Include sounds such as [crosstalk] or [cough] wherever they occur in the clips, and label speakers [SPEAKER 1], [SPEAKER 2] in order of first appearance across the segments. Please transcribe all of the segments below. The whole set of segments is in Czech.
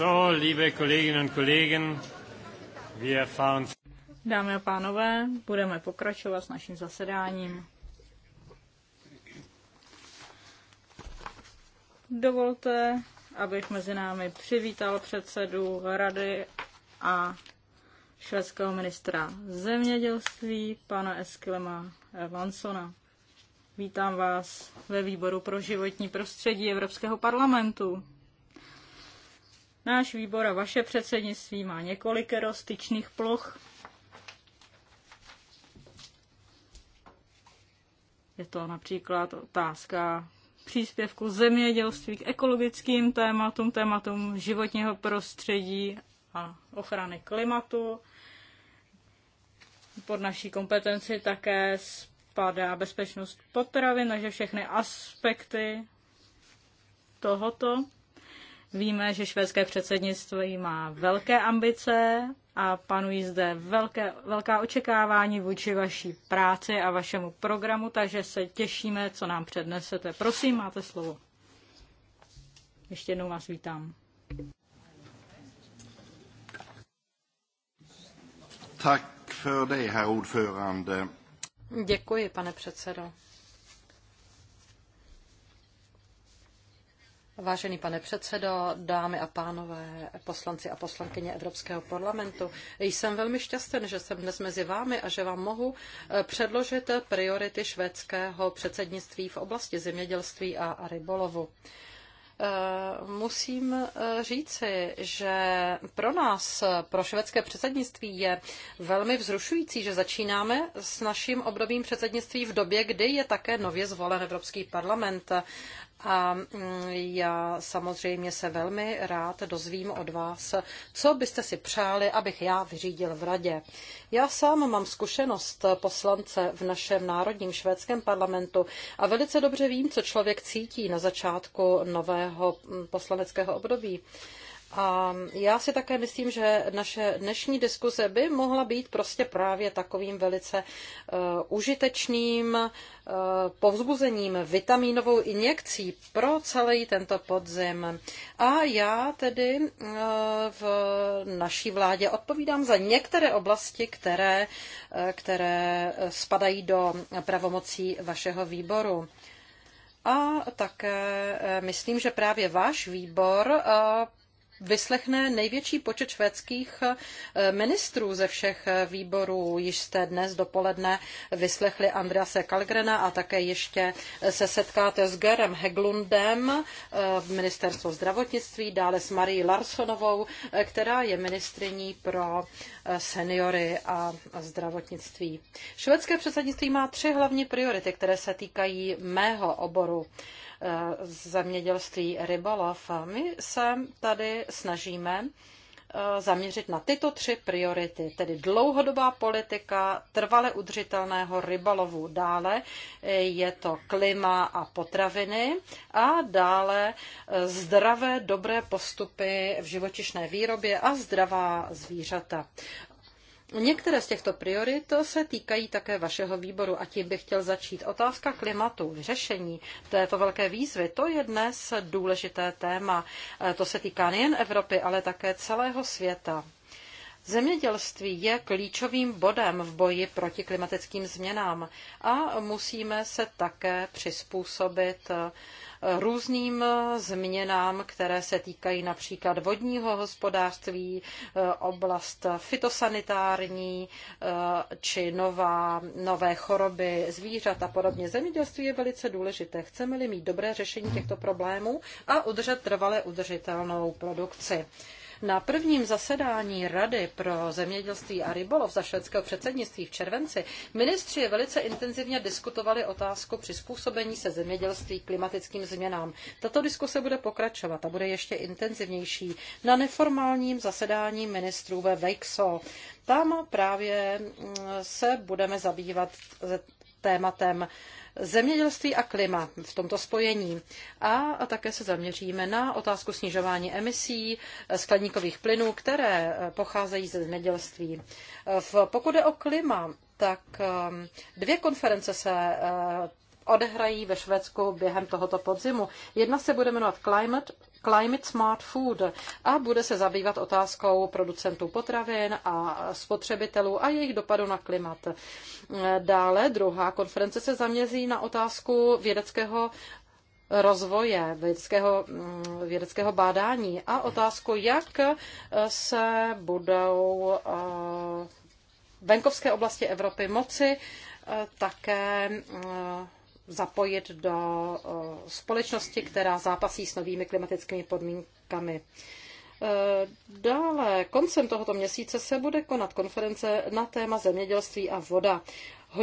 [SPEAKER 1] So, liebe Kolleginnen und Kollegen, wir fahren...
[SPEAKER 2] Dámy a pánové, budeme pokračovat s naším zasedáním. Dovolte, abych mezi námi přivítal předsedu Rady a švédského ministra zemědělství, pana Esklema Evansona. Vítám vás ve výboru pro životní prostředí Evropského parlamentu. Náš výbor a vaše předsednictví má několikero styčných ploch. Je to například otázka příspěvku zemědělství k ekologickým tématům, tématům životního prostředí a ochrany klimatu. Pod naší kompetenci také spadá bezpečnost potravin, takže všechny aspekty tohoto Víme, že švédské předsednictví má velké ambice a panují zde velké, velká očekávání vůči vaší práci a vašemu programu, takže se těšíme, co nám přednesete. Prosím, máte slovo. Ještě jednou vás vítám.
[SPEAKER 1] Tak för herr ordförande.
[SPEAKER 3] Děkuji, pane předsedo. Vážený pane předsedo, dámy a pánové, poslanci a poslankyně Evropského parlamentu, jsem velmi šťastný, že jsem dnes mezi vámi a že vám mohu eh, předložit priority švédského předsednictví v oblasti zemědělství a rybolovu eh, musím eh, říci, že pro nás, pro švédské předsednictví, je velmi vzrušující, že začínáme s naším obdobím předsednictví v době, kdy je také nově zvolen Evropský parlament. A mm, já samozřejmě se velmi rád dozvím od vás, co byste si přáli, abych já vyřídil v radě. Já sám mám zkušenost poslance v našem národním švédském parlamentu a velice dobře vím, co člověk cítí na začátku nového mm, poslaneckého období. A já si také myslím, že naše dnešní diskuze by mohla být prostě právě takovým velice uh, užitečným uh, povzbuzením, vitamínovou injekcí pro celý tento podzim. A já tedy uh, v naší vládě odpovídám za některé oblasti, které, uh, které spadají do pravomocí vašeho výboru. A také myslím, že právě váš výbor vyslechne největší počet švédských eh, ministrů ze všech eh, výborů. Již jste dnes dopoledne vyslechli Andrease Kalgrena a také ještě eh, se setkáte s Gerem Heglundem, ministerstvu zdravotnictví, dále s Marí Larsonovou, která je ministriní pro seniory a zdravotnictví. Švédské předsednictví má tři hlavní priority, které se týkají mého oboru. Eh, zemědělství rybolov. My se tady snažíme eh, zaměřit na tyto tři priority, tedy dlouhodobá politika trvale udržitelného rybolovu. Dále je to klima a potraviny a dále eh, zdravé, dobré postupy v živočišné výrobě a zdravá zvířata. Některé z těchto priorit se týkají také vašeho výboru a tím bych chtěl začít. Otázka klimatu, řešení této velké výzvy, to je dnes důležité téma. E, to se týká nejen Evropy, ale také celého světa. Zemědělství je klíčovým bodem v boji proti klimatickým změnám a musíme se také přizpůsobit e, různým změnám, které se týkají například vodního hospodářství, eh, oblast fitosanitární eh, či nová, nové choroby zvířat a podobně. Zemědělství je velice důležité. Chceme-li mít dobré řešení těchto problémů a udržet trvale udržitelnou produkci. Na prvním zasedání Rady pro zemědělství a rybolov za švédského předsednictví v červenci ministři velice intenzivně diskutovali otázku přizpůsobení se zemědělství klimatickým změnám. Tato diskuse bude pokračovat a bude ještě intenzivnější na neformálním zasedání ministrů ve Vejkso. Tam právě mm, se budeme zabývat tématem zemědělství a klima v tomto spojení. A také se zaměříme na otázku snižování emisí skladníkových plynů, které pocházejí ze zemědělství. V, pokud je o klima, tak um, dvě konference se uh, odehrají ve Švédsku během tohoto podzimu. Jedna se bude jmenovat Climate Climate Smart Food a bude se zabývat otázkou producentů potravin a spotřebitelů a jejich dopadu na klimat. Dále druhá konference se zaměří na otázku vědeckého rozvoje, vědeckého, mm, vědeckého bádání a otázku, jak se budou eh, venkovské oblasti Evropy moci eh, také eh, zapojit do společnosti, která zápasí s novými klimatickými podmínkami. E, dále koncem tohoto měsíce se bude konat konference na téma zemědělství a voda.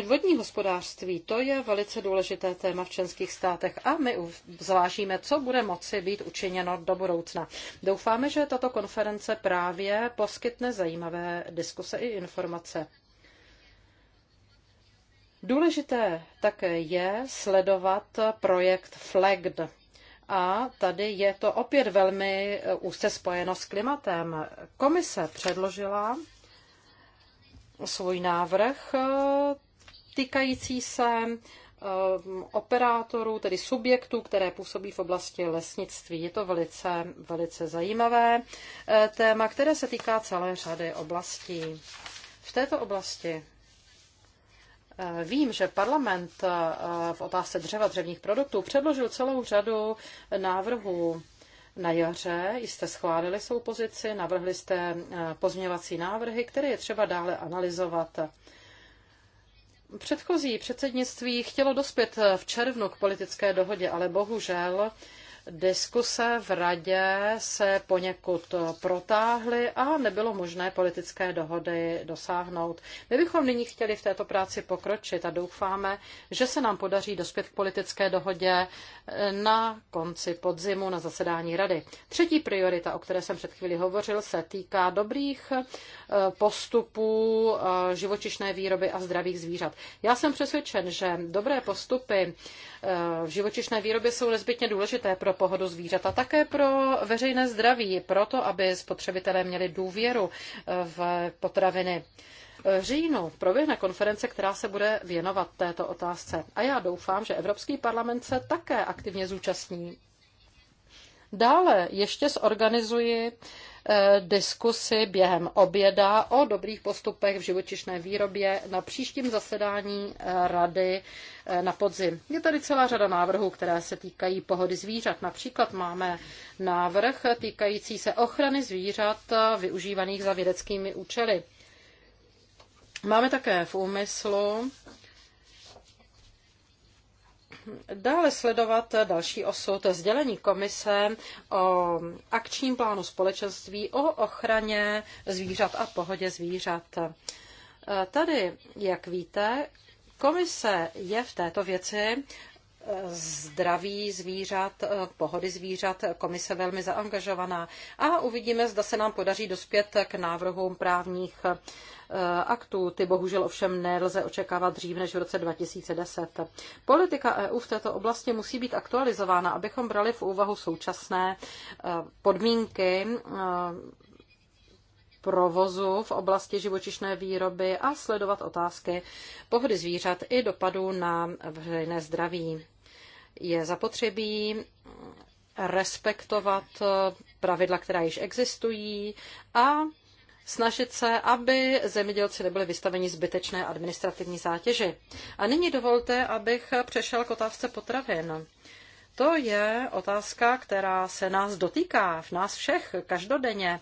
[SPEAKER 3] Vodní hospodářství, to je velice důležité téma v členských státech a my zvážíme, co bude moci být učiněno do budoucna. Doufáme, že tato konference právě poskytne zajímavé diskuse i informace. Důležité také je sledovat projekt FLEGD. A tady je to opět velmi eh, úzce spojeno s klimatem. Komise předložila svůj návrh eh, týkající se eh, operátorů, tedy subjektů, které působí v oblasti lesnictví. Je to velice, velice zajímavé téma, které se týká celé řady oblastí. V této oblasti Eh, vím, že parlament eh, v otázce dřeva dřevních produktů předložil celou řadu návrhů na jaře jste schválili svou pozici, navrhli jste eh, pozměňovací návrhy, které je třeba dále analyzovat. Předchozí předsednictví chtělo dospět v červnu k politické dohodě, ale bohužel Diskuse v radě se poněkud protáhly a nebylo možné politické dohody dosáhnout. My bychom nyní chtěli v této práci pokročit a doufáme, že se nám podaří dospět k politické dohodě na konci podzimu na zasedání rady. Třetí priorita, o které jsem před chvíli hovořil, se týká dobrých eh, postupů eh, živočišné výroby a zdravých zvířat. Já jsem přesvědčen, že dobré postupy eh, v živočišné výrobě jsou nezbytně důležité pro pohodu zvířat a také pro veřejné zdraví, proto aby spotřebitelé měli důvěru eh, v potraviny. V eh, říjnu proběhne konference, která se bude věnovat této otázce. A já doufám, že Evropský parlament se také aktivně zúčastní. Dále ještě zorganizuji Eh, diskusi během oběda o dobrých postupech v živočišné výrobě na příštím zasedání eh, rady eh, na podzim. Je tady celá řada návrhů, které se týkají pohody zvířat. Například máme návrh týkající se ochrany zvířat využívaných za vědeckými účely. Máme také v úmyslu dále sledovat další osud sdělení komise o akčním plánu společenství o ochraně zvířat a pohodě zvířat. Tady, jak víte, komise je v této věci eh, zdraví zvířat, eh, pohody zvířat, komise velmi zaangažovaná. A uvidíme, zda se nám podaří dospět k návrhům právních Eh, aktů. Ty bohužel ovšem nelze očekávat dřív než v roce 2010. Politika EU v této oblasti musí být aktualizována, abychom brali v úvahu současné eh, podmínky eh, provozu v oblasti živočišné výroby a sledovat otázky pohody zvířat i dopadů na veřejné zdraví. Je zapotřebí respektovat pravidla, která již existují a snažit se, aby zemědělci nebyli vystaveni zbytečné administrativní zátěži. A nyní dovolte, abych přešel k otázce potravin. To je otázka, která se nás dotýká, v nás všech, každodenně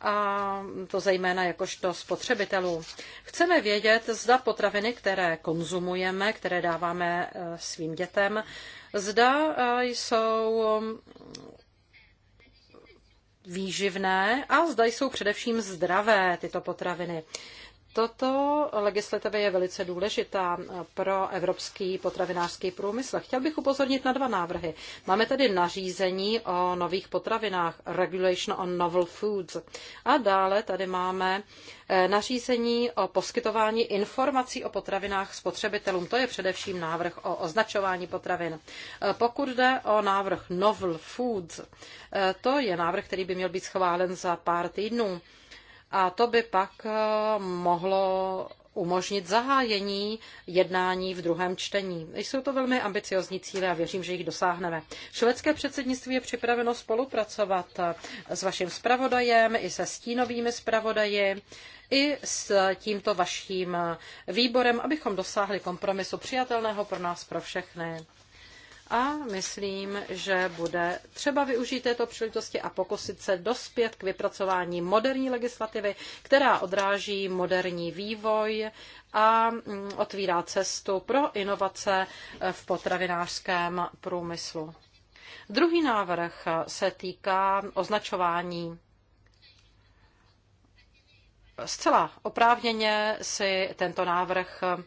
[SPEAKER 3] a to zejména jakožto spotřebitelů. Chceme vědět, zda potraviny, které konzumujeme, které dáváme eh, svým dětem, zda eh, jsou výživné a zda jsou především zdravé tyto potraviny. Toto legislativa je velice důležitá eh, pro evropský potravinářský průmysl. Chtěl bych upozornit na dva návrhy. Máme tady nařízení o nových potravinách, Regulation on Novel Foods, a dále tady máme eh, nařízení o poskytování informací o potravinách spotřebitelům. To je především návrh o označování potravin. Eh, pokud jde o návrh Novel Foods, to je návrh, který by měl být schválen za pár týdnů. A to by pak eh, mohlo umožnit zahájení jednání v druhém čtení. Jsou to velmi ambiciozní cíle a věřím, že jich dosáhneme. Švédské předsednictví je připraveno spolupracovat eh, s vaším zpravodajem i se stínovými zpravodaji i s tímto vaším eh, výborem, abychom dosáhli kompromisu přijatelného pro nás, pro všechny a myslím, že bude třeba využít této příležitosti a pokusit se dospět k vypracování moderní legislativy, která odráží moderní vývoj a mm, otvírá cestu pro inovace v potravinářském průmyslu. Druhý návrh se týká označování Zcela oprávněně si tento návrh eh,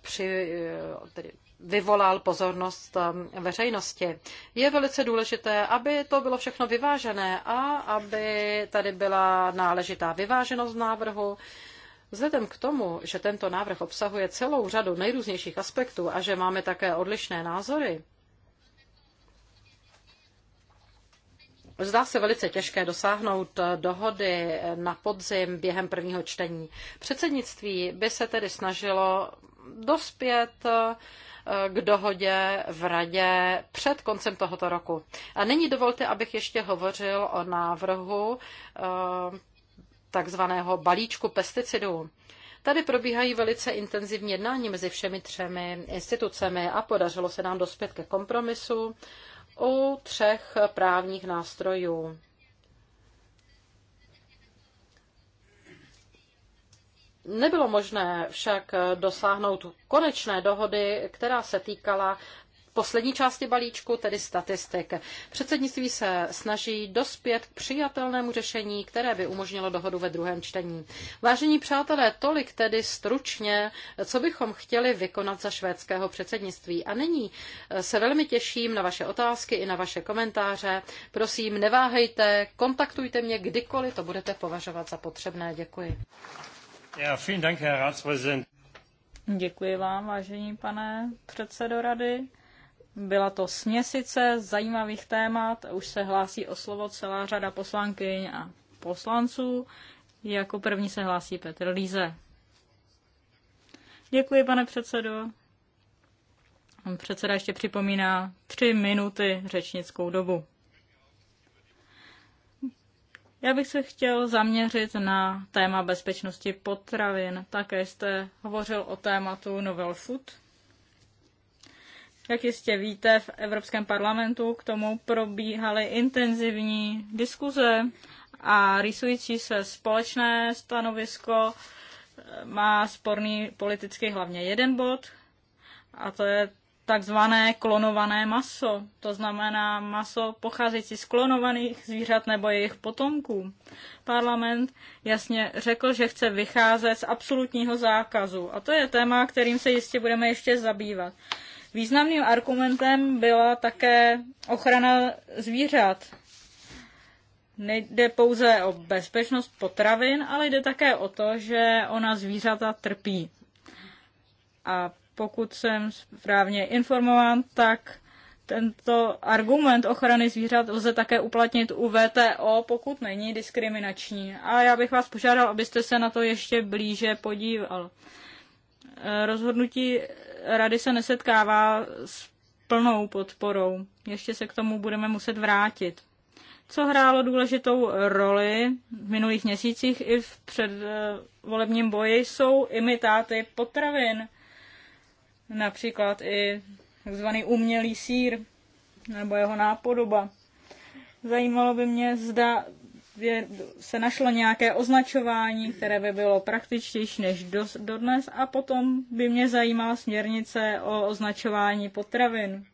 [SPEAKER 3] při, eh, tedy vyvolal pozornost um, veřejnosti. Je velice důležité, aby to bylo všechno vyvážené a aby tady byla náležitá vyváženost návrhu. Vzhledem k tomu, že tento návrh obsahuje celou řadu nejrůznějších aspektů a že máme také odlišné názory, Zdá se velice těžké dosáhnout uh, dohody na podzim během prvního čtení. Předsednictví by se tedy snažilo dospět uh, k dohodě v radě před koncem tohoto roku. A nyní dovolte, abych ještě hovořil o návrhu eh, takzvaného balíčku pesticidů. Tady probíhají velice intenzivní jednání mezi všemi třemi institucemi a podařilo se nám dospět ke kompromisu u třech právních nástrojů. Nebylo možné však dosáhnout konečné dohody, která se týkala poslední části balíčku, tedy statistik. Předsednictví se snaží dospět k přijatelnému řešení, které by umožnilo dohodu ve druhém čtení. Vážení přátelé, tolik tedy stručně, co bychom chtěli vykonat za švédského předsednictví. A nyní se velmi těším na vaše otázky i na vaše komentáře. Prosím, neváhejte, kontaktujte mě kdykoliv to budete považovat za
[SPEAKER 2] potřebné. Děkuji. Děkuji vám, vážení pane předsedo rady. Byla to směsice zajímavých témat. Už se hlásí o slovo celá řada poslankyň a poslanců. Jako první se hlásí Petr Líze. Děkuji, pane předsedo. Předseda ještě připomíná tři minuty řečnickou dobu. Já bych se chtěl zaměřit na téma bezpečnosti potravin. Také jste hovořil o tématu Novel Food. Jak jistě víte, v Evropském parlamentu k tomu probíhaly intenzivní diskuze a rýsující se společné stanovisko eh, má sporný politicky hlavně jeden bod, a to je takzvané klonované maso, to znamená maso pocházející z klonovaných zvířat nebo jejich potomků. Parlament jasně řekl, že chce vycházet z absolutního zákazu a to je téma, kterým se jistě budeme ještě zabývat. Významným argumentem byla také ochrana zvířat. Nejde pouze o bezpečnost potravin, ale jde také o to, že ona zvířata trpí. A pokud jsem správně informován, tak tento argument ochrany zvířat lze také uplatnit u VTO, pokud není diskriminační. A já bych vás požádal, abyste se na to ještě blíže podíval. E, rozhodnutí rady se nesetkává s plnou podporou. Ještě se k tomu budeme muset vrátit. Co hrálo důležitou roli v minulých měsících i v předvolebním boji, jsou imitáty potravin například i takzvaný umělý sír nebo jeho nápodoba. Zajímalo by mě, zda se našlo nějaké označování, které by bylo praktičtější než do dodnes a potom by mě zajímala směrnice o označování potravin.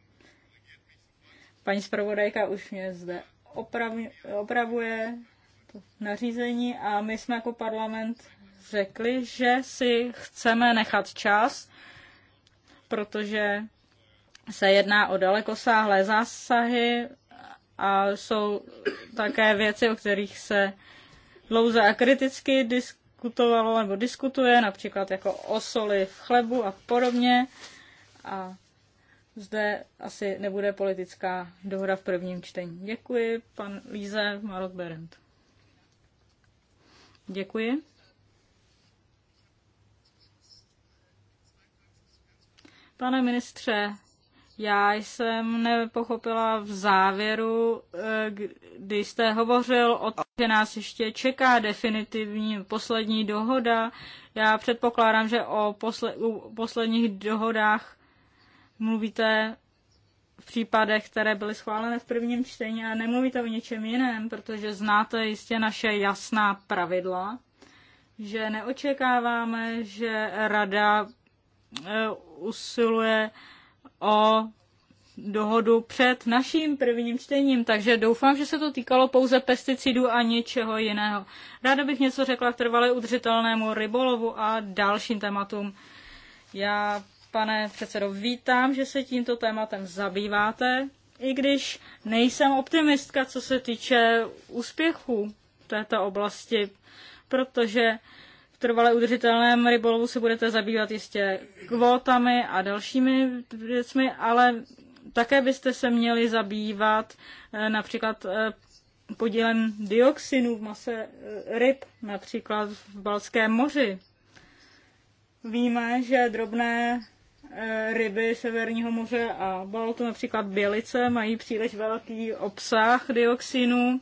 [SPEAKER 2] Paní zpravodajka už mě zde oprav- opravuje to nařízení a my jsme jako parlament řekli, že si chceme nechat čas protože se jedná o dalekosáhlé zásahy a jsou také věci, o kterých se dlouze a kriticky diskutovalo nebo diskutuje, například jako o soli v chlebu a podobně. A zde asi nebude politická dohoda v prvním čtení. Děkuji, pan Líze Marok Berendt. Děkuji. Pane ministře, já jsem nepochopila v závěru, eh, kdy jste hovořil o tom, že nás ještě čeká definitivní poslední dohoda. Já předpokládám, že o posle- posledních dohodách mluvíte v případech, které byly schváleny v prvním čtení a nemluvíte o něčem jiném, protože znáte jistě naše jasná pravidla, že neočekáváme, že rada Eh, usiluje o dohodu před naším prvním čtením, takže doufám, že se to týkalo pouze pesticidů a ničeho jiného. Ráda bych něco řekla k trvale udržitelnému rybolovu a dalším tématům. Já, pane předsedo, vítám, že se tímto tématem zabýváte, i když nejsem optimistka, co se týče úspěchů této oblasti, protože trvale udržitelném rybolovu se budete zabývat jistě kvótami a dalšími věcmi, ale také byste se měli zabývat eh, například eh, podílem dioxinu v mase eh, ryb, například v Balském moři. Víme, že drobné ryby Severního moře a Baltu, například bělice, mají příliš velký obsah dioxinu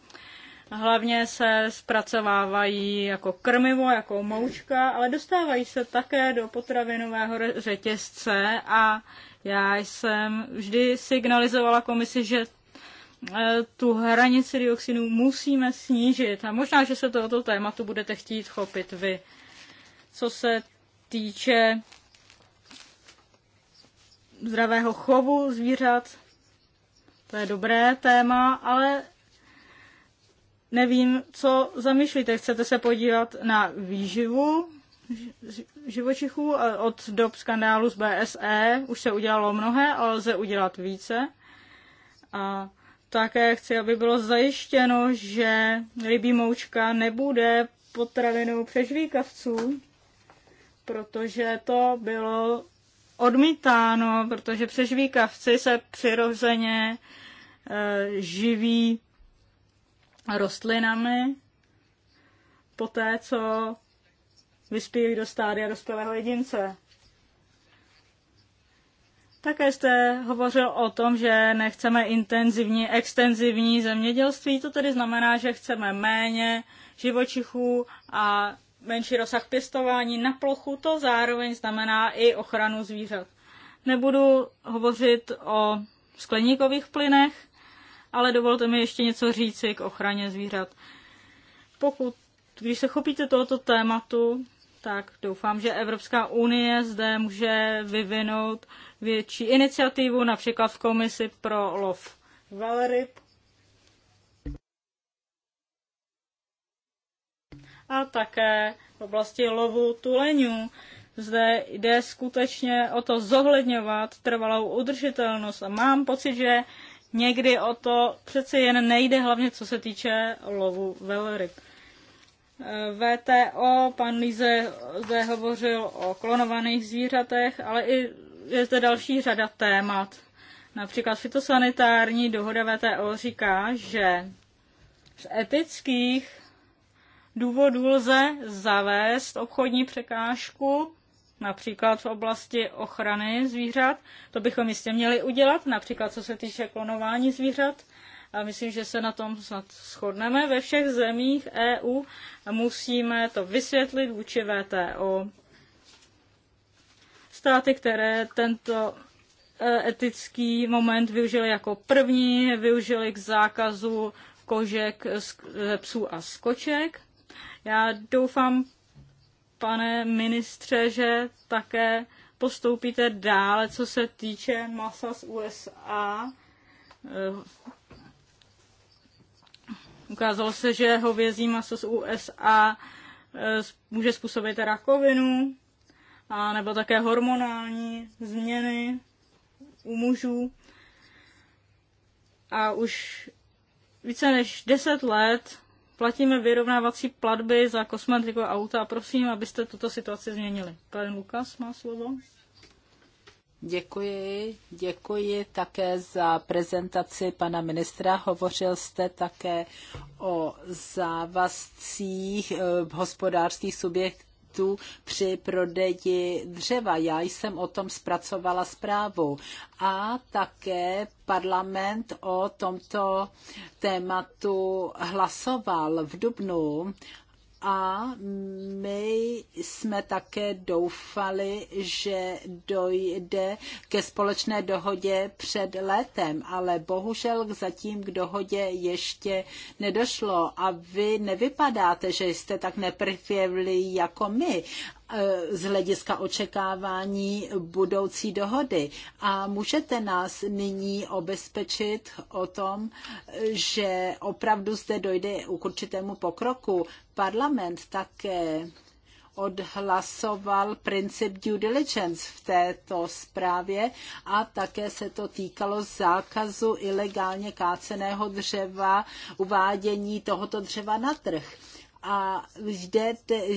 [SPEAKER 2] Hlavně se zpracovávají jako krmivo, jako moučka, ale dostávají se také do potravinového řetězce a já jsem vždy signalizovala komisi, že e, tu hranici dioxinů musíme snížit a možná, že se tohoto tématu budete chtít chopit vy. Co se týče zdravého chovu zvířat, to je dobré téma, ale Nevím, co zamýšlíte. Chcete se podívat na výživu živočichů? Od dob skandálu z BSE už se udělalo mnohé, ale lze udělat více. A také chci, aby bylo zajištěno, že rybí moučka nebude potravinou přežvíkavců, protože to bylo odmítáno, protože přežvíkavci se přirozeně eh, živí rostlinami poté, co vyspějí do stádia dospělého jedince. Také jste hovořil o tom, že nechceme intenzivní, extenzivní zemědělství. To tedy znamená, že chceme méně živočichů a menší rozsah pěstování na plochu. To zároveň znamená i ochranu zvířat. Nebudu hovořit o skleníkových plynech, ale dovolte mi ještě něco říci k ochraně zvířat. Pokud, když se chopíte tohoto tématu, tak doufám, že Evropská unie zde může vyvinout větší iniciativu, například v komisi pro lov velryb. A také v oblasti lovu tuleňů. Zde jde skutečně o to zohledňovat trvalou udržitelnost a mám pocit, že někdy o to přeci jen nejde, hlavně co se týče lovu velryb. VTO, pan Líze zde hovořil o klonovaných zvířatech, ale i je zde další řada témat. Například fitosanitární dohoda VTO říká, že z etických důvodů lze zavést obchodní překážku například v oblasti ochrany zvířat. To bychom jistě měli udělat, například co se týče klonování zvířat. A myslím, že se na tom snad shodneme. Ve všech zemích EU musíme to vysvětlit vůči VTO. Státy, které tento e, etický moment využili jako první, využili k zákazu kožek ze psů a skoček. Já doufám, pane ministře, že také postoupíte dále, co se týče masa z USA. Eh, ukázalo se, že hovězí maso z USA eh, může způsobit rakovinu, a nebo také hormonální změny u mužů. A už více než 10 let platíme vyrovnávací platby za kosmetiku a auta. Prosím, abyste tuto situaci změnili. Pan Lukas má slovo.
[SPEAKER 4] Děkuji, děkuji také za prezentaci pana ministra. Hovořil jste také o závazcích eh, hospodářských subjektů limitů při prodeji dřeva. Já jsem o tom zpracovala zprávu. A také parlament o tomto tématu hlasoval v Dubnu a my jsme také doufali, že dojde ke společné dohodě před létem, ale bohužel zatím k dohodě ještě nedošlo a vy nevypadáte, že jste tak neprvěvli jako my Eh, z hlediska očekávání budoucí dohody. A můžete nás nyní obezpečit o tom, že opravdu zde dojde k určitému pokroku. Parlament také odhlasoval princip due diligence v této zprávě a také se to týkalo zákazu ilegálně káceného dřeva, uvádění tohoto dřeva na trh. A zde,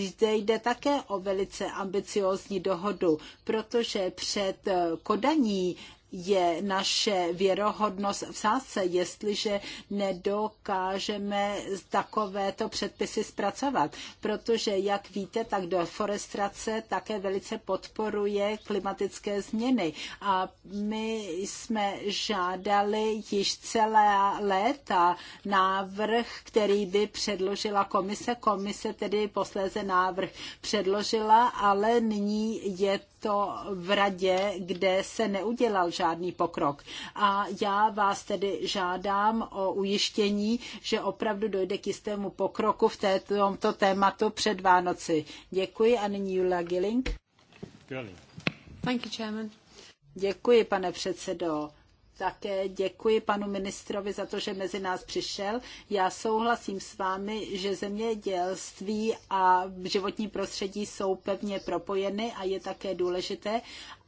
[SPEAKER 4] zde jde také o velice ambiciózní dohodu, protože před eh, Kodaní je naše věrohodnost v sásce, jestliže nedokážeme takovéto předpisy zpracovat. Protože, jak víte, tak deforestace také velice podporuje klimatické změny. A my jsme žádali již celé léta návrh, který by předložila komise. Komise tedy posléze návrh předložila, ale nyní je to v radě, kde se neudělal žádný pokrok. A já vás tedy žádám o ujištění, že opravdu dojde k jistému pokroku v této, tomto tématu před Vánoci. Děkuji a nyní Julia Gilling. Děkuji, pane předsedo také děkuji panu ministrovi za to, že mezi nás přišel. Já souhlasím s vámi, že zemědělství a životní prostředí jsou pevně propojeny a je také důležité,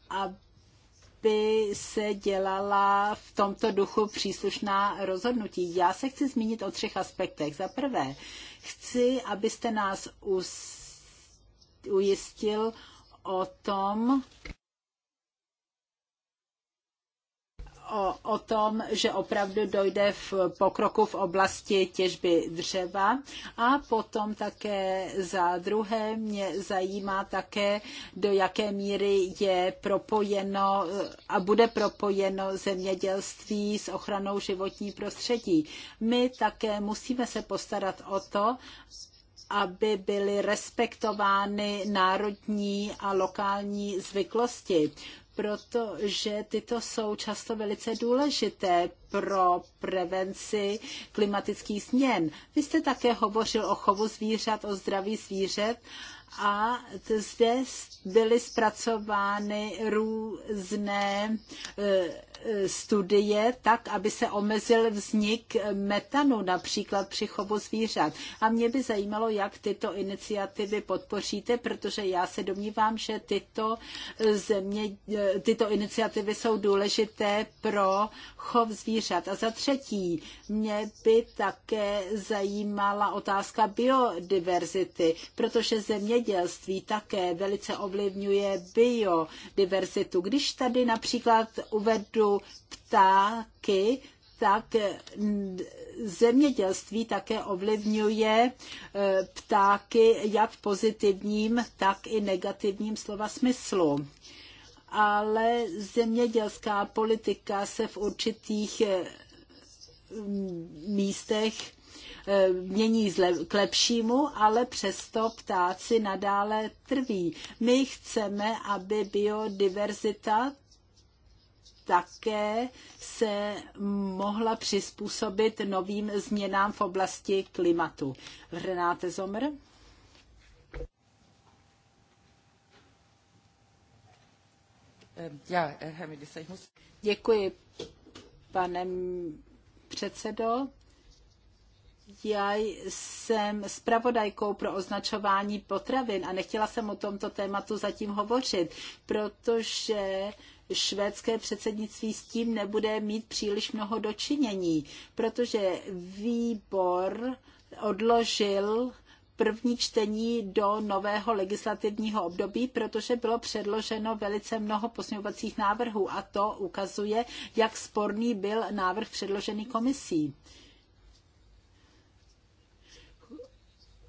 [SPEAKER 4] aby se dělala v tomto duchu příslušná rozhodnutí. Já se chci zmínit o třech aspektech. Za prvé, chci, abyste nás ujistil o tom, o, o tom, že opravdu dojde v pokroku v oblasti těžby dřeva. A potom také za druhé mě zajímá také, do jaké míry je propojeno a bude propojeno zemědělství s ochranou životní prostředí. My také musíme se postarat o to, aby byly respektovány národní a lokální zvyklosti protože tyto jsou často velice důležité pro prevenci klimatických změn. Vy jste také hovořil o chovu zvířat, o zdraví zvířat a zde byly zpracovány různé e, e, studie tak, aby se omezil vznik metanu například při chovu zvířat. A mě by zajímalo, jak tyto iniciativy podpoříte, protože já se domnívám, že tyto, země, e, tyto iniciativy jsou důležité pro chov zvířat. A za třetí, mě by také zajímala otázka biodiverzity, protože země zemědělství také velice ovlivňuje biodiverzitu. Když tady například uvedu ptáky, tak eh, zemědělství také ovlivňuje eh, ptáky jak v pozitivním, tak i negativním slova smyslu. Ale zemědělská politika se v určitých eh, místech mění k lepšímu, ale přesto ptáci nadále trví. My chceme, aby biodiverzita také se mohla přizpůsobit novým změnám v oblasti klimatu. Renáte Zomr? Eh, Děkuji, pane předsedo já jsem zpravodajkou pro označování potravin a nechtěla jsem o tomto tématu zatím hovořit, protože švédské předsednictví s tím nebude mít příliš mnoho dočinění, protože výbor odložil první čtení do nového legislativního období, protože bylo předloženo velice mnoho posměvacích návrhů a to ukazuje, jak sporný byl návrh předložený komisí.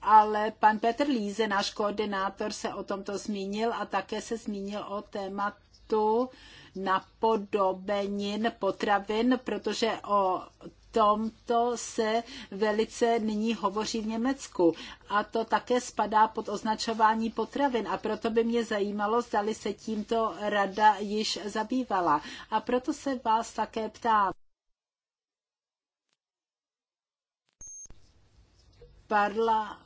[SPEAKER 4] ale pan Petr Líze, náš koordinátor, se o tomto zmínil a také se zmínil o tématu napodobenin potravin, protože o tomto se velice nyní hovoří v Německu. A to také spadá pod označování potravin. A proto by mě zajímalo, zdali se tímto rada již zabývala. A proto se vás také ptám. Parla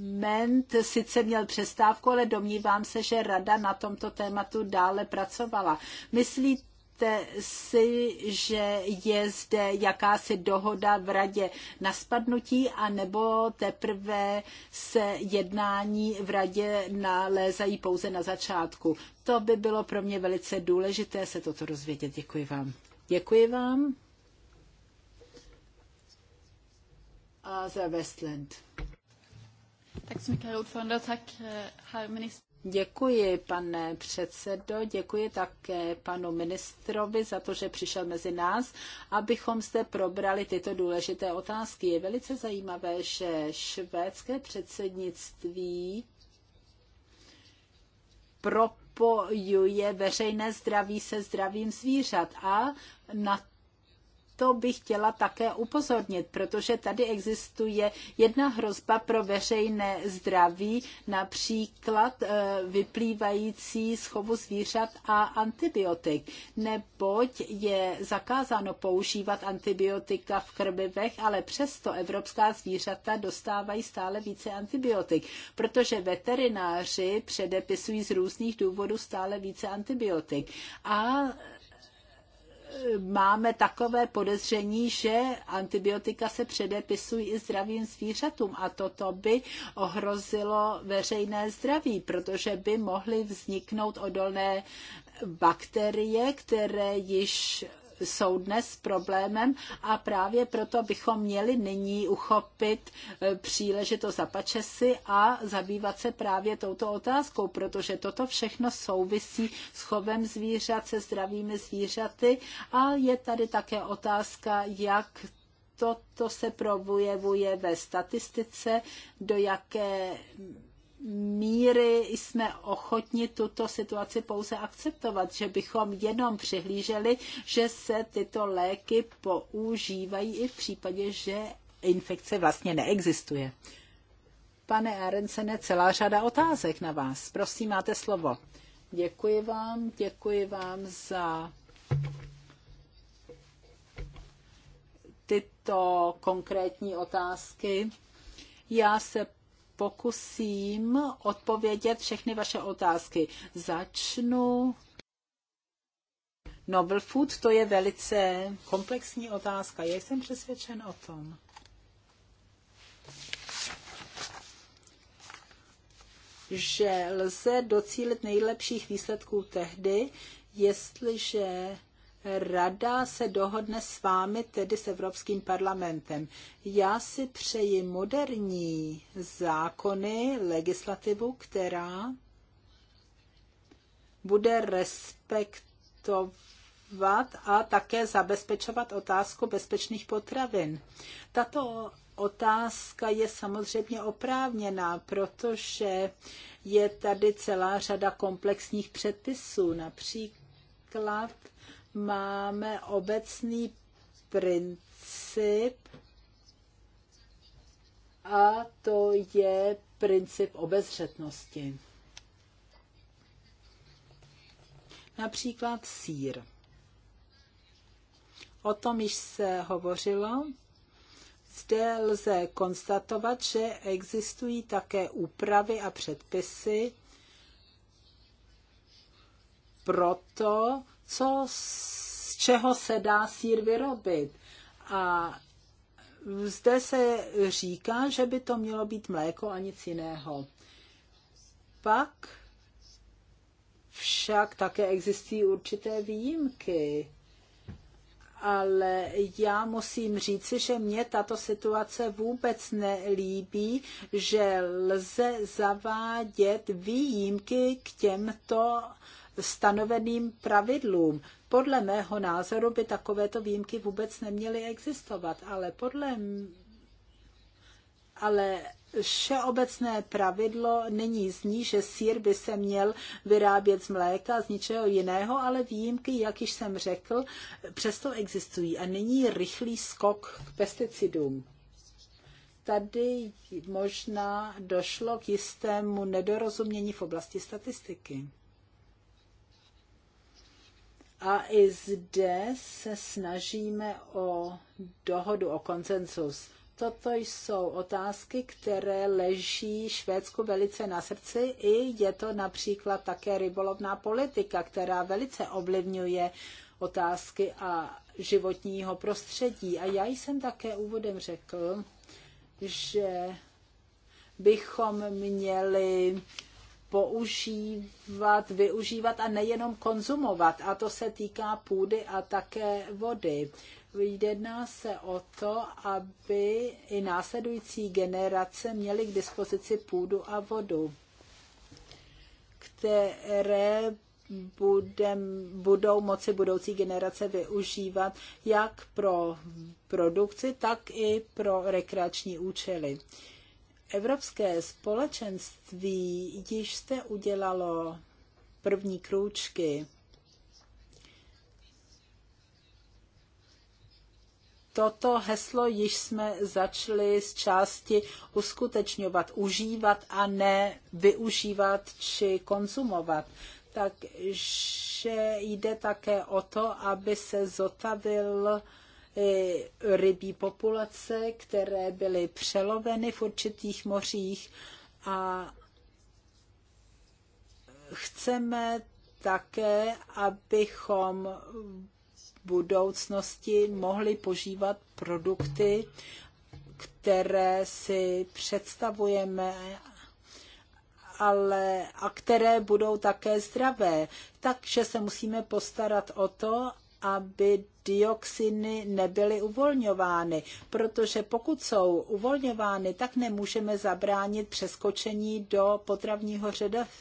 [SPEAKER 4] ment sice měl přestávku, ale domnívám se, že rada na tomto tématu dále pracovala. Myslíte, Myslíte si, že je zde jakási dohoda v radě na spadnutí, anebo teprve se jednání v radě nalézají pouze na začátku? To by bylo pro mě velice důležité se toto rozvědět. Děkuji vám. Děkuji vám. a Westland.
[SPEAKER 2] Eh,
[SPEAKER 4] děkuji, pane předsedo, děkuji také panu ministrovi za to, že přišel mezi nás, abychom zde probrali tyto důležité otázky. Je velice zajímavé, že švédské předsednictví propojuje veřejné zdraví se zdravím zvířat a na to bych chtěla také upozornit, protože tady existuje jedna hrozba pro veřejné zdraví, například e, vyplývající z chovu zvířat a antibiotik, neboť je zakázáno používat antibiotika v krmivech, ale přesto evropská zvířata dostávají stále více antibiotik, protože veterináři předepisují z různých důvodů stále více antibiotik. A máme takové podezření, že antibiotika se předepisují i zdravým zvířatům a toto by ohrozilo veřejné zdraví, protože by mohly vzniknout odolné bakterie, které již jsou dnes problémem a právě proto bychom měli nyní uchopit e, příležitost za pačesy a zabývat se právě touto otázkou, protože toto všechno souvisí s chovem zvířat, se zdravými zvířaty a je tady také otázka, jak toto se projevuje ve statistice, do jaké míry jsme ochotni tuto situaci pouze akceptovat, že bychom jenom přihlíželi, že se tyto léky používají i v případě, že infekce vlastně neexistuje. Pane Arensene, celá řada otázek na vás. Prosím, máte slovo. Děkuji vám, děkuji vám za tyto konkrétní otázky. Já se pokusím odpovědět všechny vaše otázky. Začnu. Novel food to je velice komplexní otázka. Já jsem přesvědčen o tom. že lze docílit nejlepších výsledků tehdy, jestliže rada se dohodne s vámi, tedy s Evropským parlamentem. Já si přeji moderní zákony, legislativu, která bude respektovat a také zabezpečovat otázku bezpečných potravin. Tato otázka je samozřejmě oprávněná, protože je tady celá řada komplexních předpisů, například máme obecný princip a to je princip obezřetnosti. Například sír. O tom již se hovořilo. Zde lze konstatovat, že existují také úpravy a předpisy proto, co, z čeho se dá sír vyrobit. A zde se říká, že by to mělo být mléko a nic jiného. Pak však také existují určité výjimky. Ale já musím říci, že mě tato situace vůbec nelíbí, že lze zavádět výjimky k těmto stanoveným pravidlům. Podle mého názoru by takovéto výjimky vůbec neměly existovat, ale podle ale všeobecné pravidlo není zní, že sír by se měl vyrábět z mléka, z ničeho jiného, ale výjimky, jak již jsem řekl, přesto existují. A nyní rychlý skok k pesticidům. Tady možná došlo k jistému nedorozumění v oblasti statistiky. A i zde se snažíme o dohodu, o koncensus. Toto jsou otázky, které leží Švédsku velice na srdci. I je to například také rybolovná politika, která velice ovlivňuje otázky a životního prostředí. A já jsem také úvodem řekl, že bychom měli používat, využívat a nejenom konzumovat. A to se týká půdy a také vody. Jedná se o to, aby i následující generace měly k dispozici půdu a vodu, které budem, budou moci budoucí generace využívat jak pro produkci, tak i pro rekreační účely. Evropské společenství již jste udělalo první krůčky. Toto heslo již jsme začali z části uskutečňovat, užívat a ne využívat či konzumovat. Takže jde také o to, aby se zotavil rybí populace, které byly přeloveny v určitých mořích a chceme také, abychom v budoucnosti mohli požívat produkty, které si představujeme ale, a které budou také zdravé. Takže se musíme postarat o to, aby dioxiny nebyly uvolňovány, protože pokud jsou uvolňovány, tak nemůžeme zabránit přeskočení do potravního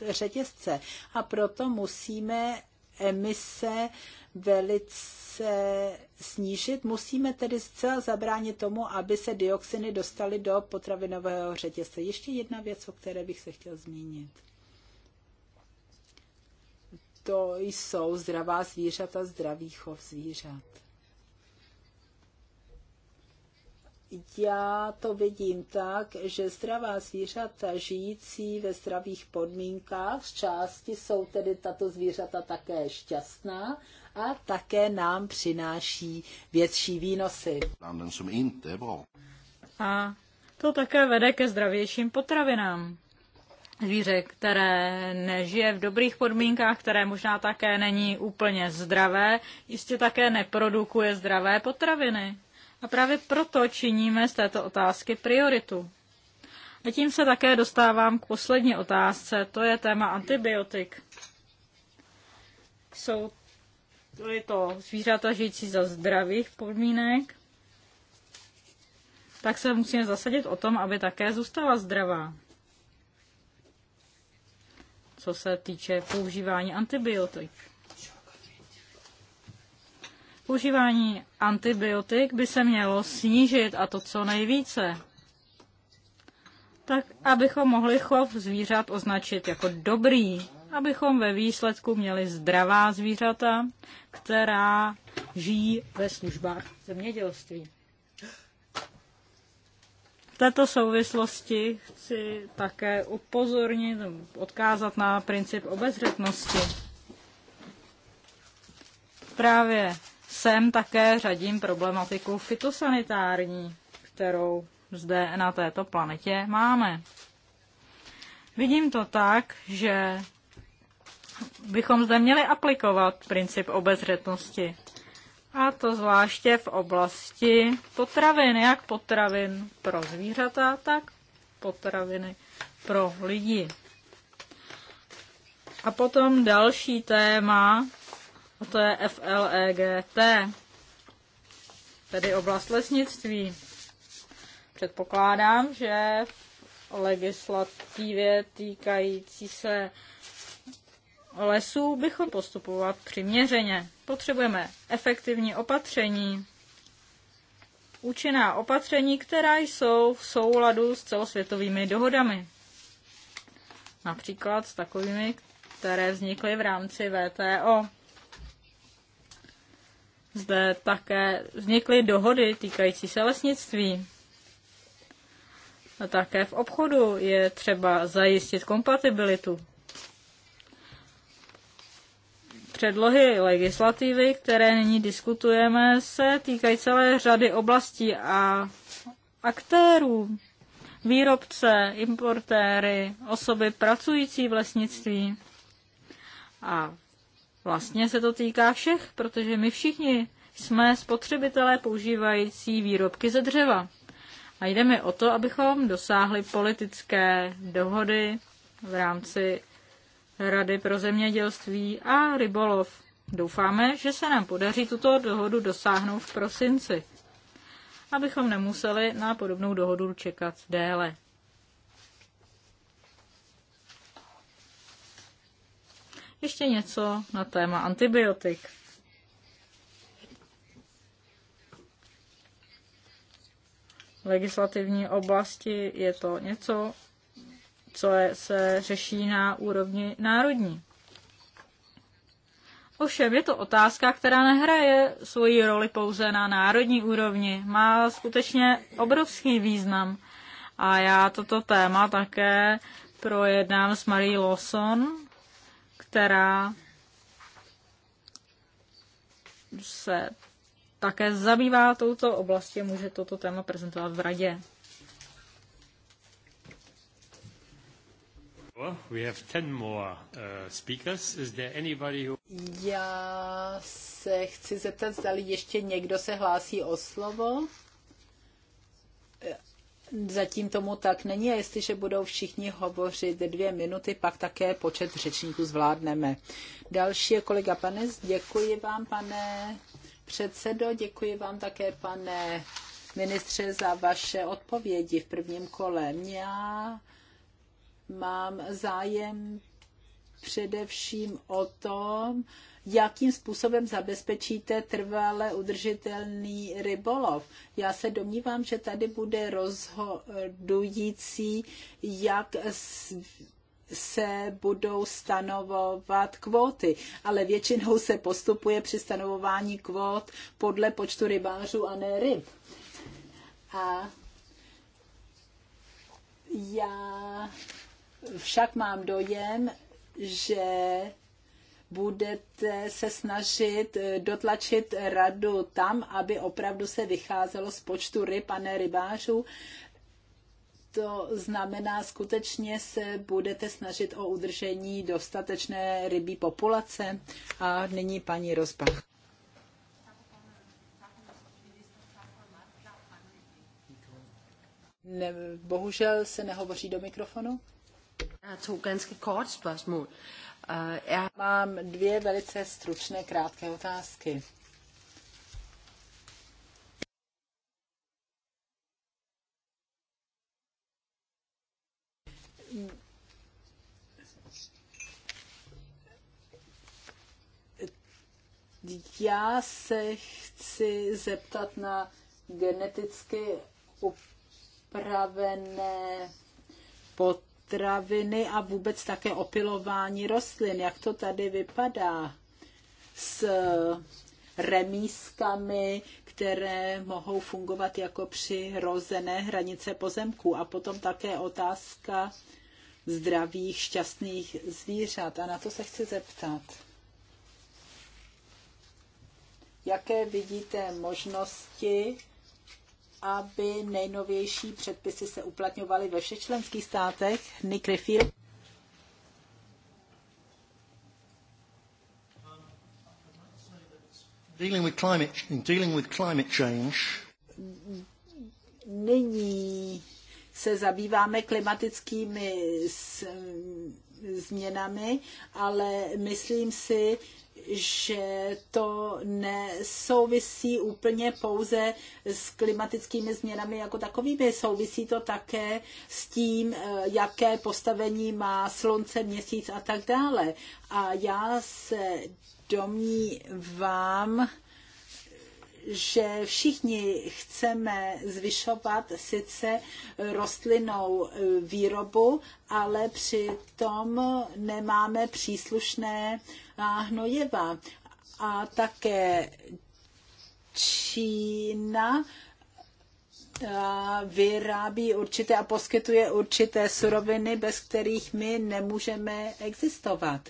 [SPEAKER 4] řetězce a proto musíme emise velice snížit. Musíme tedy zcela zabránit tomu, aby se dioxiny dostaly do potravinového řetězce. Ještě jedna věc, o které bych se chtěl zmínit to jsou zdravá zvířata, zdravý chov zvířat. Já to vidím tak, že zdravá zvířata žijící ve zdravých podmínkách z části jsou tedy tato zvířata také
[SPEAKER 2] šťastná a také nám přináší
[SPEAKER 4] větší výnosy.
[SPEAKER 2] A to také vede ke zdravějším potravinám zvíře, které nežije v dobrých podmínkách, které možná také není úplně zdravé, jistě také neprodukuje zdravé potraviny. A právě proto činíme z této otázky prioritu. A tím se také dostávám k poslední otázce, to je téma antibiotik. Jsou to zvířata žijící za zdravých podmínek, tak se musíme zasadit o tom, aby také zůstala zdravá co se týče používání antibiotik. Používání antibiotik by se mělo snížit a to co nejvíce. Tak, abychom mohli chov zvířat označit jako dobrý, abychom ve výsledku měli zdravá zvířata, která žijí ve službách zemědělství této souvislosti chci také upozornit, odkázat na princip obezřetnosti. Právě sem také řadím problematiku fitosanitární, kterou zde na této planetě máme. Vidím to tak, že bychom zde měli aplikovat princip obezřetnosti. A to zvláště v oblasti potravin, jak potravin pro zvířata, tak potraviny pro lidi. A potom další téma, a to je FLEGT, tedy oblast lesnictví. Předpokládám, že v legislativě týkající se lesů bychom postupovat přiměřeně. Potřebujeme efektivní opatření, účinná opatření, která jsou v souladu s celosvětovými dohodami. Například s takovými, které vznikly v rámci VTO. Zde také vznikly dohody týkající se lesnictví. A také v obchodu je třeba zajistit kompatibilitu. předlohy legislativy, které nyní diskutujeme, se týkají celé řady oblastí a aktérů, výrobce, importéry, osoby pracující v lesnictví. A vlastně se to týká všech, protože my všichni jsme spotřebitelé používající výrobky ze dřeva. A jde mi o to, abychom dosáhli politické dohody v rámci Rady pro zemědělství a rybolov. Doufáme, že se nám podaří tuto dohodu dosáhnout v prosinci, abychom nemuseli na podobnou dohodu čekat déle. Ještě něco na téma antibiotik. legislativní oblasti je to něco, co se řeší na úrovni národní. Ovšem je to otázka, která nehraje svoji roli pouze na národní úrovni. Má skutečně obrovský význam. A já toto téma také projednám s Marie Lawson, která se také zabývá touto oblastí, může toto téma prezentovat v radě.
[SPEAKER 1] We have more uh, speakers. Is there anybody who...
[SPEAKER 4] Já se chci zeptat, zda ještě někdo se hlásí o slovo. Zatím tomu tak není a jestliže budou všichni hovořit dvě minuty, pak také počet řečníků zvládneme. Další je kolega Panes. Děkuji vám, pane předsedo, děkuji vám také, pane ministře, za vaše odpovědi v prvním kole. Já mám zájem především o tom, jakým způsobem zabezpečíte trvale udržitelný rybolov. Já se domnívám, že tady bude rozhodující, jak se budou stanovovat kvóty, ale většinou se postupuje při stanovování kvót podle počtu rybářů a ne ryb. A já však mám dojem, že budete se snažit eh, dotlačit radu tam, aby opravdu se vycházelo z počtu ryb a ne rybářů. To znamená, skutečně se budete snažit o udržení dostatečné rybí populace. A nyní paní Rozbach. Ne, bohužel se nehovoří do mikrofonu. Já øh, er- mám dvě velice stručné krátké otázky. Já se chci zeptat na geneticky upravené pot potraviny a vůbec také opilování rostlin, jak to tady vypadá s remískami, které mohou fungovat jako přirozené hranice pozemků. A potom také otázka zdravých, šťastných zvířat. A na to se chci zeptat. Jaké vidíte možnosti aby nejnovější předpisy se uplatňovaly ve všech členských státech. Nick
[SPEAKER 2] Riffield. Dealing with climate, dealing with climate change.
[SPEAKER 4] Nyní se zabýváme klimatickými změnami, ale myslím si, že to nesouvisí úplně pouze s klimatickými změnami jako takovými. Souvisí to také s tím, eh, jaké postavení má slunce, měsíc a tak dále. A já se domnívám, že všichni chceme zvyšovat sice rostlinnou eh, výrobu, ale přitom nemáme příslušné uh, hnojiva. A také Čína vyrábí určité a poskytuje určité suroviny, bez kterých my nemůžeme existovat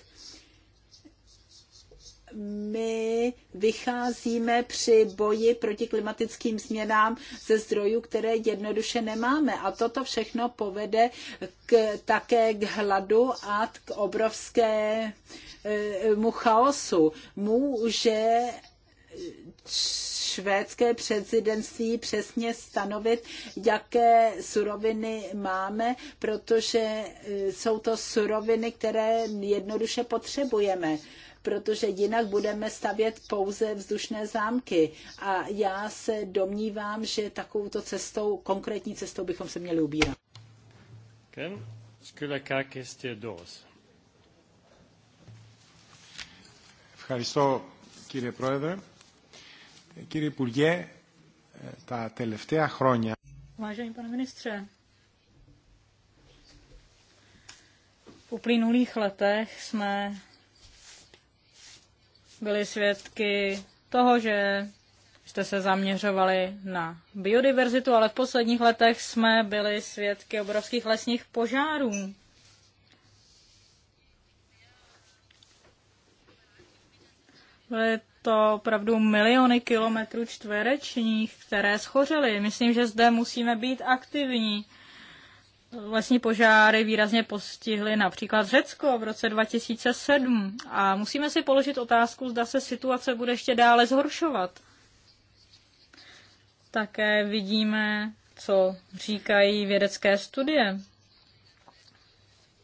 [SPEAKER 4] my vycházíme při boji proti klimatickým změnám ze zdrojů, které jednoduše nemáme. A toto všechno povede k, také k hladu a k obrovskému e, chaosu. Může švédské předsednictví přesně stanovit, jaké suroviny máme, protože e, jsou to suroviny, které jednoduše potřebujeme protože jinak budeme stavět pouze vzdušné zámky. A já se domnívám, že takovouto cestou, konkrétní cestou bychom se měli ubírat.
[SPEAKER 1] Ken, skulle kakis tě dos. Ευχαριστώ
[SPEAKER 4] κύριε Πρόεδρε. Κύριε Υπουργέ, τα τελευταία
[SPEAKER 1] χρόνια...
[SPEAKER 2] Vážený pane ministře, v uplynulých letech jsme byli svědky toho, že jste se zaměřovali na biodiverzitu, ale v posledních letech jsme byli svědky obrovských lesních požárů. Byly to opravdu miliony kilometrů čtverečních, které schořily. Myslím, že zde musíme být aktivní lesní požáry výrazně postihly například Řecko v roce 2007 a musíme si položit otázku, zda se situace bude ještě dále zhoršovat. Také vidíme, co říkají vědecké studie.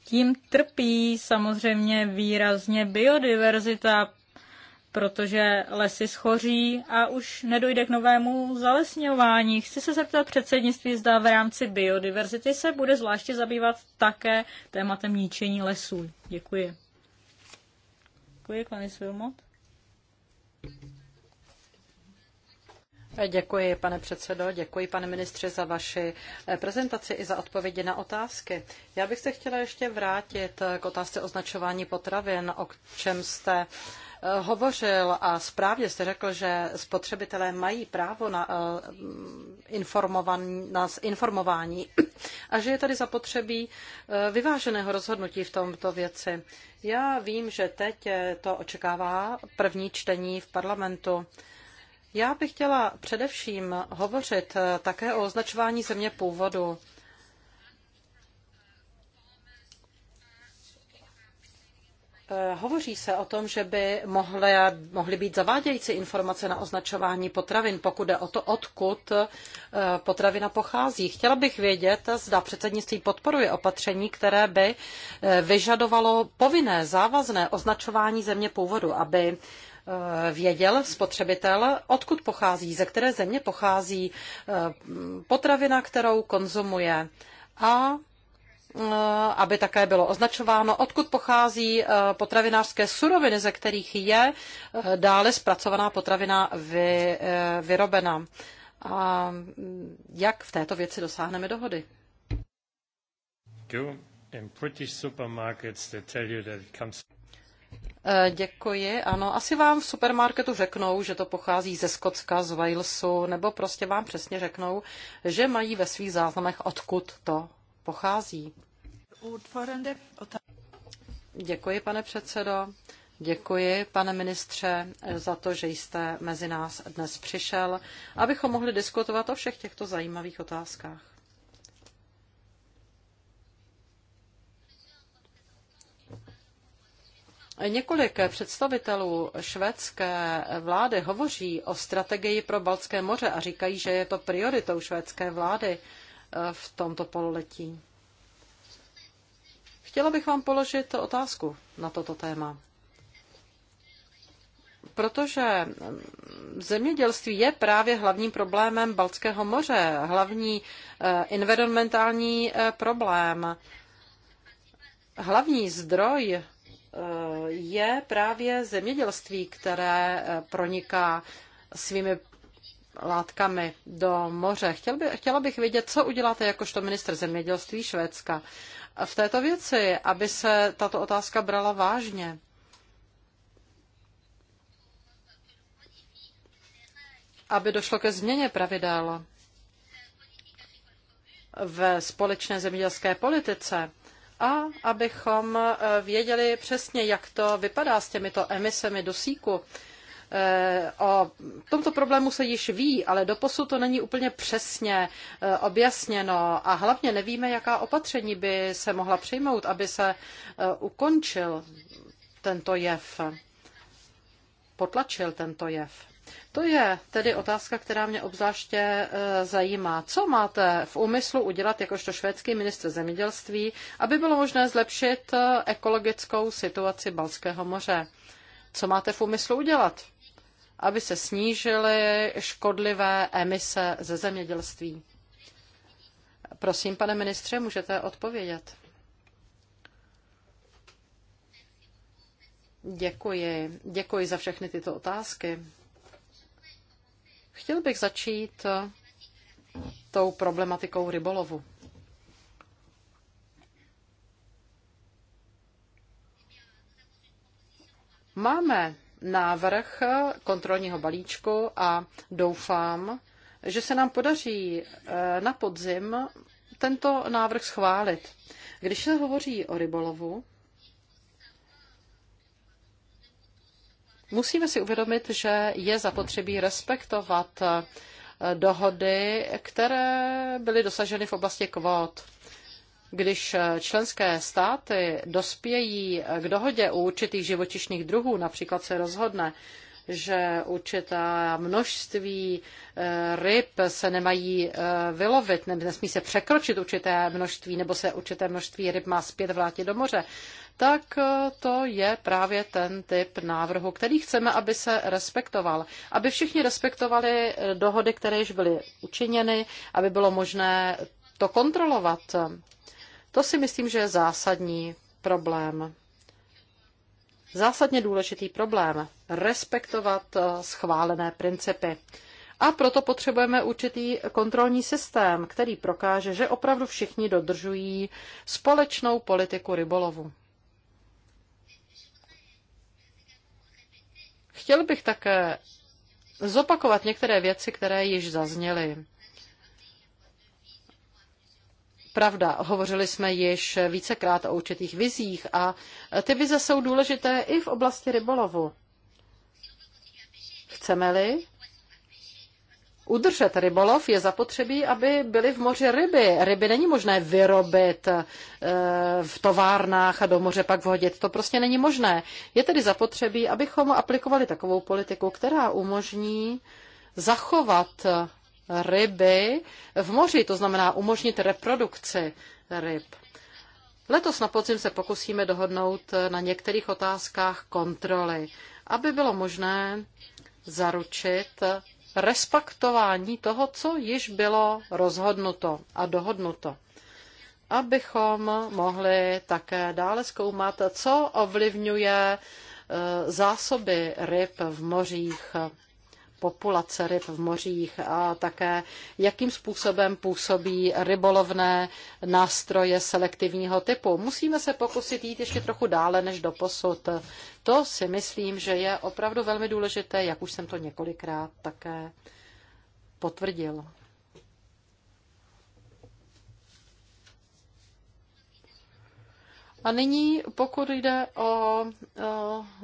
[SPEAKER 2] Tím trpí samozřejmě výrazně biodiverzita, protože lesy schoří a už nedojde k novému zalesňování. Chci se zeptat předsednictví, zda v rámci biodiverzity se bude zvláště zabývat také tématem ničení lesů. Děkuji. Děkuji, Klanis Vilmot.
[SPEAKER 3] Eh, děkuji, pane předsedo, děkuji, pane ministře, za vaši eh, prezentaci i za odpovědi na otázky. Já bych se chtěla ještě vrátit eh, k otázce označování potravin, o čem jste uh, Eh, hovořil a správně jste řekl, že spotřebitelé mají právo na, eh, informování, na informování a že je tady zapotřebí eh, vyváženého rozhodnutí v tomto věci. Já vím, že teď to očekává první čtení v parlamentu. Já bych chtěla především hovořit také o označování země původu. Eh, hovoří se o tom, že by mohly, mohly být zavádějící informace na označování potravin, pokud jde o to, odkud eh, potravina pochází. Chtěla bych vědět, zda předsednictví podporuje opatření, které by eh, vyžadovalo povinné závazné označování země původu, aby věděl spotřebitel, odkud pochází, ze které země pochází potravina, kterou konzumuje. A Eh, aby také bylo označováno, odkud pochází eh, potravinářské suroviny, ze kterých je eh, dále zpracovaná potravina vy, vyrobena. A mm, jak v této věci dosáhneme dohody? Děkuji. Ano, asi vám v supermarketu řeknou, že to pochází ze Skotska, z Walesu, nebo prostě vám přesně řeknou, že mají ve svých záznamech, odkud to pochází. Děkuji, pane předsedo. Děkuji, pane ministře, za to, že jste mezi nás dnes přišel, abychom mohli diskutovat o všech těchto zajímavých otázkách. Několik představitelů švédské vlády hovoří o strategii pro Baltské moře a říkají, že je to prioritou švédské vlády. Eh, v tomto pololetí. Chtěla bych vám položit otázku na toto téma. Protože mm, zemědělství je právě hlavním problémem Baltského moře, hlavní eh, environmentální eh, problém. Hlavní zdroj je právě zemědělství, které proniká svými látkami do moře. Chtěl by, chtěla bych vědět, co uděláte jakožto minister zemědělství Švédska v této věci, aby se tato otázka brala vážně. Aby došlo ke změně pravidel ve společné zemědělské politice a abychom eh, věděli přesně, jak to vypadá s těmito emisemi dusíku Eh, o tomto problému se již ví, ale doposud to není úplně přesně eh, objasněno a hlavně nevíme, jaká opatření by se mohla přijmout, aby se eh, ukončil tento jev, potlačil tento jev. To je tedy otázka, která mě obzvláště zajímá. Co máte v úmyslu udělat jakožto švédský ministr zemědělství, aby bylo možné zlepšit ekologickou situaci Balského moře? Co máte v úmyslu udělat? aby se snížily škodlivé emise ze zemědělství. Prosím, pane ministře, můžete odpovědět. Děkuji. Děkuji za všechny tyto otázky. Chtěl bych začít tou problematikou rybolovu. Máme návrh kontrolního balíčku a doufám, že se nám podaří eh, na podzim tento návrh schválit. Když se hovoří o rybolovu, musíme si uvědomit, že je zapotřebí respektovat eh, dohody, které byly dosaženy v oblasti kvót. Když členské státy dospějí k dohodě u určitých živočišných druhů, například se rozhodne, že určitá množství eh, ryb se nemají eh, vylovit, nesmí se překročit určité množství, nebo se určité množství ryb má zpět vrátit do moře, tak eh, to je právě ten typ návrhu, který chceme, aby se respektoval. Aby všichni respektovali dohody, které již byly učiněny, aby bylo možné to kontrolovat. To si myslím, že je zásadní problém. Zásadně důležitý problém respektovat eh, schválené principy. A proto potřebujeme určitý kontrolní systém, který prokáže, že opravdu všichni dodržují společnou politiku rybolovu. Chtěl bych také zopakovat některé věci, které již zazněly. Pravda, hovořili jsme již vícekrát o určitých vizích a ty vize jsou důležité i v oblasti rybolovu. Chceme-li udržet rybolov, je zapotřebí, aby byly v moři ryby. Ryby není možné vyrobit eh, v továrnách a do moře pak vhodit. To prostě není možné. Je tedy zapotřebí, abychom aplikovali takovou politiku, která umožní zachovat ryby v moři, to znamená umožnit reprodukci ryb. Letos na podzim se pokusíme dohodnout na některých otázkách kontroly, aby bylo možné zaručit respektování toho, co již bylo rozhodnuto a dohodnuto. Abychom mohli také dále zkoumat, co ovlivňuje eh, zásoby ryb v mořích populace ryb v mořích a také jakým způsobem působí rybolovné nástroje selektivního typu. Musíme se pokusit jít ještě trochu dále než do posud. To si myslím, že je opravdu velmi důležité, jak už jsem to několikrát také potvrdil. A nyní, pokud jde o, o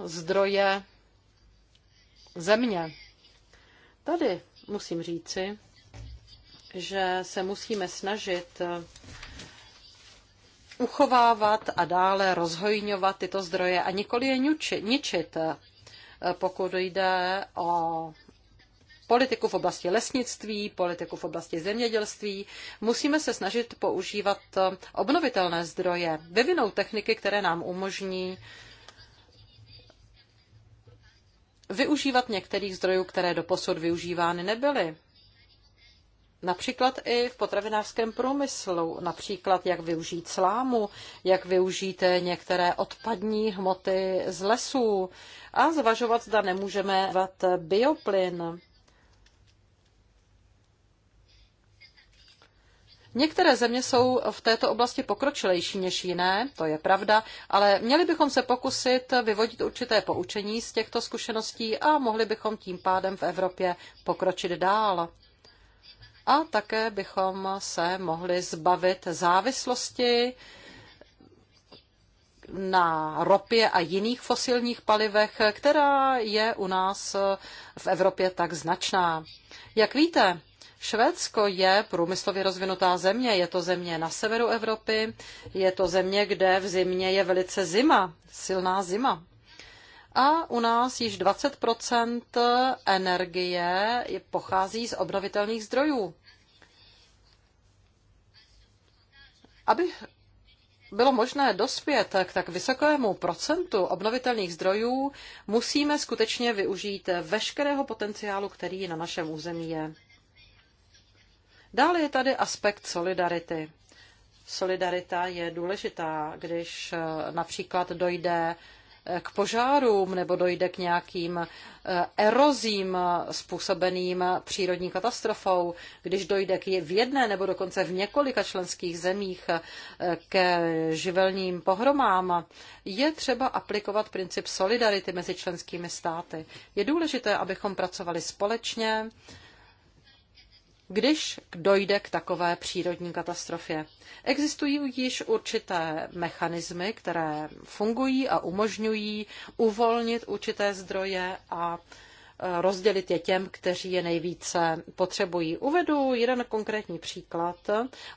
[SPEAKER 3] zdroje země, Tady musím říci, že se musíme snažit eh, uchovávat a dále rozhojňovat tyto zdroje a nikoli je ničit, eh, pokud jde o politiku v oblasti lesnictví, politiku v oblasti zemědělství. Musíme se snažit používat eh, obnovitelné zdroje, vyvinout techniky, které nám umožní uh, využívat některých zdrojů, které doposud využívány nebyly. Například i v potravinářském průmyslu, například jak využít slámu, jak využít některé odpadní hmoty z lesů a zvažovat, zda nemůžeme vat bioplyn Některé země jsou v této oblasti pokročilejší než jiné, to je pravda, ale měli bychom se pokusit vyvodit určité poučení z těchto zkušeností a mohli bychom tím pádem v Evropě pokročit dál. A také bychom se mohli zbavit závislosti na ropě a jiných fosilních palivech, která je u nás v Evropě tak značná. Jak víte, Švédsko je průmyslově rozvinutá země, je to země na severu Evropy, je to země, kde v zimě je velice zima, silná zima. A u nás již 20 energie pochází z obnovitelných zdrojů. Aby bylo možné dospět k tak vysokému procentu obnovitelných zdrojů, musíme skutečně využít veškerého potenciálu, který na našem území je. Dále je tady aspekt solidarity. Solidarita je důležitá, když eh, například dojde eh, k požárům nebo dojde k nějakým eh, erozím způsobeným přírodní katastrofou, když dojde k v jedné nebo dokonce v několika členských zemích ke živelním pohromám, je třeba aplikovat princip solidarity mezi členskými státy. Je důležité, abychom pracovali společně, když dojde k takové přírodní katastrofě. Existují již určité mechanismy, které fungují a umožňují uvolnit určité zdroje a e, rozdělit je těm, kteří je nejvíce potřebují. Uvedu jeden konkrétní příklad.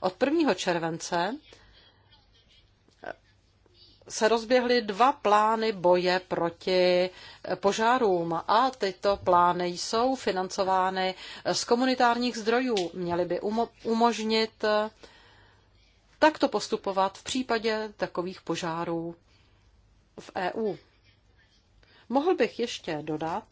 [SPEAKER 3] Od 1. července se rozběhly dva plány boje proti eh, požárům a tyto plány jsou financovány eh, z komunitárních zdrojů. Měly by umožnit eh, takto postupovat v případě takových požárů v EU. Mohl bych ještě dodat,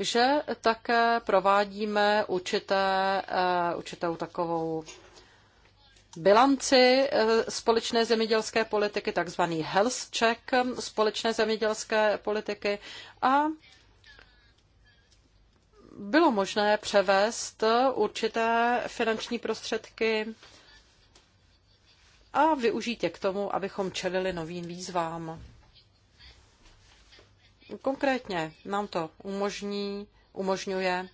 [SPEAKER 3] že také provádíme určité, eh, určitou takovou bilanci eh, společné zemědělské politiky, takzvaný health check společné zemědělské politiky a bylo možné převést určité finanční prostředky a využít je k tomu, abychom čelili novým výzvám. Konkrétně nám to umožní, umožňuje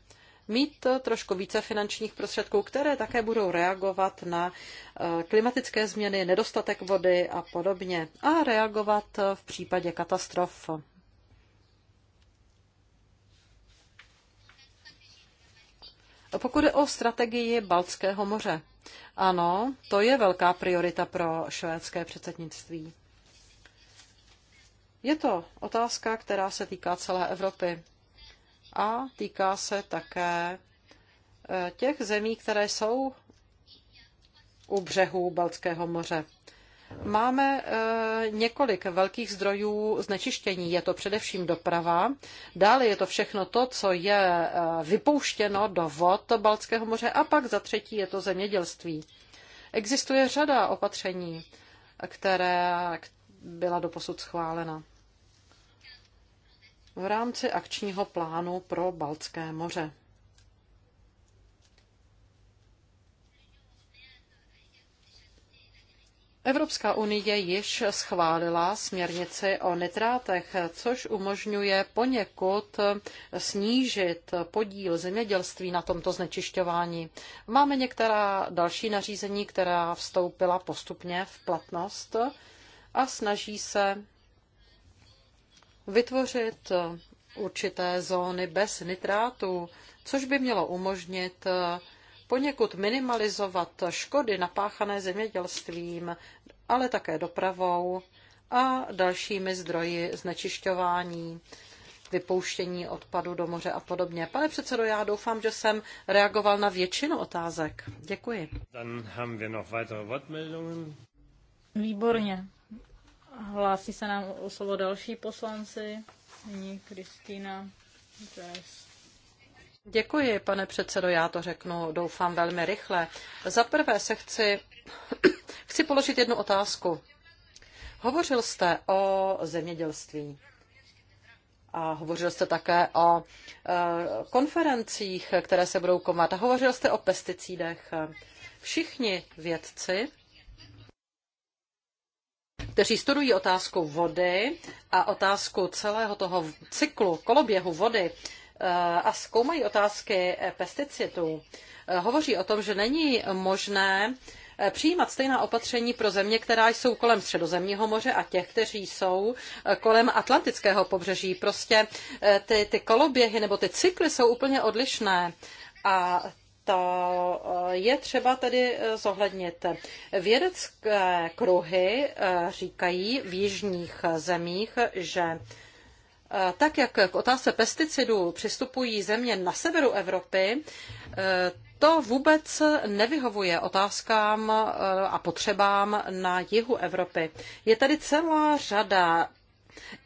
[SPEAKER 3] mít trošku více finančních prostředků, které také budou reagovat na eh, klimatické změny, nedostatek vody a podobně a reagovat v případě katastrof. Pokud je o strategii Baltského moře, ano, to je velká priorita pro švédské předsednictví. Je to otázka, která se týká celé Evropy a týká se také eh, těch zemí, které jsou u břehu Baltského moře. Máme eh, několik velkých zdrojů znečištění. Je to především doprava, dále je to všechno to, co je eh, vypouštěno do vod Baltského moře a pak za třetí je to zemědělství. Existuje řada opatření, která byla doposud schválena v rámci akčního plánu pro Baltské moře. Evropská unie již schválila směrnici o nitrátech, což umožňuje poněkud snížit podíl zemědělství na tomto znečišťování. Máme některá další nařízení, která vstoupila postupně v platnost a snaží se vytvořit eh, určité zóny bez nitrátů, což by mělo umožnit eh, poněkud minimalizovat škody napáchané zemědělstvím, ale také dopravou a dalšími zdroji znečišťování, vypouštění odpadu do moře a podobně. Pane předsedo, já doufám, že jsem reagoval na většinu otázek. Děkuji.
[SPEAKER 2] Výborně. Hlásí se nám o slovo další poslanci. Nyní Kristýna
[SPEAKER 3] Děkuji, pane předsedo, já to řeknu, doufám, velmi rychle. Za prvé se chci, [clears throat] chci položit jednu otázku. Hovořil jste o zemědělství a hovořil jste také o e, konferencích, které se budou komat A hovořil jste o pesticidech. Všichni vědci kteří studují otázku vody a otázku celého toho cyklu koloběhu vody eh, a zkoumají otázky eh, pesticidů, eh, hovoří o tom, že není možné přijímat stejná opatření pro země, která jsou kolem Středozemního moře a těch, kteří jsou kolem Atlantického pobřeží. Prostě ty, ty koloběhy nebo ty cykly jsou úplně odlišné. A to eh, je třeba tedy eh, zohlednit. Vědecké kruhy eh, říkají v jižních zemích, že tak, jak k otázce pesticidů přistupují země na severu Evropy, to vůbec nevyhovuje otázkám a potřebám na jihu Evropy. Je tady celá řada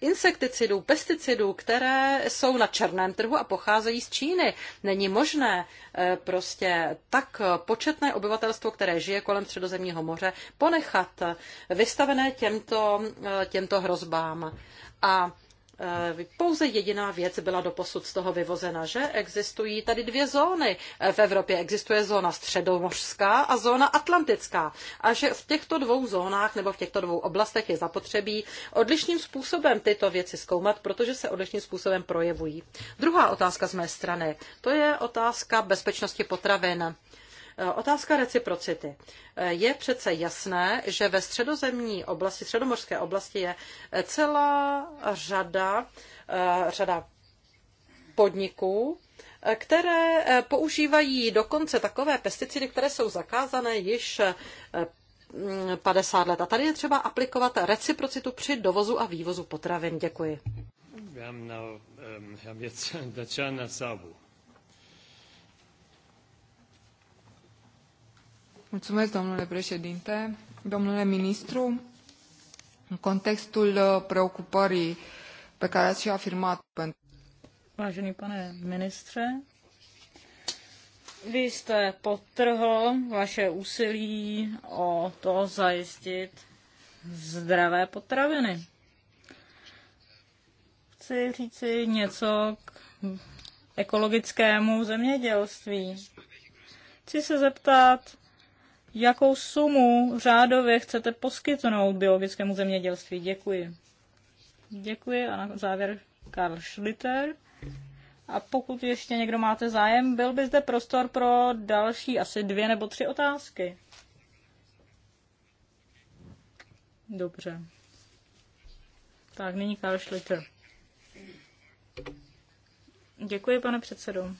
[SPEAKER 3] insekticidů, pesticidů, které jsou na černém trhu a pocházejí z Číny. Není možné eh, prostě tak početné obyvatelstvo, které žije kolem Středozemního moře, ponechat eh, vystavené těmto, eh, těmto hrozbám. A Eh, pouze jediná věc byla doposud z toho vyvozena, že existují tady dvě zóny v Evropě. Existuje zóna středomořská a zóna atlantická. A že v těchto dvou zónách nebo v těchto dvou oblastech je zapotřebí odlišným způsobem tyto věci zkoumat, protože se odlišným způsobem projevují. Druhá otázka z mé strany, to je otázka bezpečnosti potravin. Otázka reciprocity. Je přece jasné, že ve středozemní oblasti, středomorské oblasti je celá řada, eh, řada podniků, eh, které eh, používají dokonce takové pesticidy, které jsou zakázané již 50 mm, let. A tady je třeba aplikovat reciprocitu při dovozu a vývozu potravin. Děkuji.
[SPEAKER 1] Now, um, Daciana Sabu.
[SPEAKER 2] Mulțumesc, domnule președinte. Domnule ministru, în contextul uh, preocupării pe care ați și afirmat pentru... Vážený pane ministře, vy jste podtrhl vaše úsilí o to zajistit zdravé potraviny. Chci říci něco k ekologickému zemědělství. Chci se zeptat, jakou sumu řádově chcete poskytnout biologickému zemědělství. Děkuji. Děkuji a na závěr Karl Schlitter. A pokud ještě někdo máte zájem, byl by zde prostor pro další asi dvě nebo tři otázky. Dobře. Tak, nyní Karl Schlitter. Děkuji, pane předsedo.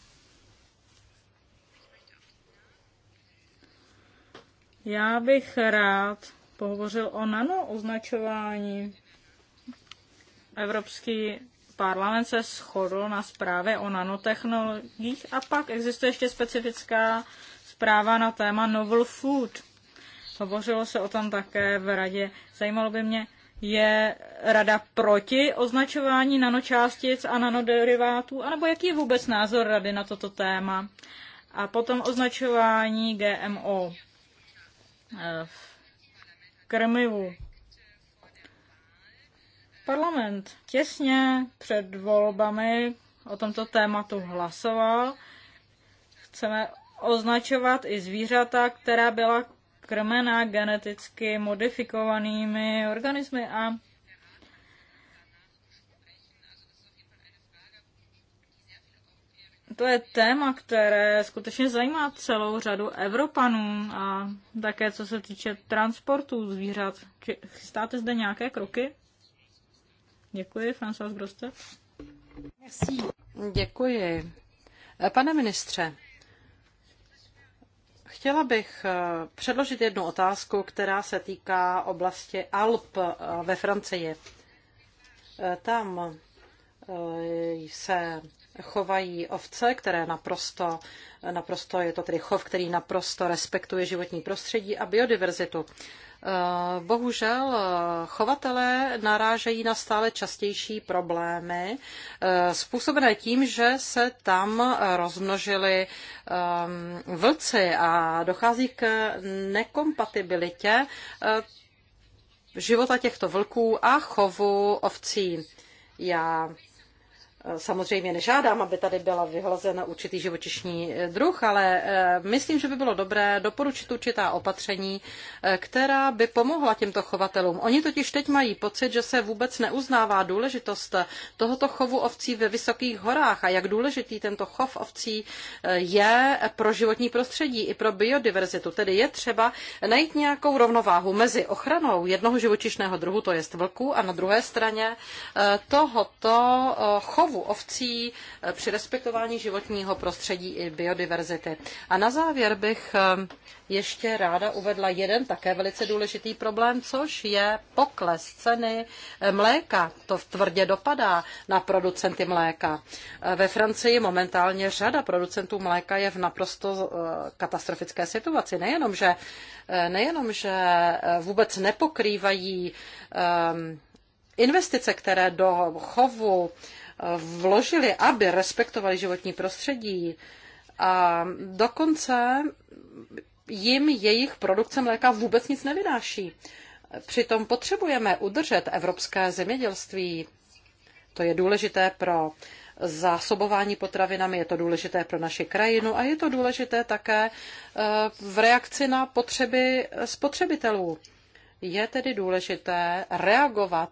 [SPEAKER 2] Já bych rád pohovořil o nanooznačování. Evropský parlament se shodl na zprávě o nanotechnologiích a pak existuje ještě specifická zpráva na téma novel food. Hovořilo se o tom také v radě. Zajímalo by mě, je rada proti označování nanočástic a nanoderivátů, anebo jaký je vůbec názor rady na toto téma? A potom označování GMO. Eh, krmivu. Parlament těsně před volbami o tomto tématu hlasoval. Chceme označovat i zvířata, která byla krmená geneticky modifikovanými organismy a To je téma, které skutečně zajímá celou řadu Evropanů a také co se týče transportu zvířat. Chystáte zde nějaké kroky? Děkuji, François Merci.
[SPEAKER 3] Děkuji. Pane ministře, Chtěla bych eh, předložit jednu otázku, která se týká oblasti Alp eh, ve Francii. Eh, tam se chovají ovce, které naprosto, naprosto, je to tedy chov, který naprosto respektuje životní prostředí a biodiverzitu. Eh, bohužel eh, chovatelé narážejí na stále častější problémy, eh, způsobené tím, že se tam rozmnožili ehm, vlci a dochází k nekompatibilitě života těchto vlků a chovu ovcí. Já Samozřejmě nežádám, aby tady byla vyhlazen určitý živočišní druh, ale eh, myslím, že by bylo dobré doporučit určitá opatření, eh, která by pomohla těmto chovatelům. Oni totiž teď mají pocit, že se vůbec neuznává důležitost eh, tohoto chovu ovcí ve vysokých horách a jak důležitý tento chov ovcí je pro životní prostředí i pro biodiverzitu. Tedy je třeba najít nějakou rovnováhu mezi ochranou jednoho živočišného druhu, to jest vlku, a na druhé straně tohoto chovu chovu ovcí eh, při respektování životního prostředí i biodiverzity. A na závěr bych eh, ještě ráda uvedla jeden také velice důležitý problém, což je pokles ceny eh, mléka. To tvrdě dopadá na producenty mléka. Ve Francii momentálně řada producentů mléka je v naprosto katastrofické situaci. Nejenom, že, nejenom, že vůbec nepokrývají ehm, investice, které do chovu vložili, aby respektovali životní prostředí. A dokonce jim jejich produkce mléka vůbec nic nevynáší. Přitom potřebujeme udržet evropské zemědělství. To je důležité pro zásobování potravinami, je to důležité pro naši krajinu a je to důležité také eh, v reakci na potřeby spotřebitelů. Je tedy důležité reagovat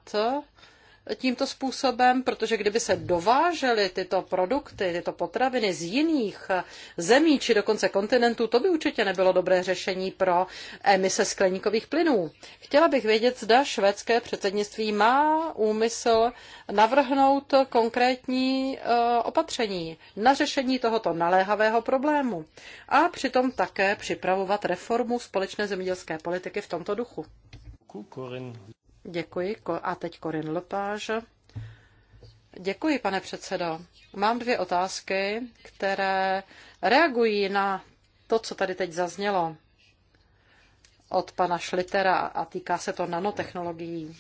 [SPEAKER 3] tímto způsobem, protože kdyby se dovážely tyto produkty, tyto potraviny z jiných eh, zemí či dokonce kontinentů, to by určitě nebylo dobré řešení pro emise skleníkových plynů. Chtěla bych vědět, zda švédské předsednictví má úmysl navrhnout konkrétní eh, opatření na řešení tohoto naléhavého problému a přitom také připravovat reformu společné zemědělské politiky v tomto duchu. Děkuji. A teď Korin Lopáž. Děkuji, pane předsedo. Mám dvě otázky, které reagují na to, co tady teď zaznělo od pana Šlitera a týká se to nanotechnologií.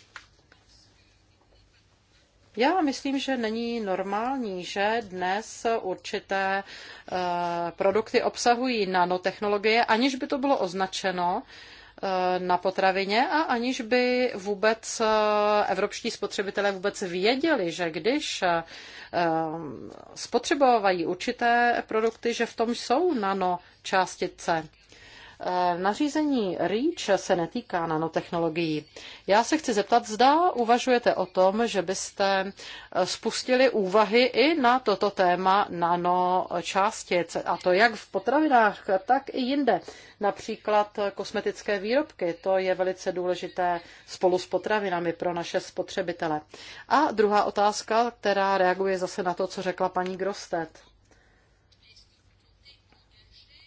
[SPEAKER 3] Já myslím, že není normální, že dnes určité eh, produkty obsahují nanotechnologie, aniž by to bylo označeno Eh, na potravině a aniž by vůbec eh, evropští spotřebitelé vůbec věděli, že když eh, spotřebovávají určité produkty, že v tom jsou nano částice. Eh, nařízení REACH se netýká nanotechnologií. Já se chci zeptat, zda uvažujete o tom, že byste eh, spustili úvahy i na toto téma nanočástic, a to jak v potravinách, tak i jinde. Například eh, kosmetické výrobky, to je velice důležité spolu s potravinami pro naše spotřebitele. A druhá otázka, která reaguje zase na to, co řekla paní Grostet.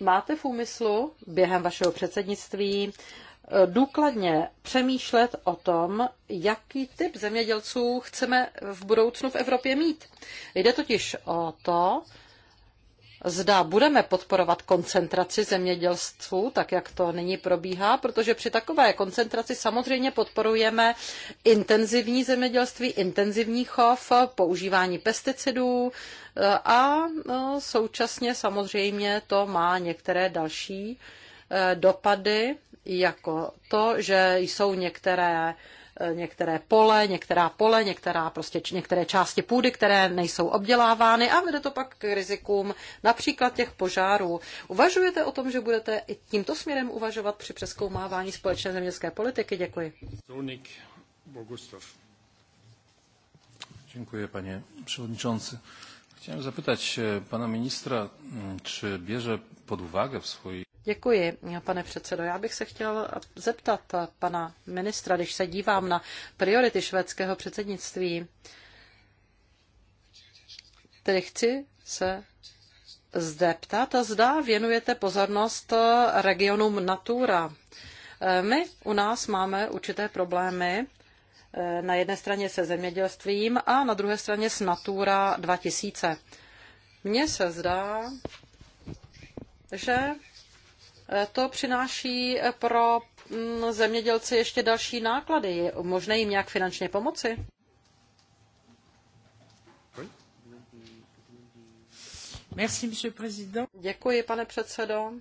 [SPEAKER 3] Máte v úmyslu během vašeho předsednictví eh, důkladně přemýšlet o tom, jaký typ zemědělců chceme v budoucnu v Evropě mít. Jde totiž o to, zda budeme podporovat koncentraci zemědělců, tak jak to nyní probíhá, protože při takové koncentraci samozřejmě podporujeme intenzivní zemědělství, intenzivní chov, používání pesticidů eh, a eh, současně samozřejmě to má některé další eh, dopady, jako to, že jsou některé některé pole, některá pole, některá prostě, některé části půdy, které nejsou obdělávány a vede to pak k rizikům například těch požárů. Uvažujete o tom, že budete i tímto směrem uvažovat při přeskoumávání společné zemědělské politiky? Děkuji.
[SPEAKER 1] Zónik Bogustav. Dziękuję panie przewodniczący. Chciałem zapytać e, pana ministra, czy bierze pod uwagę w swojej
[SPEAKER 3] Děkuji, pane předsedo. Já bych se chtěl zeptat pana ministra, když se dívám na priority švédského předsednictví, tedy chci se zde ptát, zda věnujete pozornost regionům Natura. My u nás máme určité problémy eh, na jedné straně se zemědělstvím a na druhé straně s Natura 2000. Mně se zdá, že to přináší pro mm, zemědělce ještě další náklady. Je možné jim nějak finančně pomoci? Děkuji, pane předsedo.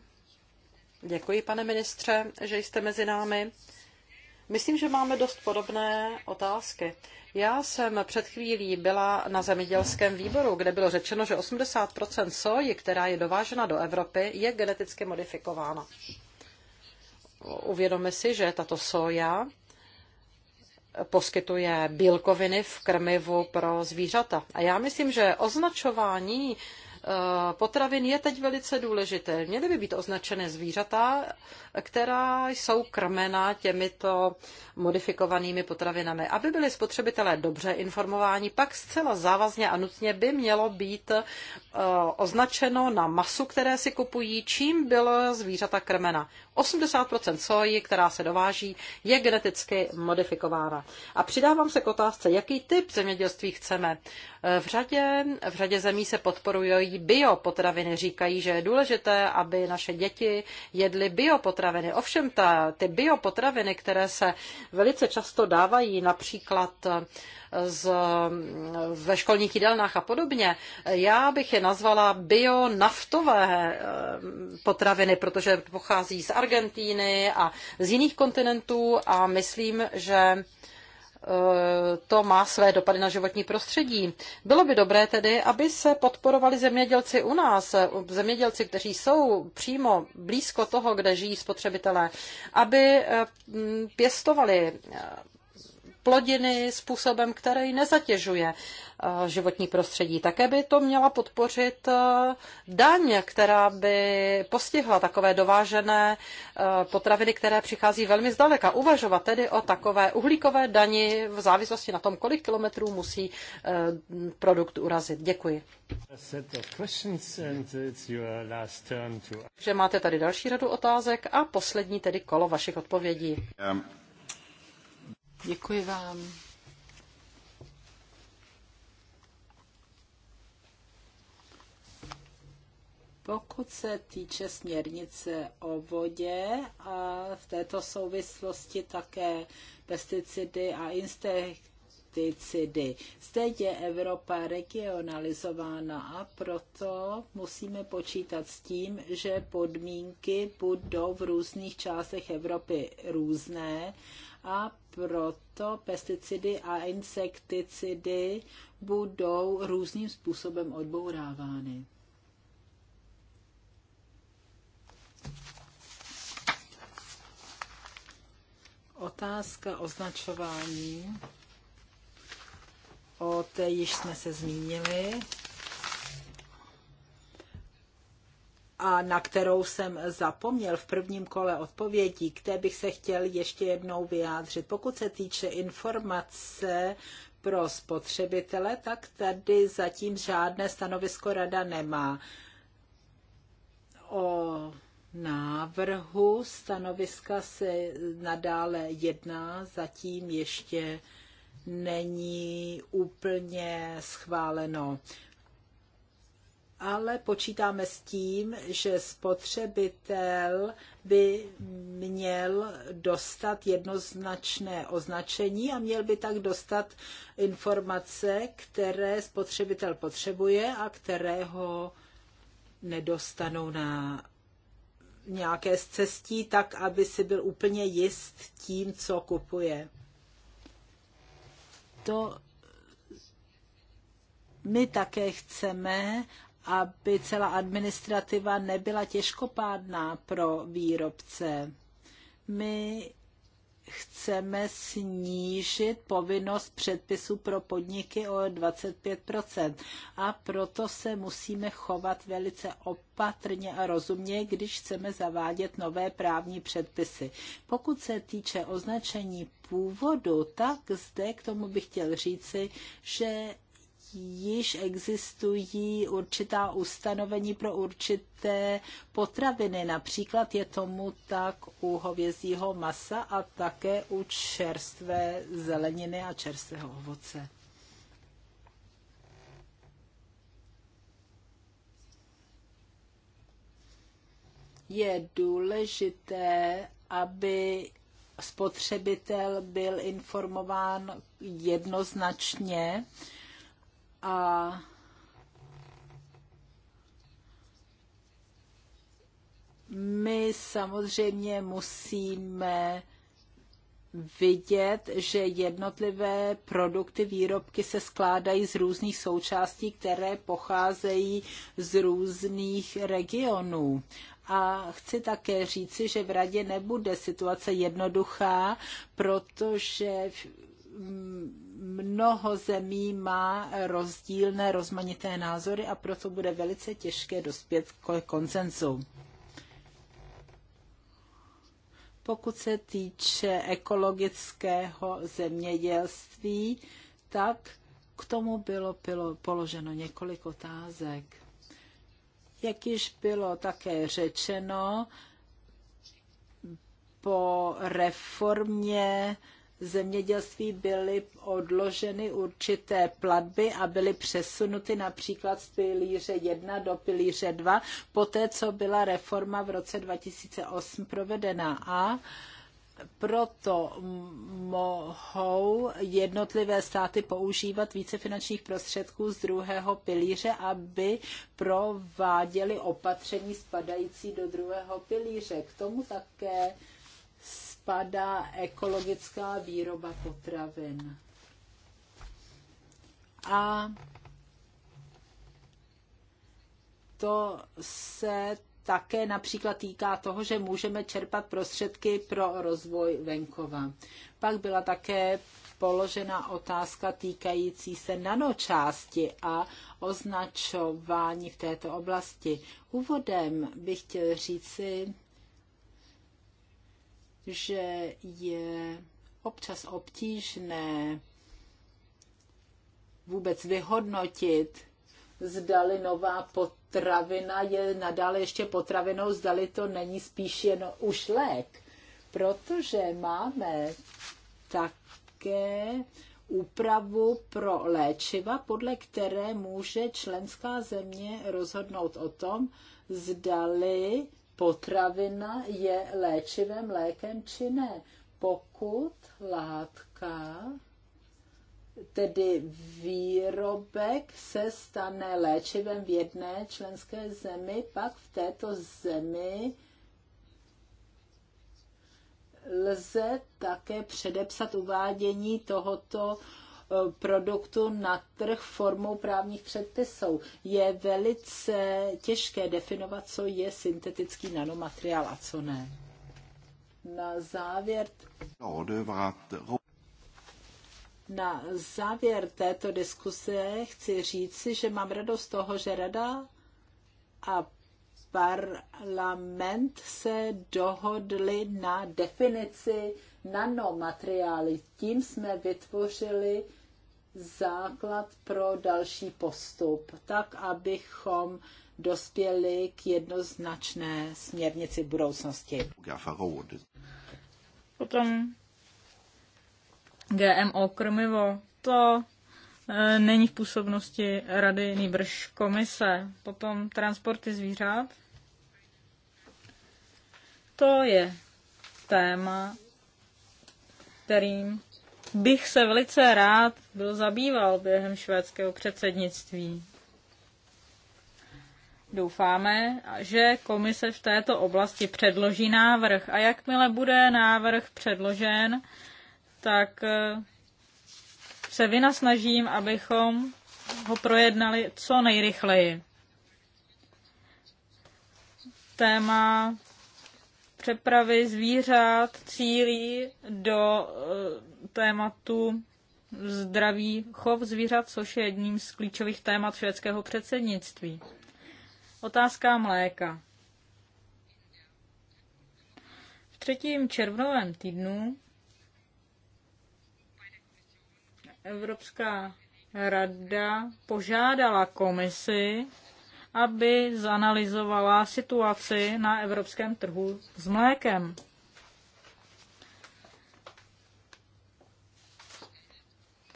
[SPEAKER 3] Děkuji, pane ministře, že jste mezi námi. Myslím, že máme dost podobné otázky. Já jsem před chvílí byla na zemědělském výboru, kde bylo řečeno, že 80 soji, která je dovážena do Evropy, je geneticky modifikována. Uvědomme si, že tato soja poskytuje bílkoviny v krmivu pro zvířata. A já myslím, že označování Eh, potravin je teď velice důležité. Měly by být označené zvířata, která jsou krmena těmito modifikovanými potravinami. Aby byli spotřebitelé dobře informováni, pak zcela závazně a nutně by mělo být eh, označeno na masu, které si kupují, čím byla zvířata krmena. 80% soji, která se dováží, je geneticky modifikována. A přidávám se k otázce, jaký typ zemědělství chceme. V řadě, v řadě zemí se podporují biopotraviny. Říkají, že je důležité, aby naše děti jedly biopotraviny. Ovšem ta, ty biopotraviny, které se velice často dávají například z, ve školních jídelnách a podobně, já bych je nazvala bionaftové eh, potraviny, protože pochází z Argentíny a z jiných kontinentů a myslím, že eh, to má své dopady na životní prostředí. Bylo by dobré tedy, aby se podporovali zemědělci u nás, eh, zemědělci, kteří jsou přímo blízko toho, kde žijí spotřebitelé, aby pěstovali plodiny způsobem, který nezatěžuje eh, životní prostředí. Také by to měla podpořit eh, daň, která by postihla takové dovážené eh, potraviny, které přichází velmi zdaleka. Uvažovat tedy o takové uhlíkové dani v závislosti na tom, kolik kilometrů musí produkt urazit. Děkuji. Že máte tady další řadu otázek a poslední tedy kolo vašich odpovědí. Um. Děkuji vám.
[SPEAKER 4] Pokud se týče směrnice o vodě a v této souvislosti také pesticidy a insekticidy, zde je Evropa regionalizována a proto musíme počítat s tím, že podmínky budou v různých částech Evropy různé a proto pesticidy a insekticidy budou různým způsobem odbourávány. Otázka označování. O té již jsme se zmínili. a na kterou jsem zapomněl v prvním kole odpovědí, které bych se chtěl ještě jednou vyjádřit. Pokud se týče informace pro spotřebitele, tak tady zatím žádné stanovisko rada nemá. O návrhu stanoviska se nadále jedná, zatím ještě není úplně schváleno ale počítáme s tím, že spotřebitel by měl dostat jednoznačné označení a měl by tak dostat informace, které spotřebitel potřebuje a které ho nedostanou na nějaké z cestí, tak aby si byl úplně jist tím, co kupuje. To my také chceme, aby celá administrativa nebyla těžkopádná pro výrobce. My chceme snížit povinnost předpisů pro podniky o 25 a proto se musíme chovat velice opatrně a rozumně, když chceme zavádět nové právní předpisy. Pokud se týče označení původu, tak zde k tomu bych chtěl říci, že již existují určitá ustanovení pro určité potraviny. Například je tomu tak u hovězího masa a také u čerstvé zeleniny a čerstvého ovoce. Je důležité, aby spotřebitel byl informován jednoznačně, a my samozřejmě musíme vidět, že jednotlivé produkty, výrobky se skládají z různých součástí, které pocházejí z různých regionů. A chci také říci, že v radě nebude situace jednoduchá, protože mnoho zemí má rozdílné, rozmanité názory a proto bude velice těžké dospět k konsenzu. Pokud se týče ekologického zemědělství, tak k tomu bylo položeno několik otázek. Jak již bylo také řečeno, po reformě zemědělství byly odloženy určité platby a byly přesunuty například z pilíře 1 do pilíře 2, poté co byla reforma v roce 2008 provedena. A proto mohou jednotlivé státy používat více finančních prostředků z druhého pilíře, aby prováděly opatření spadající do druhého pilíře. K tomu také spadá ekologická výroba potravin. A to se také například týká toho, že můžeme čerpat prostředky pro rozvoj venkova. Pak byla také položena otázka týkající se nanočásti a označování v této oblasti. Úvodem bych chtěl říci, že je občas obtížné vůbec vyhodnotit, zdali nová potravina je nadále ještě potravinou, zdali to není spíš jen už lék. Protože máme také úpravu pro léčiva, podle které může členská země rozhodnout o tom, zdali potravina je léčivým lékem či ne. Pokud látka, tedy výrobek, se stane léčivým v jedné členské zemi, pak v této zemi lze také předepsat uvádění tohoto Eh, produktu na trh formou právních předpisů. Je velice těžké definovat, co je syntetický nanomateriál a co ne. Na závěr... No, na závěr této diskuse chci říci, že mám radost toho, že Rada a parlament se dohodli na definici nanomateriály. Tím jsme vytvořili základ pro další postup, tak abychom dospěli k jednoznačné směrnici budoucnosti.
[SPEAKER 2] Potom GMO krmivo, to e, není v působnosti rady nýbrž komise. Potom transporty zvířat, to je téma, kterým bych se velice rád byl zabýval během švédského předsednictví. Doufáme, že komise v této oblasti předloží návrh a jakmile bude návrh předložen, tak eh, se vynasnažím, abychom ho projednali co nejrychleji. Téma přepravy zvířat cílí do eh, tématu zdraví chov zvířat, což je jedním z klíčových témat švédského předsednictví. Otázka mléka. V třetím červnovém týdnu Evropská rada požádala komisi aby zanalizovala situaci na evropském trhu s mlékem.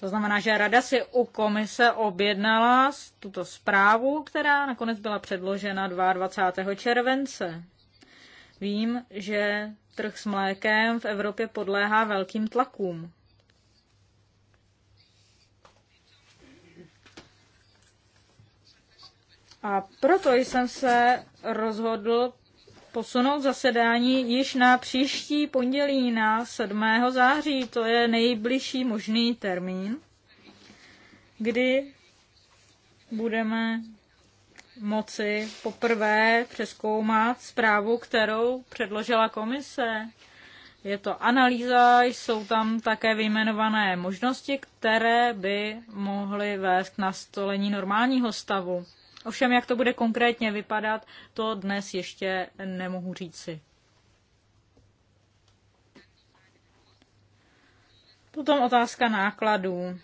[SPEAKER 2] To znamená, že Rada si u komise objednala tuto zprávu, která nakonec byla předložena 22. července. Vím, že trh s mlékem v Evropě podléhá velkým tlakům. A proto jsem se rozhodl posunout zasedání již na příští pondělí na 7. září. To je nejbližší možný termín, kdy budeme moci poprvé přeskoumat zprávu, kterou předložila komise. Je to analýza, jsou tam také vyjmenované možnosti, které by mohly vést k nastolení normálního stavu. Ovšem, jak to bude konkrétně vypadat, to dnes ještě nemohu říci. Potom otázka nákladů.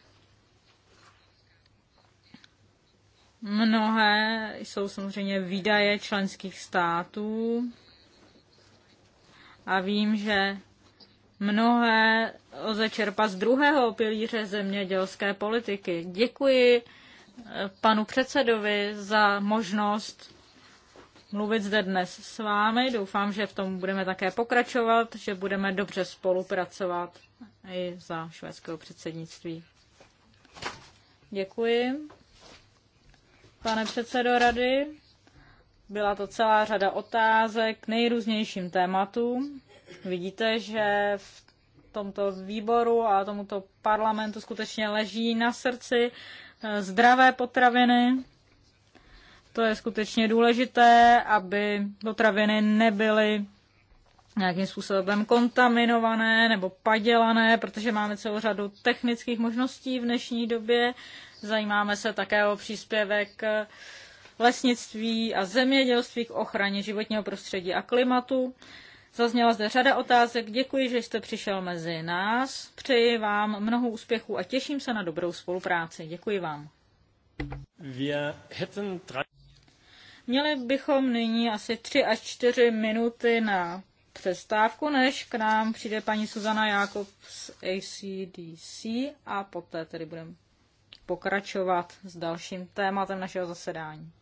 [SPEAKER 2] Mnohé jsou samozřejmě výdaje členských států a vím, že mnohé lze čerpat z druhého pilíře zemědělské politiky. Děkuji panu předsedovi za možnost mluvit zde dnes s vámi. Doufám, že v tom budeme také pokračovat, že budeme dobře spolupracovat i za švédského předsednictví. Děkuji. Pane předsedo rady, byla to celá řada otázek k nejrůznějším tématům. Vidíte, že v tomto výboru a tomuto parlamentu skutečně leží na srdci zdravé potraviny. To je skutečně důležité, aby potraviny nebyly nějakým způsobem kontaminované nebo padělané, protože máme celou řadu technických možností v dnešní době. Zajímáme se také o příspěvek lesnictví a zemědělství k ochraně životního prostředí a klimatu. Zazněla zde řada otázek. Děkuji, že jste přišel mezi nás. Přeji vám mnoho úspěchů a těším se na dobrou spolupráci. Děkuji vám. Měli bychom nyní asi tři až čtyři minuty na přestávku, než k nám přijde paní Suzana Jakob z ACDC a poté tedy budeme pokračovat s dalším tématem našeho zasedání.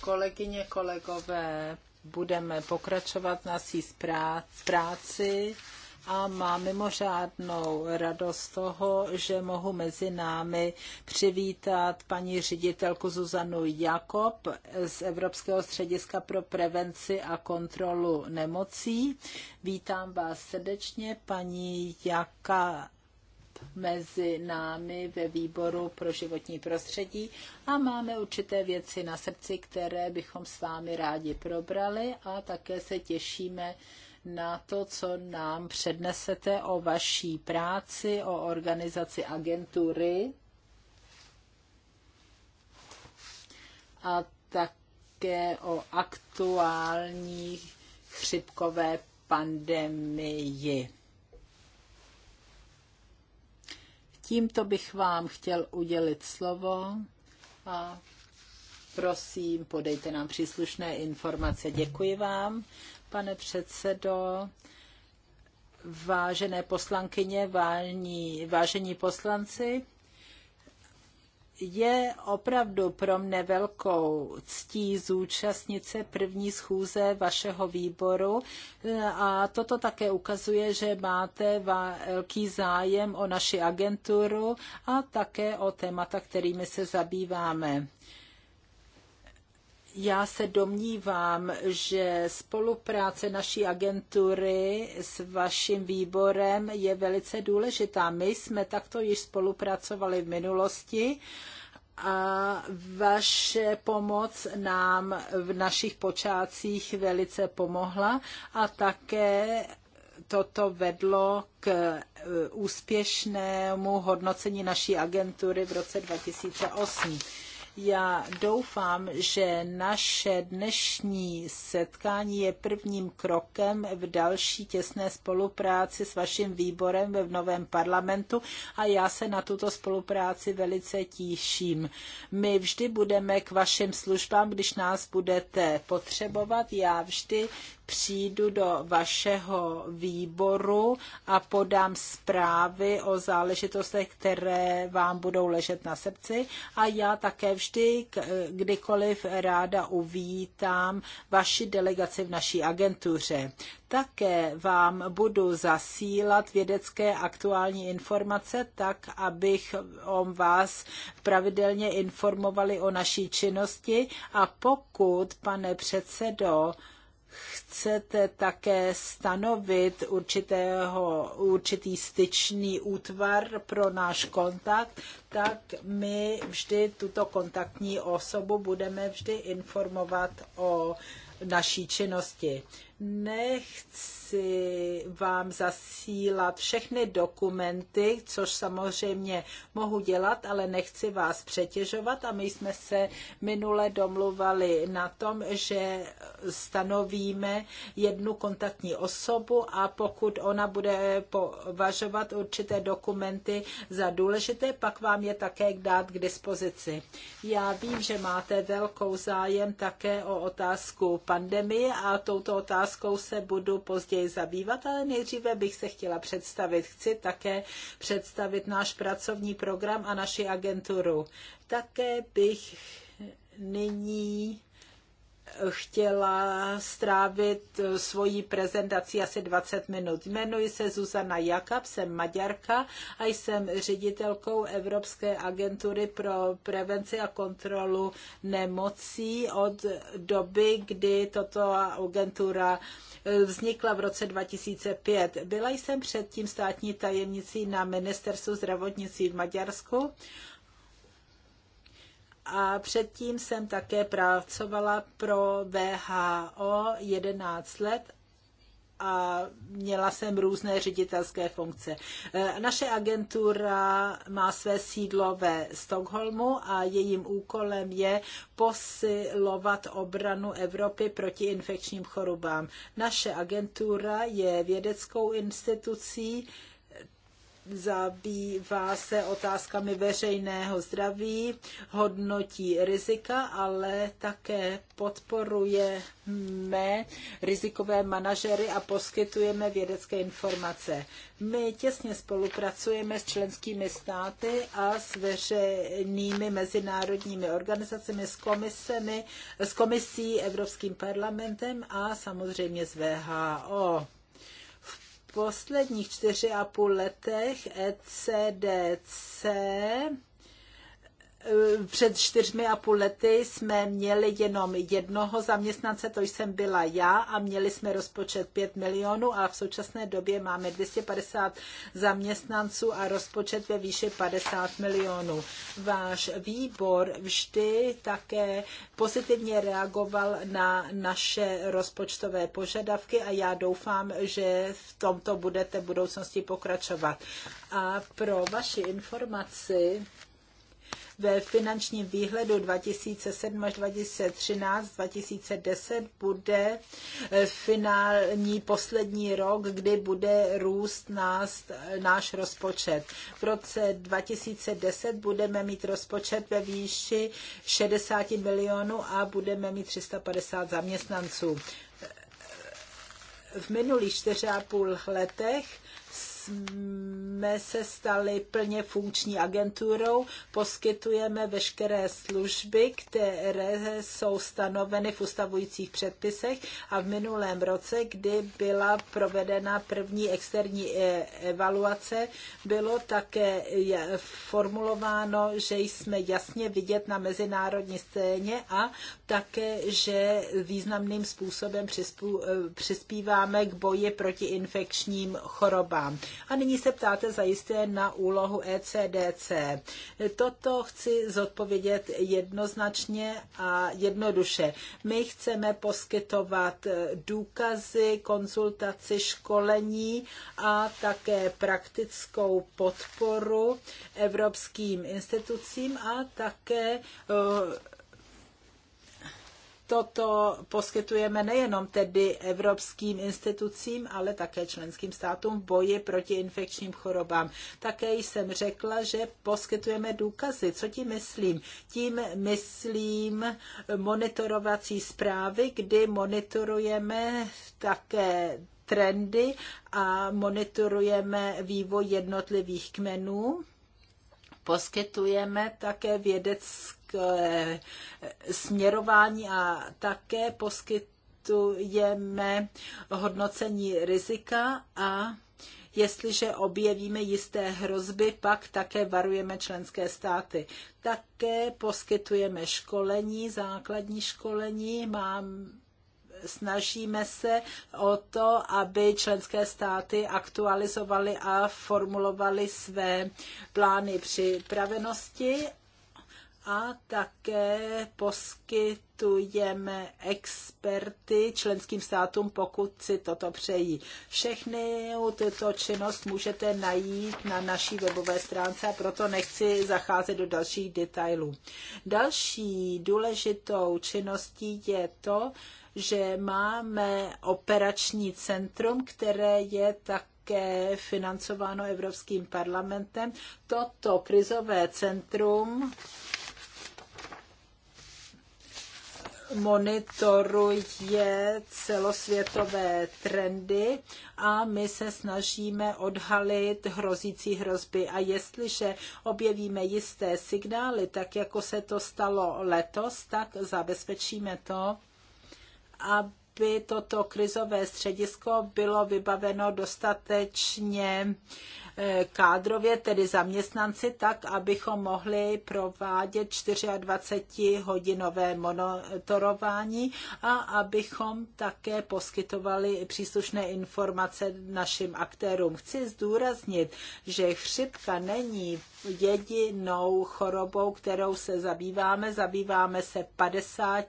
[SPEAKER 4] Kolegyně, kolegové, budeme pokračovat na svý práci a mám mimořádnou radost toho, že mohu mezi námi přivítat paní ředitelku Zuzanu Jakob z Evropského střediska pro prevenci a kontrolu nemocí. Vítám vás srdečně, paní Jaka, mezi námi ve výboru pro životní prostředí a máme určité věci na srdci, které bychom s vámi rádi probrali a také se těšíme na to, co nám přednesete o vaší práci, o organizaci agentury a také o aktuální chřipkové pandemii. Tímto bych vám chtěl udělit slovo a prosím, podejte nám příslušné informace. Děkuji vám, pane předsedo. Vážené poslankyně, vážení, vážení poslanci, je opravdu pro mne velkou ctí zúčastnit se první schůze vašeho výboru a toto také ukazuje, že máte velký zájem o naši agenturu a také o témata, kterými se zabýváme. Já se domnívám, že spolupráce naší agentury s vaším výborem je velice důležitá. My jsme takto již spolupracovali v minulosti a vaše pomoc nám v našich počátcích velice pomohla a také toto vedlo k e, úspěšnému hodnocení naší agentury v roce 2008. Já doufám, že naše dnešní setkání je prvním krokem v další těsné spolupráci s vaším výborem v novém parlamentu a já se na tuto spolupráci velice těším. My vždy budeme k vašim službám, když nás budete potřebovat. Já vždy přijdu do vašeho výboru a podám zprávy o záležitostech, které vám budou ležet na srdci. A já také vždy, kdykoliv ráda uvítám vaši delegaci v naší agentuře. Také vám budu zasílat vědecké aktuální informace tak, abych o vás pravidelně informovali o naší činnosti a pokud, pane předsedo, chcete také stanovit určitého, určitý styčný útvar pro náš kontakt, tak my vždy tuto kontaktní osobu budeme vždy informovat o naší činnosti nechci vám zasílat všechny dokumenty, což samozřejmě mohu dělat, ale nechci vás přetěžovat a my jsme se minule domluvali na tom, že stanovíme jednu kontaktní osobu a pokud ona bude považovat určité dokumenty za důležité, pak vám je také dát k dispozici. Já vím, že máte velkou zájem také o otázku pandemie a touto otázku otázkou se budu později zabývat, ale nejdříve bych se chtěla představit. Chci také představit náš pracovní program a naši agenturu. Také bych nyní chtěla strávit eh, svoji prezentaci asi 20 minut. Jmenuji se Zuzana Jakab, jsem Maďarka a jsem ředitelkou Evropské agentury pro prevenci a kontrolu nemocí od doby, kdy toto agentura eh, vznikla v roce 2005. Byla jsem předtím státní tajemnicí na ministerstvu zdravotnictví v Maďarsku a předtím jsem také pracovala pro VHO 11 let a měla jsem různé ředitelské funkce. E, naše agentura má své sídlo ve Stockholmu a jejím úkolem je posilovat obranu Evropy proti infekčním chorobám. Naše agentura je vědeckou institucí, zabývá se otázkami veřejného zdraví, hodnotí rizika, ale také podporujeme rizikové manažery a poskytujeme vědecké informace. My těsně spolupracujeme s členskými státy a s veřejnými mezinárodními organizacemi, s, komisemi, s komisí, Evropským parlamentem a samozřejmě s VHO posledních čtyři a půl letech ECDC Eh, před čtyřmi a půl lety jsme měli jenom jednoho zaměstnance, to jsem byla já a měli jsme rozpočet 5 milionů a v současné době máme 250 zaměstnanců a rozpočet ve výši 50 milionů. Váš výbor vždy také pozitivně reagoval na naše rozpočtové požadavky a já doufám, že v tomto budete v budoucnosti pokračovat. A pro vaši informaci, ve finančním výhledu 2007 až 2013, 2010 bude eh, finální poslední rok, kdy bude růst nás, náš rozpočet. V roce 2010 budeme mít rozpočet ve výši 60 milionů a budeme mít 350 zaměstnanců. V minulých 4,5 letech jsme se stali plně funkční agenturou, poskytujeme veškeré služby, které jsou stanoveny v ustavujících předpisech a v minulém roce, kdy byla provedena první externí e, evaluace, bylo také formulováno, že jsme jasně vidět na mezinárodní scéně a také, že významným způsobem e, přispíváme k boji proti infekčním chorobám. A nyní se ptáte zajisté na úlohu ECDC. Toto chci zodpovědět jednoznačně a jednoduše. My chceme poskytovat eh, důkazy, konzultaci, školení a také praktickou podporu evropským institucím a také eh, toto poskytujeme nejenom tedy evropským institucím, ale také členským státům v boji proti infekčním chorobám. Také jsem řekla, že poskytujeme důkazy. Co tím myslím? Tím myslím monitorovací zprávy, kdy monitorujeme také trendy a monitorujeme vývoj jednotlivých kmenů. Poskytujeme také vědecké Eh, směrování a také poskytujeme hodnocení rizika a Jestliže objevíme jisté hrozby, pak také varujeme členské státy. Také poskytujeme školení, základní školení, mám, snažíme se o to, aby členské státy aktualizovaly a formulovaly své plány připravenosti a také poskytujeme experty členským státům, pokud si toto přejí. Všechny tuto činnost můžete najít na naší webové stránce a proto nechci zacházet do dalších detailů. Další důležitou činností je to, že máme operační centrum, které je tak také financováno Evropským parlamentem. Toto krizové centrum monitoruje celosvětové trendy a my se snažíme odhalit hrozící hrozby. A jestliže objevíme jisté signály, tak jako se to stalo letos, tak zabezpečíme to, aby toto krizové středisko bylo vybaveno dostatečně kádrově, tedy zaměstnanci, tak, abychom mohli provádět 24-hodinové monitorování a abychom také poskytovali příslušné informace našim aktérům. Chci zdůraznit, že chřipka není jedinou chorobou, kterou se zabýváme. Zabýváme se 50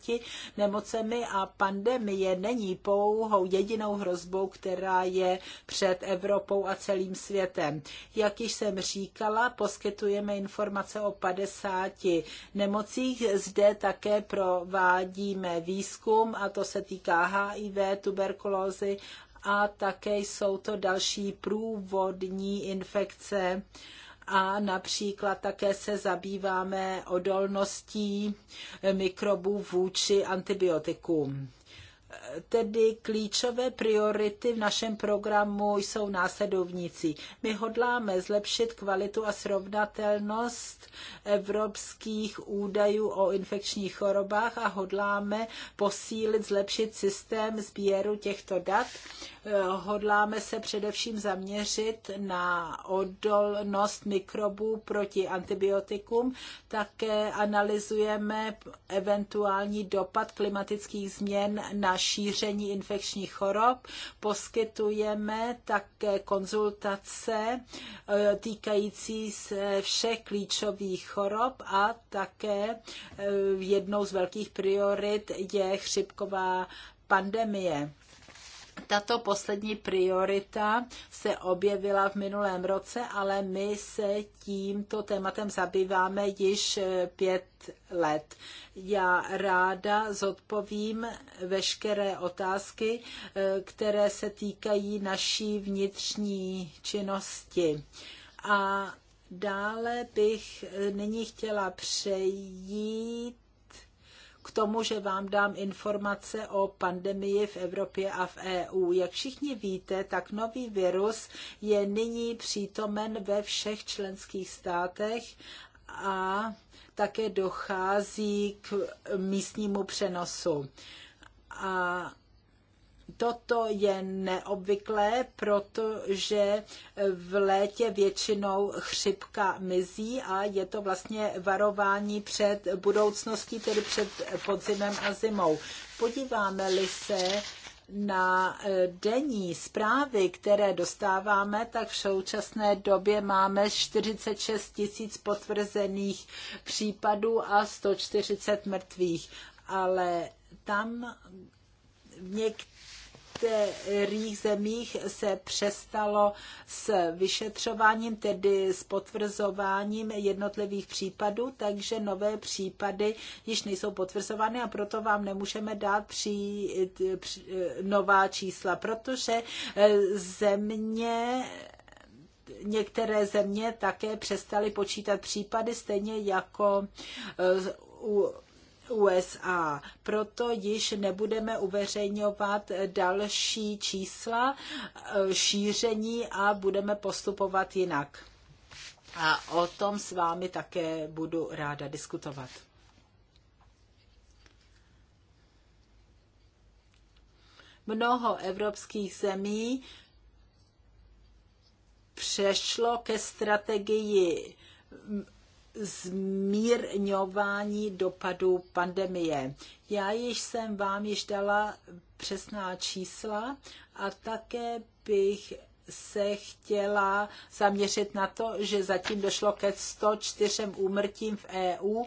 [SPEAKER 4] nemocemi a pandemie není pouhou jedinou hrozbou, která je před Evropou a celým světem problém. Jak již jsem říkala, poskytujeme informace o 50 nemocích. Zde také provádíme výzkum a to se týká HIV, tuberkulózy a také jsou to další průvodní infekce a například také se zabýváme odolností mikrobů vůči antibiotikům tedy klíčové priority v našem programu jsou následovníci. My hodláme zlepšit kvalitu a srovnatelnost evropských údajů o infekčních chorobách a hodláme posílit, zlepšit systém sběru těchto dat. Hodláme se především zaměřit na odolnost mikrobů proti antibiotikum. Také analyzujeme eventuální dopad klimatických změn na šíření infekčních chorob. Poskytujeme také konzultace eh, týkající se všech klíčových chorob a také eh, jednou z velkých priorit je chřipková pandemie. Tato poslední priorita se objevila v minulém roce, ale my se tímto tématem zabýváme již eh, pět let. Já ráda zodpovím veškeré otázky, eh, které se týkají naší vnitřní činnosti. A dále bych eh, nyní chtěla přejít k tomu, že vám dám informace o pandemii v Evropě a v EU. Jak všichni víte, tak nový virus je nyní přítomen ve všech členských státech a také dochází k místnímu přenosu. A Toto je neobvyklé, protože v létě většinou chřipka mizí a je to vlastně varování před budoucností, tedy před podzimem a zimou. Podíváme-li se na eh, denní zprávy, které dostáváme, tak v současné době máme 46 tisíc potvrzených případů a 140 mrtvých. Ale tam v některých některých zemích se přestalo s vyšetřováním, tedy s potvrzováním jednotlivých případů, takže nové případy již nejsou potvrzovány a proto vám nemůžeme dát při, při, nová čísla, protože eh, země některé země také přestaly počítat případy, stejně jako eh, u USA. Proto již nebudeme uveřejňovat další čísla eh, šíření a budeme postupovat jinak. A o tom s vámi také budu ráda diskutovat. Mnoho evropských zemí přešlo ke strategii zmírňování dopadů pandemie. Já již jsem vám již dala přesná čísla a také bych se chtěla zaměřit na to, že zatím došlo ke 104 úmrtím v EU,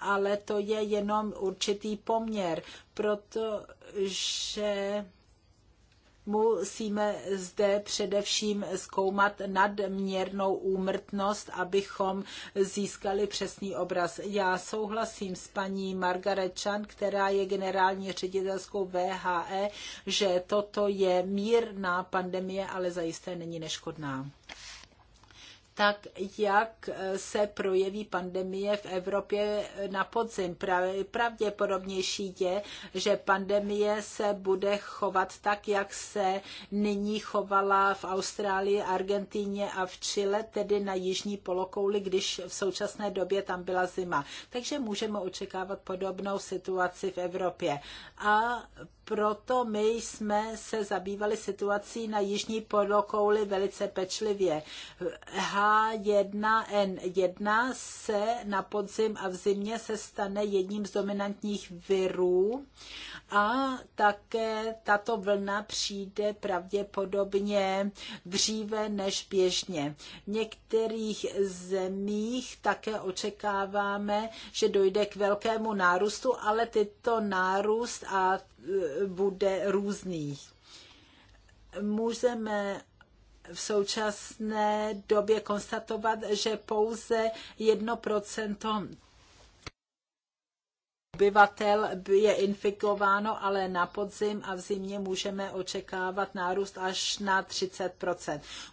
[SPEAKER 4] ale to je jenom určitý poměr, protože musíme zde především zkoumat nadměrnou úmrtnost, abychom získali přesný obraz. Já souhlasím s paní Margaret Chan, která je generální ředitelskou VHE, že toto je mírná pandemie, ale zajisté není neškodná tak jak eh, se projeví pandemie v Evropě na podzim. Pravděpodobnější je, že pandemie se bude chovat tak, jak se nyní chovala v Austrálii, Argentíně a v Chile, tedy na jižní polokouli, když v současné době tam byla zima. Takže můžeme očekávat podobnou situaci v Evropě. A proto my jsme se zabývali situací na jižní polokouli velice pečlivě. H1N1 se na podzim a v zimě se stane jedním z dominantních virů a také tato vlna přijde pravděpodobně dříve než běžně. V některých zemích také očekáváme, že dojde k velkému nárůstu, ale tyto nárůst a bude různý. Můžeme v současné době konstatovat, že pouze 1% obyvatel je infikováno, ale na podzim a v zimě můžeme očekávat nárůst až na 30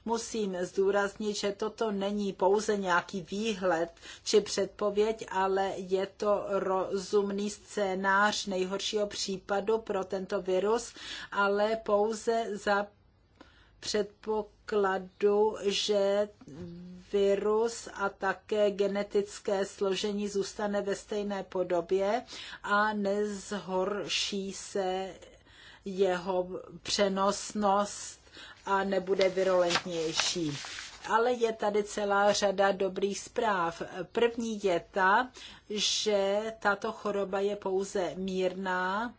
[SPEAKER 4] Musím zdůraznit, že toto není pouze nějaký výhled či předpověď, ale je to rozumný scénář nejhoršího případu pro tento virus, ale pouze za předpokladu, že virus a také genetické složení zůstane ve stejné podobě a nezhorší se jeho přenosnost a nebude virulentnější. Ale je tady celá řada dobrých zpráv. První je ta, že tato choroba je pouze mírná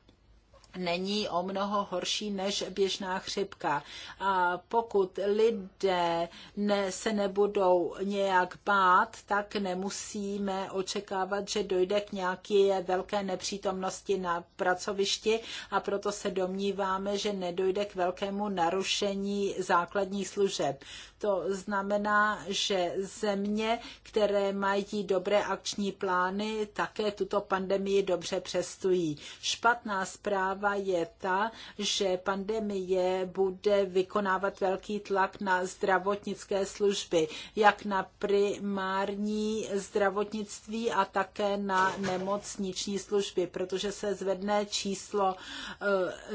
[SPEAKER 4] není o mnoho horší než běžná chřipka. A pokud lidé ne, se nebudou nějak bát, tak nemusíme očekávat, že dojde k nějaké velké nepřítomnosti na pracovišti a proto se domníváme, že nedojde k velkému narušení základních služeb. To znamená, že země, které mají dobré akční plány, také tuto pandemii dobře přestují. Špatná zpráva je ta, že pandemie bude vykonávat velký tlak na zdravotnické služby, jak na primární zdravotnictví a také na nemocniční služby, protože se zvedne číslo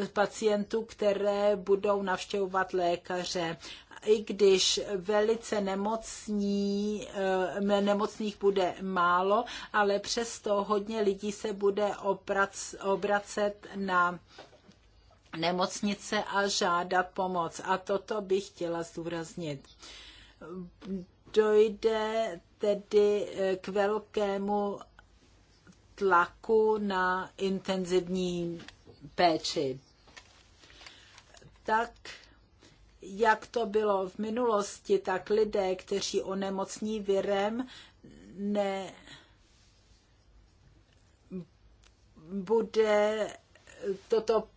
[SPEAKER 4] eh, pacientů, které budou navštěvovat lékaře i když velice nemocní, eh, nemocných bude málo, ale přesto hodně lidí se bude obracet na nemocnice a žádat pomoc. A toto bych chtěla zdůraznit. Dojde tedy eh, k velkému tlaku na intenzivní péči. Tak jak to bylo v minulosti, tak lidé, kteří onemocní virem, ne bude toto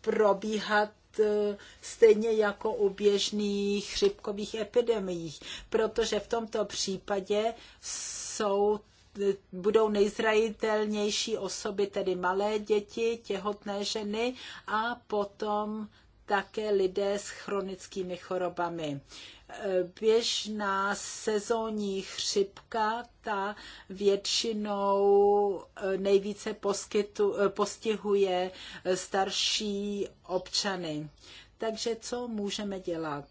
[SPEAKER 4] probíhat e, stejně jako u běžných chřipkových epidemií, protože v tomto případě jsou e, budou nejzranitelnější osoby, tedy malé děti, těhotné ženy a potom také lidé s chronickými chorobami. Běžná sezónní chřipka, ta většinou eh, nejvíce poskytu, eh, postihuje starší občany. Takže co můžeme dělat?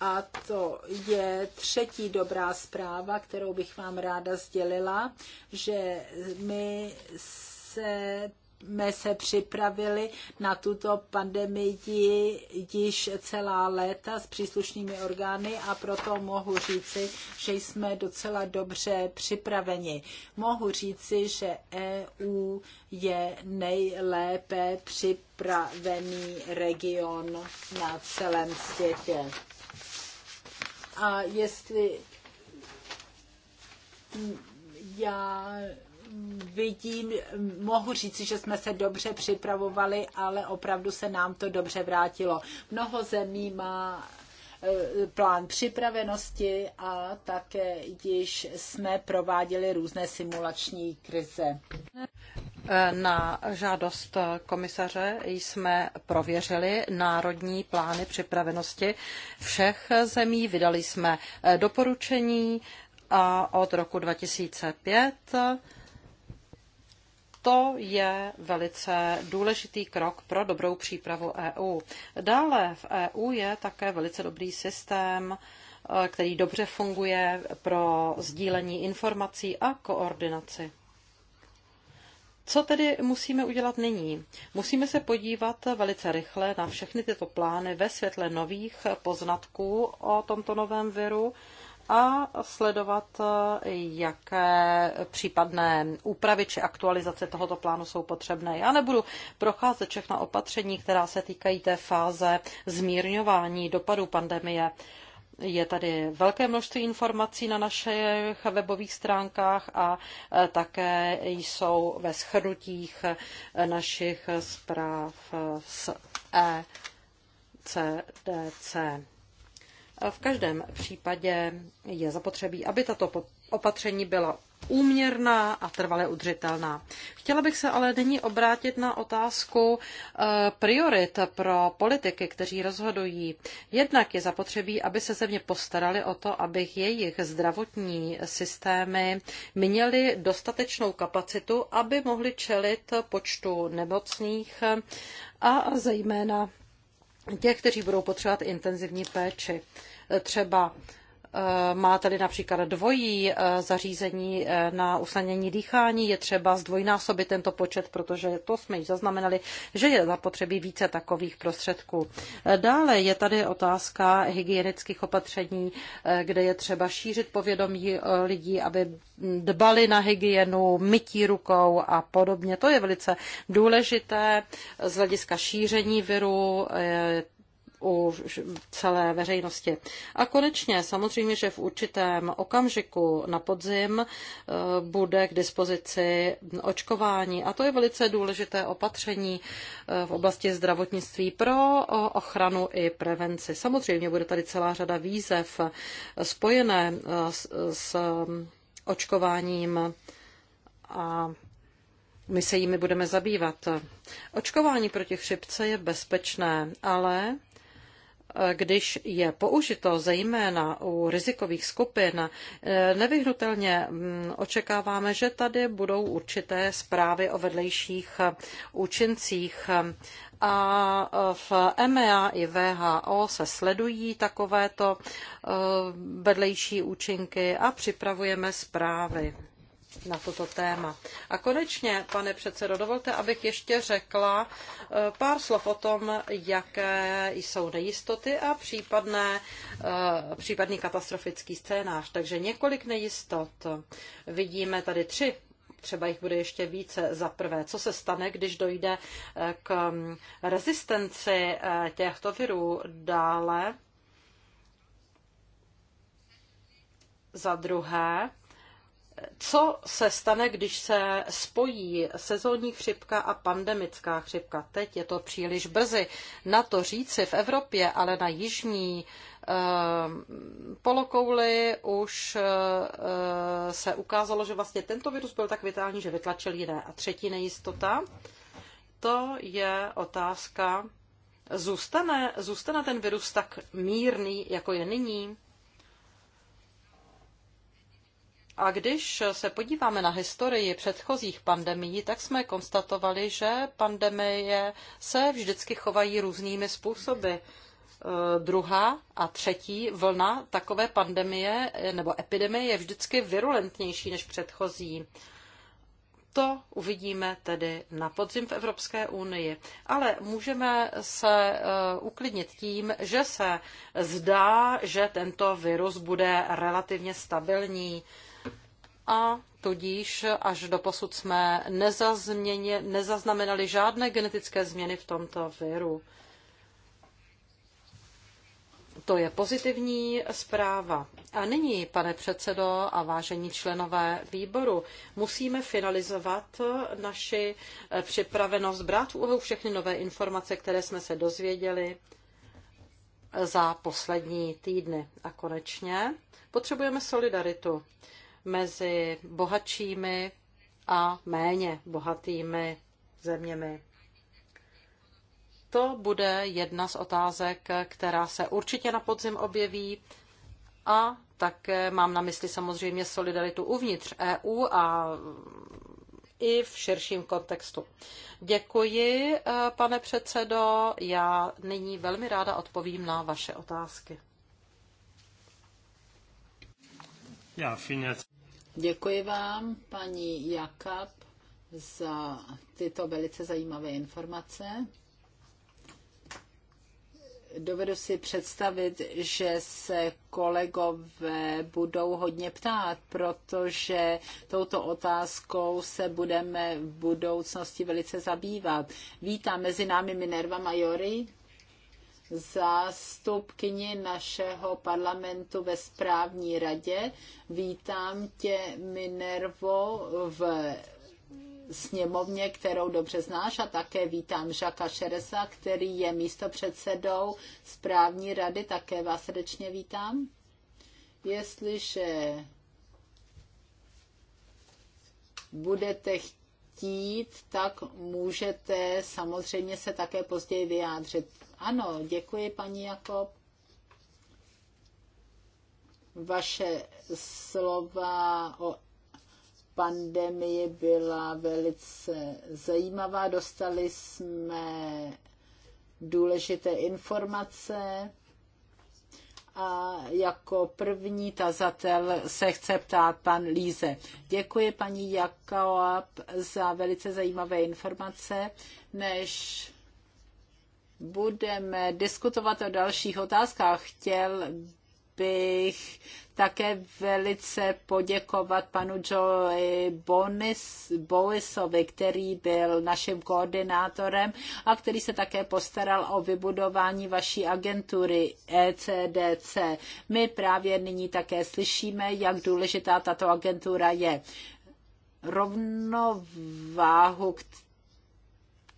[SPEAKER 4] A to je třetí dobrá zpráva, kterou bych vám ráda sdělila, že my se jsme se připravili na tuto pandemii již celá léta s příslušnými orgány a proto mohu říci, že jsme docela dobře připraveni. Mohu říci, že EU je nejlépe připravený region na celém světě. A jestli já vidím, mohu říci, že jsme se dobře připravovali, ale opravdu se nám to dobře vrátilo. Mnoho zemí má e, plán připravenosti a také již jsme prováděli různé simulační krize.
[SPEAKER 3] E, na žádost komisaře jsme prověřili národní plány připravenosti všech zemí, vydali jsme e, doporučení a od roku 2005 to je velice důležitý krok pro dobrou přípravu EU. Dále v EU je také velice dobrý systém, eh, který dobře funguje pro sdílení informací a koordinaci. Co tedy musíme udělat nyní? Musíme se podívat velice rychle na všechny tyto plány ve světle nových poznatků o tomto novém viru a sledovat, eh, jaké případné úpravy či aktualizace tohoto plánu jsou potřebné. Já nebudu procházet všechna opatření, která se týkají té fáze zmírňování dopadů pandemie. Je tady velké množství informací na našich webových stránkách a eh, také jsou ve schrnutích eh, našich zpráv z ECDC. V každém případě je zapotřebí, aby tato opatření byla úměrná a trvale udržitelná. Chtěla bych se ale nyní obrátit na otázku eh, priorit pro politiky, kteří rozhodují. Jednak je zapotřebí, aby se země postarali o to, aby jejich zdravotní systémy měly dostatečnou kapacitu, aby mohly čelit počtu nemocných a zejména těch, kteří budou potřebovat intenzivní péči. Třeba Eh, Máte-li například dvojí eh, zařízení eh, na usnadnění dýchání, je třeba zdvojnásobit tento počet, protože to jsme již zaznamenali, že je zapotřebí více takových prostředků. Dále je tady otázka hygienických opatření, kde je třeba šířit povědomí lidí, aby dbali na hygienu, mytí rukou a podobně. To je velice důležité z hlediska šíření viru, u celé veřejnosti. A konečně samozřejmě, že v určitém okamžiku na podzim eh, bude k dispozici očkování. A to je velice důležité opatření eh, v oblasti zdravotnictví pro eh, ochranu i prevenci. Samozřejmě bude tady celá řada výzev spojené s, mm, očkováním a my se jimi budeme zabývat. Očkování proti chřipce je bezpečné, ale když je použito zejména u rizikových skupin, nevyhnutelně mm, očekáváme, že tady budou určité zprávy o vedlejších účincích a v EMEA i VHO se sledují takovéto eh, vedlejší účinky a připravujeme zprávy na toto téma. A konečně, pane předsedo, dovolte, abych ještě řekla eh, pár slov o tom, jaké jsou nejistoty a případné, eh, případný katastrofický scénář. Takže několik nejistot. Vidíme tady tři třeba jich bude ještě více. Za prvé, co se stane, když dojde eh, k hm, rezistenci těchto virů dále? Za druhé, co se stane, když se spojí sezónní chřipka a pandemická chřipka? Teď je to příliš brzy na to říci v Evropě, ale na jižní eh, polokouli už eh, se ukázalo, že vlastně tento virus byl tak vitální, že vytlačil jiné. A třetí nejistota, to je otázka, zůstane, zůstane ten virus tak mírný, jako je nyní? A když se podíváme na historii předchozích pandemií, tak jsme konstatovali, že pandemie se vždycky chovají různými způsoby. E, druhá a třetí vlna takové pandemie nebo epidemie je vždycky virulentnější než předchozí. To uvidíme tedy na podzim v Evropské unii. Ale můžeme se eh, uklidnit tím, že se zdá, že tento virus bude relativně stabilní a tudíž až do posud jsme nezaznamenali žádné genetické změny v tomto viru. To je pozitivní zpráva. A nyní, pane předsedo a vážení členové výboru, musíme finalizovat naši eh, připravenost brát v úvahu všechny nové informace, které jsme se dozvěděli eh, za poslední týdny. A konečně potřebujeme solidaritu mezi bohatšími a méně bohatými zeměmi to bude jedna z otázek, která se určitě na podzim objeví a také mám na mysli samozřejmě solidaritu uvnitř EU a i v širším kontextu. Děkuji, pane předsedo. Já nyní velmi ráda odpovím na vaše otázky.
[SPEAKER 1] Já,
[SPEAKER 4] Děkuji vám, paní Jakab, za tyto velice zajímavé informace dovedu si představit, že se kolegové budou hodně ptát, protože touto otázkou se budeme v budoucnosti velice zabývat. Vítám mezi námi Minerva Majori, zástupkyni našeho parlamentu ve správní radě. Vítám tě, Minervo, v sněmovně, kterou dobře znáš a také vítám Žaka Šeresa, který je místopředsedou správní rady, také vás srdečně vítám. Jestliže budete chtít, tak můžete samozřejmě se také později vyjádřit. Ano, děkuji paní Jakob vaše slova o pandemie byla velice zajímavá. Dostali jsme důležité informace a jako první tazatel se chce ptát pan Líze. Děkuji paní Jakoab za velice zajímavé informace. Než budeme diskutovat o dalších otázkách, chtěl bych také velice poděkovat panu Joe Bowisovi, který byl naším koordinátorem a který se také postaral o vybudování vaší agentury ECDC. My právě nyní také slyšíme, jak důležitá tato agentura je. Rovnováhu,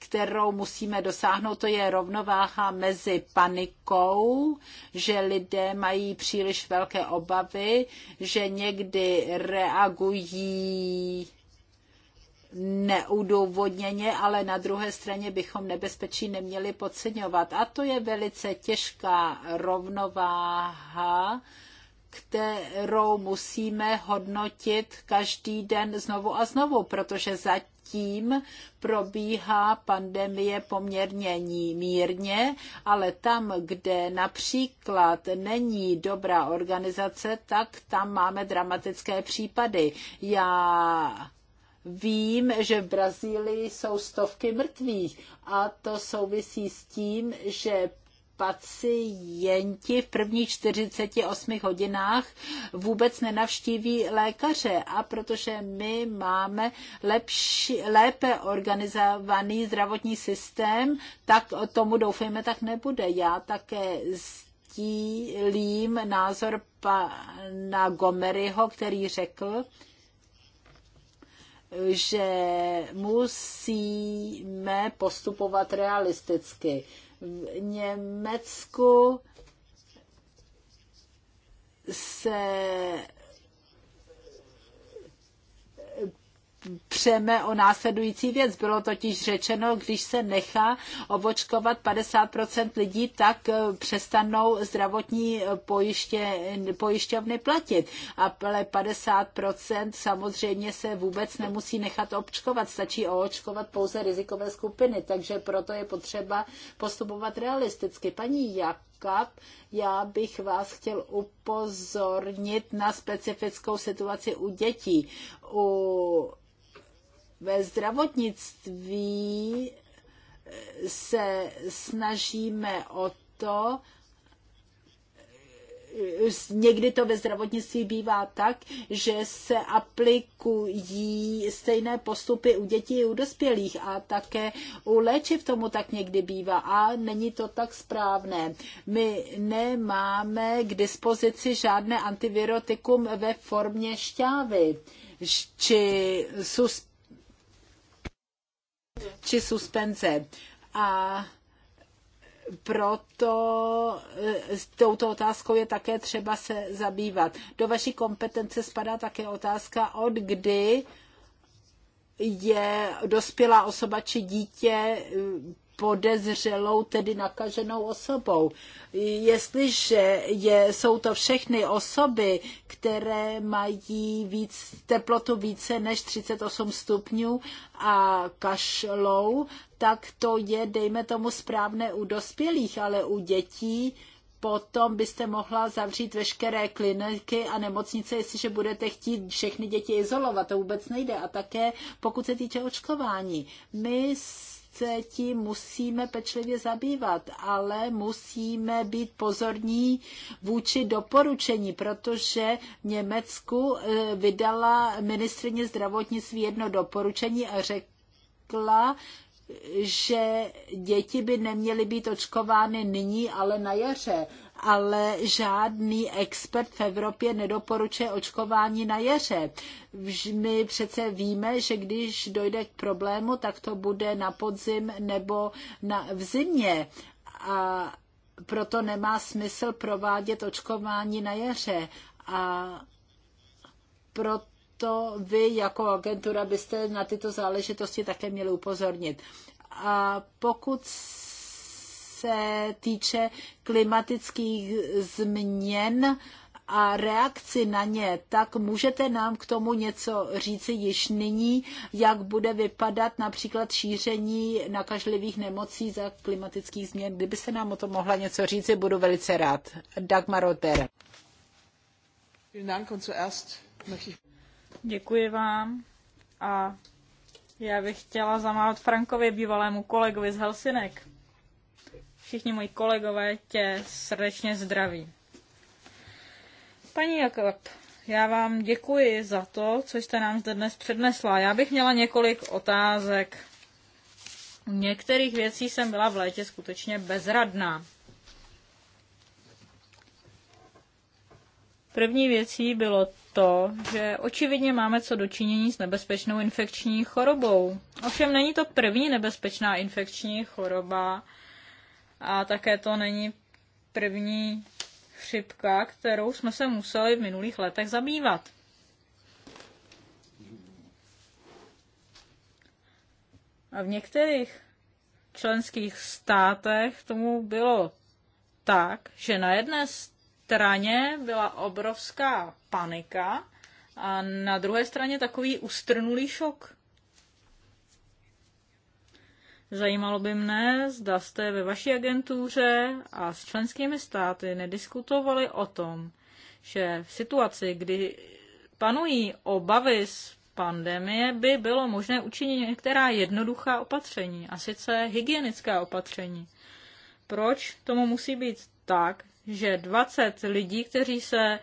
[SPEAKER 4] kterou musíme dosáhnout, to je rovnováha mezi panikou, že lidé mají příliš velké obavy, že někdy reagují neudůvodněně, ale na druhé straně bychom nebezpečí neměli podceňovat. A to je velice těžká rovnováha, kterou musíme hodnotit každý den znovu a znovu, protože zatím tím probíhá pandemie poměrně mírně, ale tam, kde například není dobrá organizace, tak tam máme dramatické případy. Já Vím, že v Brazílii jsou stovky mrtvých a to souvisí s tím, že pacienti v prvních 48 hodinách vůbec nenavštíví lékaře a protože my máme lepší, lépe organizovaný zdravotní systém, tak tomu doufejme tak nebude. Já také sdílím názor pana Gomeryho, který řekl, že musíme postupovat realisticky v Německu se přeme o následující věc. Bylo totiž řečeno, když se nechá obočkovat 50% lidí, tak eh, přestanou zdravotní eh, pojiště, pojišťovny platit. Ale 50% samozřejmě se vůbec nemusí nechat občkovat. Stačí oočkovat pouze rizikové skupiny, takže proto je potřeba postupovat realisticky. Paní Jakab, Já bych vás chtěl upozornit na specifickou situaci u dětí. U ve zdravotnictví se snažíme o to, někdy to ve zdravotnictví bývá tak, že se aplikují stejné postupy u dětí i u dospělých a také u léčiv tomu tak někdy bývá a není to tak správné. My nemáme k dispozici žádné antivirotikum ve formě šťávy či sus či suspenze. A proto e, s touto otázkou je také třeba se zabývat. Do vaší kompetence spadá také otázka, od kdy je dospělá osoba či dítě podezřelou, tedy nakaženou osobou. Jestliže je, jsou to všechny osoby, které mají víc, teplotu více než 38 stupňů a kašlou, tak to je, dejme tomu, správné u dospělých, ale u dětí potom byste mohla zavřít veškeré kliniky a nemocnice, jestliže budete chtít všechny děti izolovat. To vůbec nejde. A také pokud se týče očkování. My se tím musíme pečlivě zabývat, ale musíme být pozorní vůči doporučení, protože v Německu eh, vydala ministrině zdravotnictví jedno doporučení a řekla, že děti by neměly být očkovány nyní, ale na jaře ale žádný expert v Evropě nedoporučuje očkování na jeře. My přece víme, že když dojde k problému, tak to bude na podzim nebo na, v zimě. A proto nemá smysl provádět očkování na jeře. A proto vy jako agentura byste na tyto záležitosti také měli upozornit. A pokud se týče klimatických změn a reakci na ně, tak můžete nám k tomu něco říci již nyní, jak bude vypadat například šíření nakažlivých nemocí za klimatických změn. Kdyby se nám o tom mohla něco říci, budu velice rád. Dagmar Rotter.
[SPEAKER 2] Děkuji vám a já bych chtěla zamávat Frankovi, bývalému kolegovi z Helsinek všichni moji kolegové tě srdečně zdraví. Paní Jakob, já vám děkuji za to, co jste nám zde dnes přednesla. Já bych měla několik otázek. U některých věcí jsem byla v létě skutečně bezradná. První věcí bylo to, že očividně máme co dočinění s nebezpečnou infekční chorobou. Ovšem není to první nebezpečná infekční choroba, a také to není první chřipka, kterou jsme se museli v minulých letech zabývat. A v některých členských státech tomu bylo tak, že na jedné straně byla obrovská panika a na druhé straně takový ustrnulý šok. Zajímalo by mne, zda jste ve vaší agentuře a s členskými státy nediskutovali o tom, že v situaci, kdy panují obavy z pandemie, by bylo možné učinit některá jednoduchá opatření, a sice hygienická opatření. Proč tomu musí být tak, že 20 lidí, kteří se e,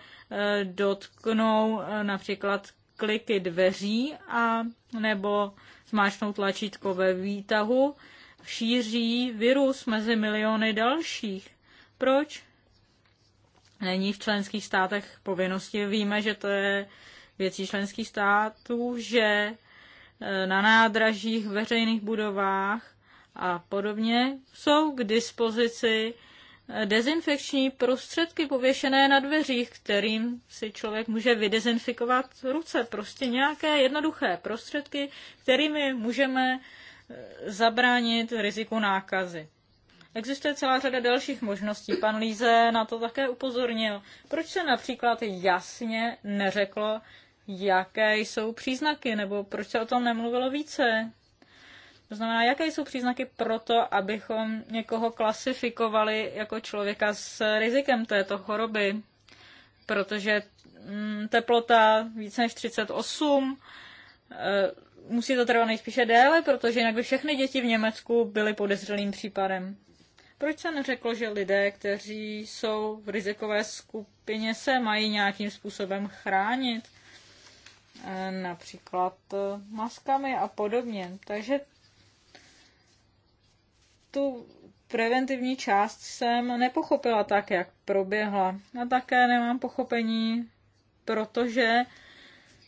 [SPEAKER 2] dotknou e, například kliky dveří a nebo zmáčknout tlačítko ve výtahu, šíří virus mezi miliony dalších. Proč? Není v členských státech povinnosti. Víme, že to je věcí členských států, že e, na nádražích, veřejných budovách a podobně jsou k dispozici dezinfekční prostředky pověšené na dveřích, kterým si člověk může vydezinfikovat ruce. Prostě nějaké jednoduché prostředky, kterými můžeme eh, zabránit riziku nákazy. Existuje celá řada dalších možností. Pan Líze na to také upozornil. Proč se například jasně neřeklo, jaké jsou příznaky, nebo proč se o tom nemluvilo více? To znamená, jaké jsou příznaky pro to, abychom někoho klasifikovali jako člověka s rizikem této choroby, protože mm, teplota více než 38 eh, musí to trvat nejspíše déle, protože jinak by všechny děti v Německu byly podezřelým případem. Proč se neřeklo, že lidé, kteří jsou v rizikové skupině, se mají nějakým způsobem chránit? Eh, například eh, maskami a podobně. Takže tu preventivní část jsem nepochopila tak, jak proběhla. A také nemám pochopení, protože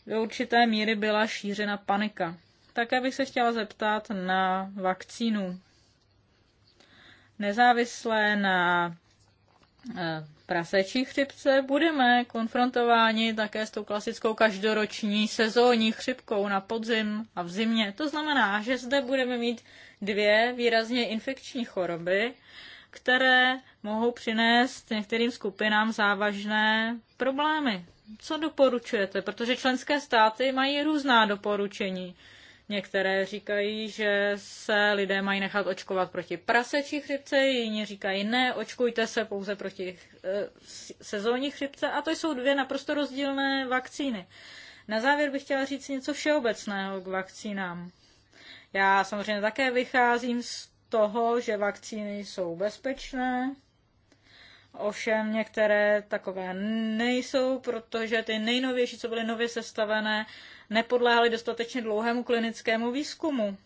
[SPEAKER 2] do určité míry byla šířena panika. Také bych se chtěla zeptat na vakcínu. Nezávisle na eh, prasečí chřipce budeme konfrontováni také s tou klasickou každoroční sezónní chřipkou na podzim a v zimě. To znamená, že zde budeme mít dvě výrazně infekční choroby, které mohou přinést některým skupinám závažné problémy. Co doporučujete? Protože členské státy mají různá doporučení. Některé říkají, že se lidé mají nechat očkovat proti prasečí chřipce, jiní říkají ne, očkujte se pouze proti eh, sezónní chřipce a to jsou dvě naprosto rozdílné vakcíny. Na závěr bych chtěla říct něco všeobecného k vakcínám. Já samozřejmě také vycházím z toho, že vakcíny jsou bezpečné, Ovšem některé takové nejsou, protože ty nejnovější, co byly nově sestavené, nepodléhaly dostatečně dlouhému klinickému výzkumu.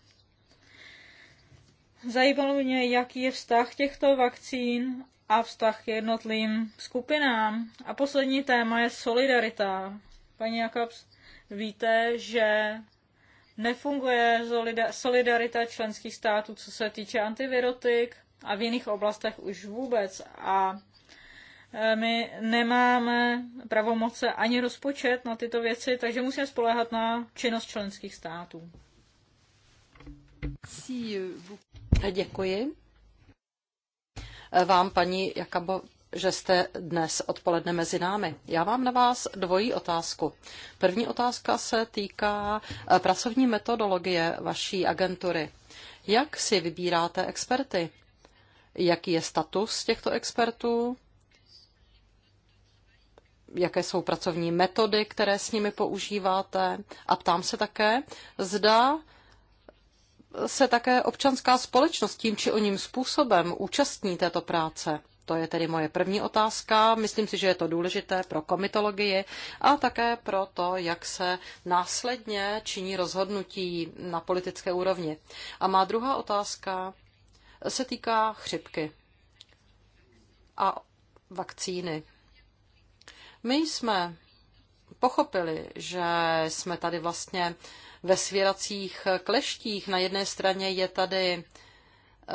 [SPEAKER 2] Zajímalo mě, jaký je vztah těchto vakcín a vztah k jednotlivým skupinám. A poslední téma je solidarita. Paní Jakobs, víte, že Nefunguje solidarita členských států, co se týče antivirotik a v jiných oblastech už vůbec. A e, my nemáme pravomoce ani rozpočet na tyto věci, takže musíme spoléhat na činnost členských států. E,
[SPEAKER 3] Děkuji. E, vám, paní Jakabo, že jste dnes odpoledne mezi námi. Já mám na vás dvojí otázku. První otázka se týká eh, pracovní metodologie vaší agentury. Jak si vybíráte experty? Jaký je status těchto expertů? Jaké jsou pracovní metody, které s nimi používáte? A ptám se také, zda se také občanská společnost tím či oním způsobem účastní této práce. To je tedy moje první otázka. Myslím si, že je to důležité pro komitologii a také pro to, jak se následně činí rozhodnutí na politické úrovni. A má druhá otázka se týká chřipky a vakcíny. My jsme pochopili, že jsme tady vlastně ve svěracích kleštích. Na jedné straně je tady Eh,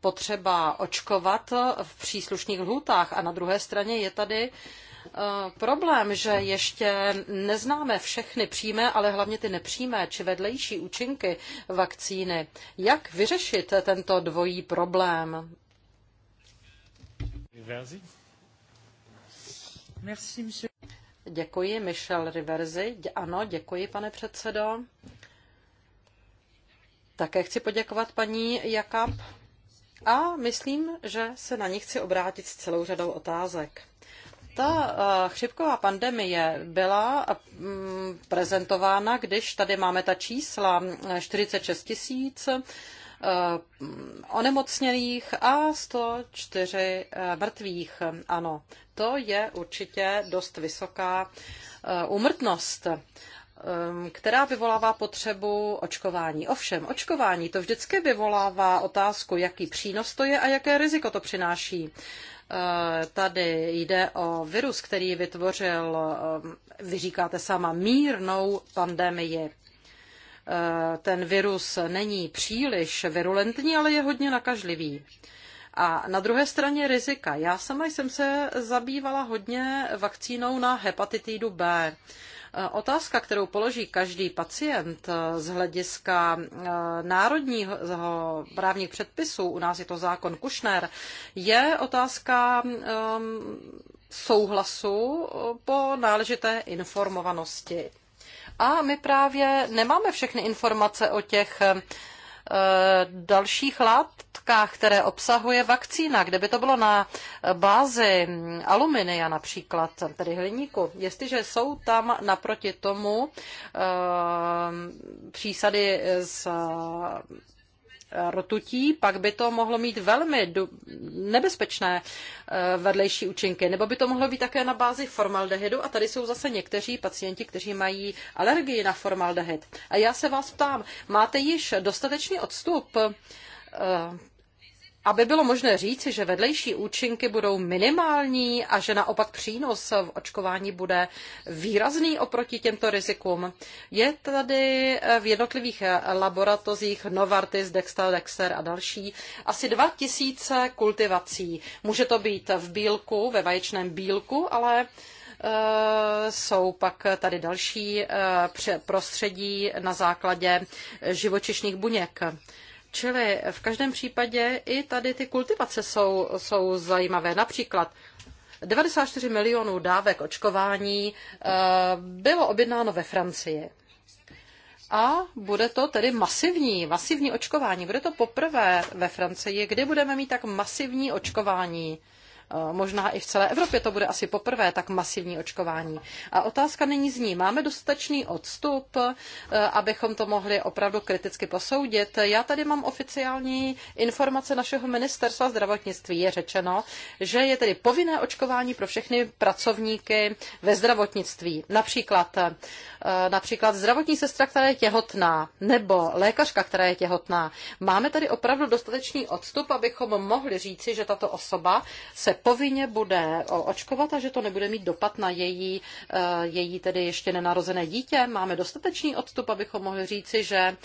[SPEAKER 3] potřeba očkovat v příslušných lhůtách a na druhé straně je tady eh, problém, že ještě neznáme všechny přímé, ale hlavně ty nepřímé či vedlejší účinky vakcíny. Jak vyřešit tento dvojí problém? Děkuji, Michel Riverzi. Ano, děkuji, pane předsedo. Také chci poděkovat paní Jakab a myslím, že se na ní chci obrátit s celou řadou otázek. Ta eh, chřipková pandemie byla mm, prezentována, když tady máme ta čísla 46 eh, tisíc eh, onemocnělých a 104 mrtvých. Ano, to je určitě dost vysoká úmrtnost. Ehm, která vyvolává potřebu očkování. Ovšem, očkování to vždycky vyvolává otázku, jaký přínos to je a jaké riziko to přináší. Ehm, tady jde o virus, který vytvořil, ehm, vy říkáte sama, mírnou pandemii. Ten virus není příliš virulentní, ale je hodně nakažlivý. A na druhé straně rizika. Já sama jsem se zabývala hodně vakcínou na hepatitidu B. Eh, otázka, kterou položí každý pacient eh, z hlediska eh, národního právních předpisů, u nás je to zákon Kušner, je otázka ehm, souhlasu po náležité informovanosti. A my právě nemáme všechny informace o těch Eh, dalších látkách, které obsahuje vakcína. by to bylo na bázi aluminia například, tedy hliníku, jestliže jsou tam naproti tomu eh, přísady z rtutí, pak by to mohlo mít velmi nebezpečné eh, vedlejší účinky. Nebo by to mohlo být také na bázi formaldehydu a tady jsou zase někteří pacienti, kteří mají alergii na formaldehyd. A já se vás ptám, máte již dostatečný odstup eh, aby bylo možné říci, že vedlejší účinky budou minimální a že naopak přínos v očkování bude výrazný oproti těmto rizikům. Je tady eh, v jednotlivých eh, laboratozích Novartis, Dexta, Dexter a další asi 2000 kultivací. Může to být v bílku, ve vaječném bílku, ale eh, jsou pak tady další prostředí na základě živočišných buněk. Čili v každém případě i tady ty kultivace jsou, jsou zajímavé. Například 94 milionů dávek očkování eh, bylo objednáno ve Francii. A bude to tedy masivní, masivní očkování. Bude to poprvé ve Francii, kdy budeme mít tak masivní očkování. Eh, možná i v celé Evropě to bude asi poprvé tak masivní očkování. A otázka není zní, máme dostatečný odstup, eh, abychom to mohli opravdu kriticky posoudit. Já tady mám oficiální informace našeho ministerstva zdravotnictví. Je řečeno, že je tedy povinné očkování pro všechny pracovníky ve zdravotnictví. Například Eh, například zdravotní sestra, která je těhotná, nebo lékařka, která je těhotná. Máme tady opravdu dostatečný odstup, abychom mohli říci, že tato osoba se povinně bude eh, očkovat a že to nebude mít dopad na její, eh, její tedy ještě nenarozené dítě. Máme dostatečný odstup, abychom mohli říci, že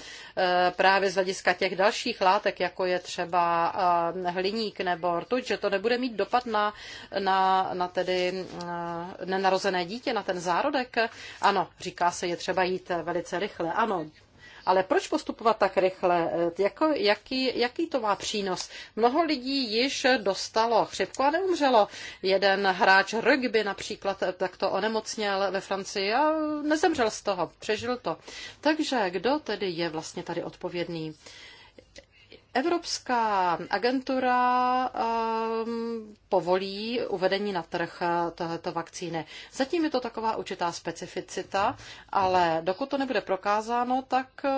[SPEAKER 3] právě z hlediska těch dalších látek, jako je třeba hliník nebo rtuť, že to nebude mít dopad na, na, na tedy nenarozené dítě, na ten zárodek. Ano, říká Říká se, je třeba jít eh, velice rychle. Ano, ale proč postupovat tak rychle? Eh, jako, jaký, jaký to má přínos? Mnoho lidí již dostalo chřipku a neumřelo. Jeden hráč rugby například eh, takto onemocněl ve Francii a nezemřel z toho, přežil to. Takže kdo tedy je vlastně tady odpovědný? Evropská agentura um, povolí uvedení na trh eh, tohoto vakcíny. Zatím je to taková určitá specificita, ale dokud to nebude prokázáno, tak uh,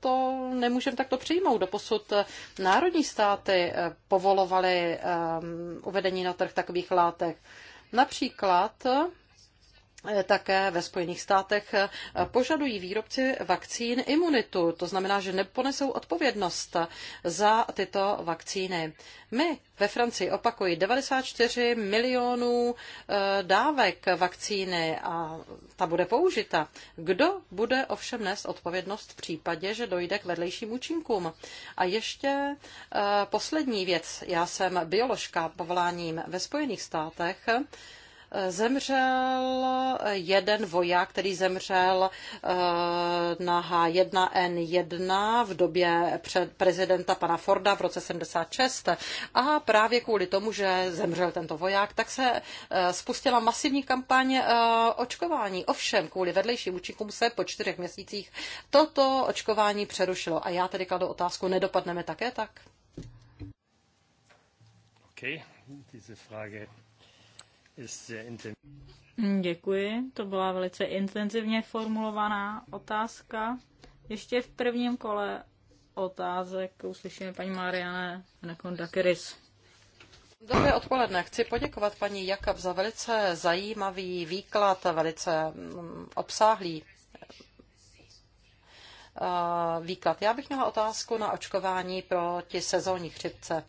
[SPEAKER 3] to nemůžeme takto přijmout. Doposud eh, národní státy povolovaly um, uvedení na trh takových látek. Například Eh, také ve Spojených státech eh, požadují výrobci vakcín imunitu. To znamená, že neponesou odpovědnost za tyto vakcíny. My ve Francii opakují 94 milionů eh, dávek vakcíny a ta bude použita. Kdo bude ovšem nést odpovědnost v případě, že dojde k vedlejším účinkům? A ještě poslední věc. Já jsem bioložka povoláním ve Spojených státech zemřel jeden voják, který zemřel eh, na H1N1 v době před prezidenta pana Forda v roce 76 a právě kvůli tomu, že zemřel tento voják, tak se eh, spustila masivní kampaň eh, očkování. Ovšem, kvůli vedlejším účinkům se po čtyřech měsících toto očkování přerušilo. A já tedy kladu otázku, nedopadneme také tak?
[SPEAKER 1] Okay, diese Frage
[SPEAKER 2] Děkuji, to byla velice intenzivně formulovaná otázka. Ještě v prvním kole otázek uslyšíme paní Marianne Nekondakiris. Dobré odpoledne. Chci poděkovat paní Jakab
[SPEAKER 3] za velice zajímavý výklad, velice mm, obsáhlý eh, výklad. Já bych měla otázku na očkování proti sezónní chřipce.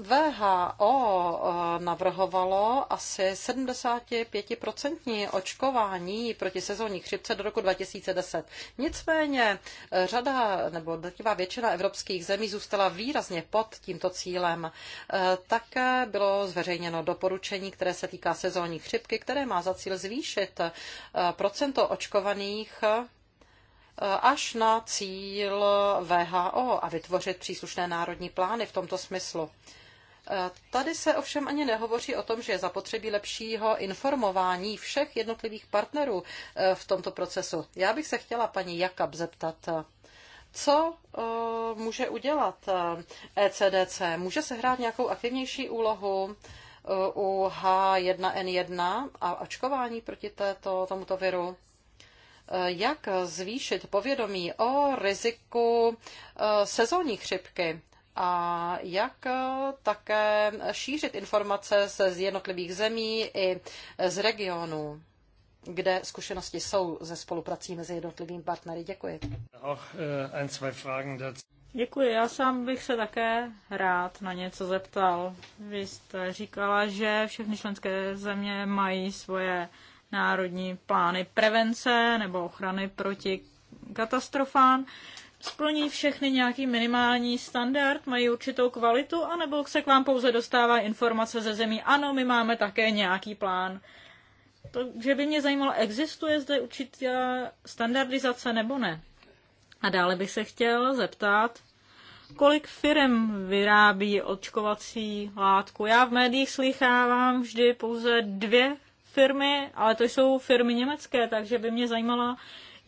[SPEAKER 3] VHO eh, navrhovalo asi 75% očkování proti sezónní chřipce do roku 2010. Nicméně eh, řada nebo drtivá většina evropských zemí zůstala výrazně pod tímto cílem. Eh, také bylo zveřejněno doporučení, které se týká sezónní chřipky, které má za cíl zvýšit procento očkovaných až na cíl VHO a vytvořit příslušné národní plány v tomto smyslu. E, tady se ovšem ani nehovoří o tom, že je zapotřebí lepšího informování všech jednotlivých partnerů e, v tomto procesu. Já bych se chtěla paní Jakab zeptat, e, co může udělat ECDC? Může se hrát nějakou aktivnější úlohu u H1N1 a očkování proti této, tomuto viru? Jak zvýšit povědomí o riziku sezónní chřipky? a jak eh, také šířit informace z jednotlivých zemí i z regionů, kde zkušenosti jsou ze spoluprací mezi jednotlivými partnery. Děkuji. Eh,
[SPEAKER 2] Děkuji, já sám bych se také rád na něco zeptal. Vy jste říkala, že všechny členské země mají svoje národní plány prevence nebo ochrany proti katastrofám splní všechny nějaký minimální standard, mají určitou kvalitu, anebo se k vám pouze dostává informace ze zemí, ano, my máme také nějaký plán. Takže by mě zajímalo, existuje zde určitá standardizace nebo ne? A dále bych se chtěl zeptat, kolik firm vyrábí očkovací látku. Já v médiích slychávám vždy pouze dvě firmy, ale to jsou firmy německé, takže by mě zajímalo,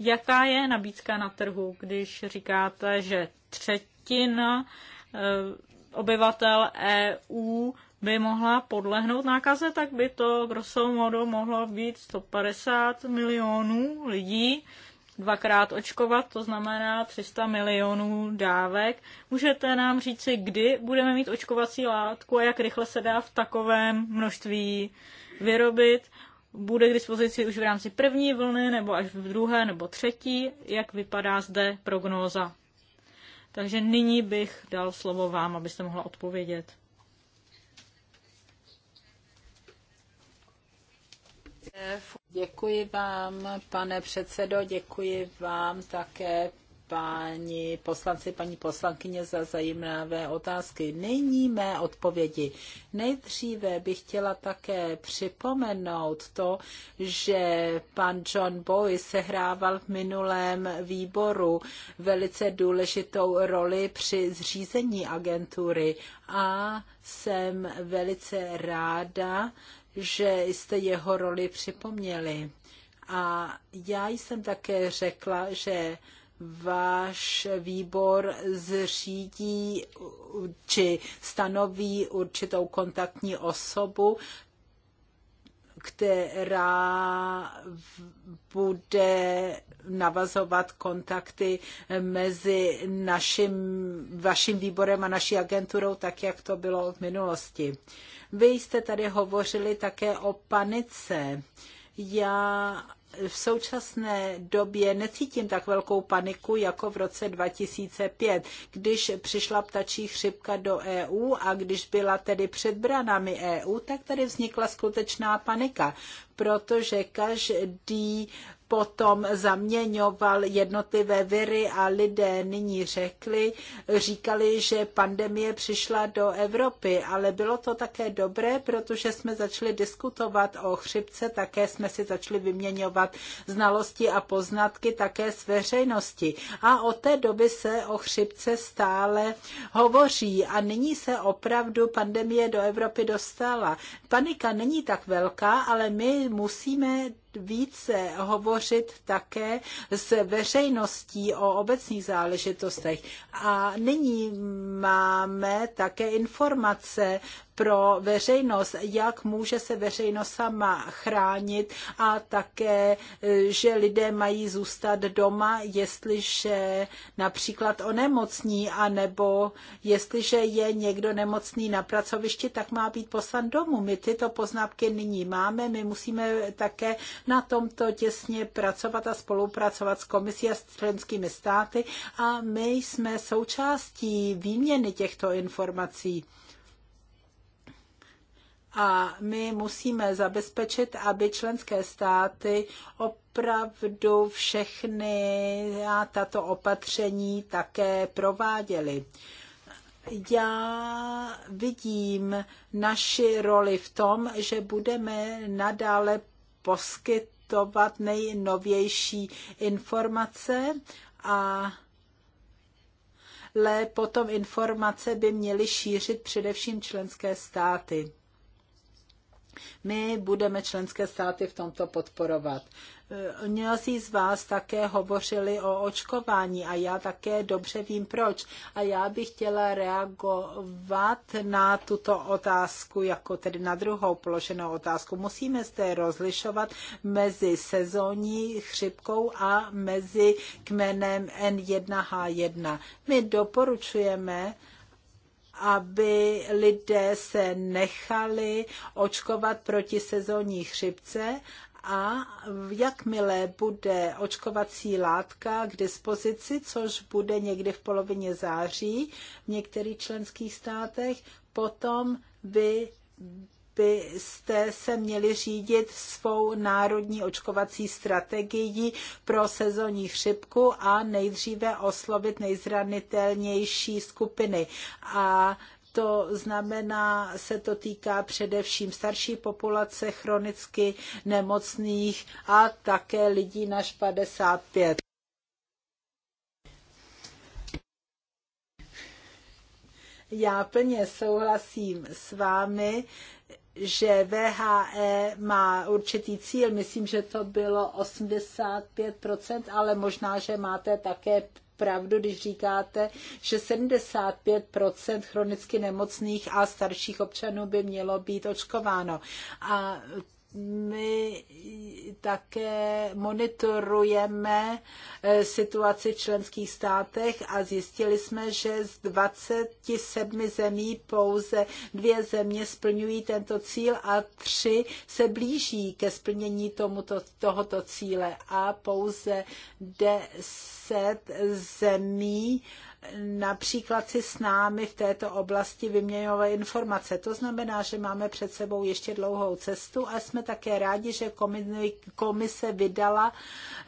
[SPEAKER 2] Jaká je nabídka na trhu, když říkáte, že třetina eh, obyvatel EU by mohla podlehnout nákaze, tak by to grosso modo mohlo být 150 milionů lidí dvakrát očkovat, to znamená 300 milionů dávek. Můžete nám říci, kdy budeme mít očkovací látku a jak rychle se dá v takovém množství vyrobit? bude k dispozici už v rámci první vlny, nebo až v druhé nebo třetí, jak vypadá zde prognóza. Takže nyní bych dal slovo vám, abyste mohla odpovědět. Děkuji vám, pane předsedo,
[SPEAKER 4] děkuji vám také, páni poslanci, paní poslankyně za zajímavé otázky. Nyní mé odpovědi. Nejdříve bych chtěla také připomenout to, že pan John Boy sehrával v minulém výboru velice důležitou roli při zřízení agentury a jsem velice ráda, že jste jeho roli připomněli. A já jsem také řekla, že váš výbor zřídí či stanoví určitou kontaktní osobu, která bude navazovat kontakty mezi naším, vaším výborem a naší agenturou, tak jak to bylo v minulosti. Vy jste tady hovořili také o panice. Já v současné době necítím tak velkou paniku jako v roce 2005, když přišla ptačí chřipka do EU a když byla tedy před branami EU, tak tady vznikla skutečná panika, protože každý potom zaměňoval jednotlivé viry a lidé nyní řekli, říkali, že pandemie přišla do Evropy, ale bylo to také dobré, protože jsme začali diskutovat o chřipce, také jsme si začali vyměňovat znalosti a poznatky také s veřejnosti. A od té doby se o chřipce stále hovoří a nyní se opravdu pandemie do Evropy dostala. Panika není tak velká, ale my musíme více hovořit také s veřejností o obecných záležitostech. A nyní máme také informace pro veřejnost, jak může se veřejnost sama chránit a také, eh, že lidé mají zůstat doma, jestliže například onemocní, a nebo jestliže je někdo nemocný na pracovišti, tak má být poslan domů. My tyto poznámky nyní máme, my musíme také na tomto těsně pracovat a spolupracovat s komisí a s členskými státy a my jsme součástí výměny těchto informací a my musíme zabezpečit, aby členské státy opravdu všechny tato opatření také prováděly. Já vidím naši roli v tom, že budeme nadále poskytovat nejnovější informace a le potom informace by měly šířit především členské státy. My budeme členské státy v tomto podporovat. E, Mnozí z vás také hovořili o očkování a já také dobře vím proč. A já bych chtěla reagovat na tuto otázku, jako tedy na druhou položenou otázku. Musíme zde rozlišovat mezi sezónní chřipkou a mezi kmenem N1H1. My doporučujeme, aby lidé se nechali očkovat proti sezónní chřipce a jakmile bude očkovací látka k dispozici, což bude někdy v polovině září v některých členských státech, potom by byste se měli řídit svou národní očkovací strategií pro sezónní chřipku a nejdříve oslovit nejzranitelnější skupiny. A to znamená, se to týká především starší populace, chronicky nemocných a také lidí na 55. Já plně souhlasím s vámi, že VHE má určitý cíl, myslím, že to bylo 85%, ale možná, že máte také pravdu, když říkáte, že 75% chronicky nemocných a starších občanů by mělo být očkováno. A my také monitorujeme eh, situaci v členských státech a zjistili jsme, že z 27 zemí pouze dvě země splňují tento cíl a tři se blíží ke splnění tomuto, tohoto cíle a pouze 10 zemí uh, například si s námi v této oblasti vyměňovali informace. To znamená, že máme před sebou ještě dlouhou cestu a jsme také rádi, že komise vydala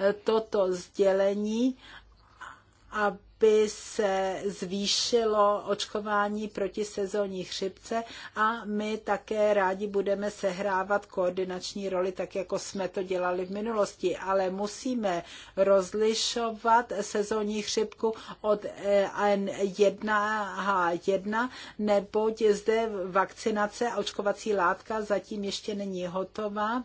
[SPEAKER 4] eh, toto sdělení, aby by se zvýšilo očkování proti sezónní chřipce a my také rádi budeme sehrávat koordinační roli, tak jako jsme to dělali v minulosti, ale musíme rozlišovat sezónní chřipku od eh, N1H1, neboť zde vakcinace a očkovací látka zatím ještě není hotová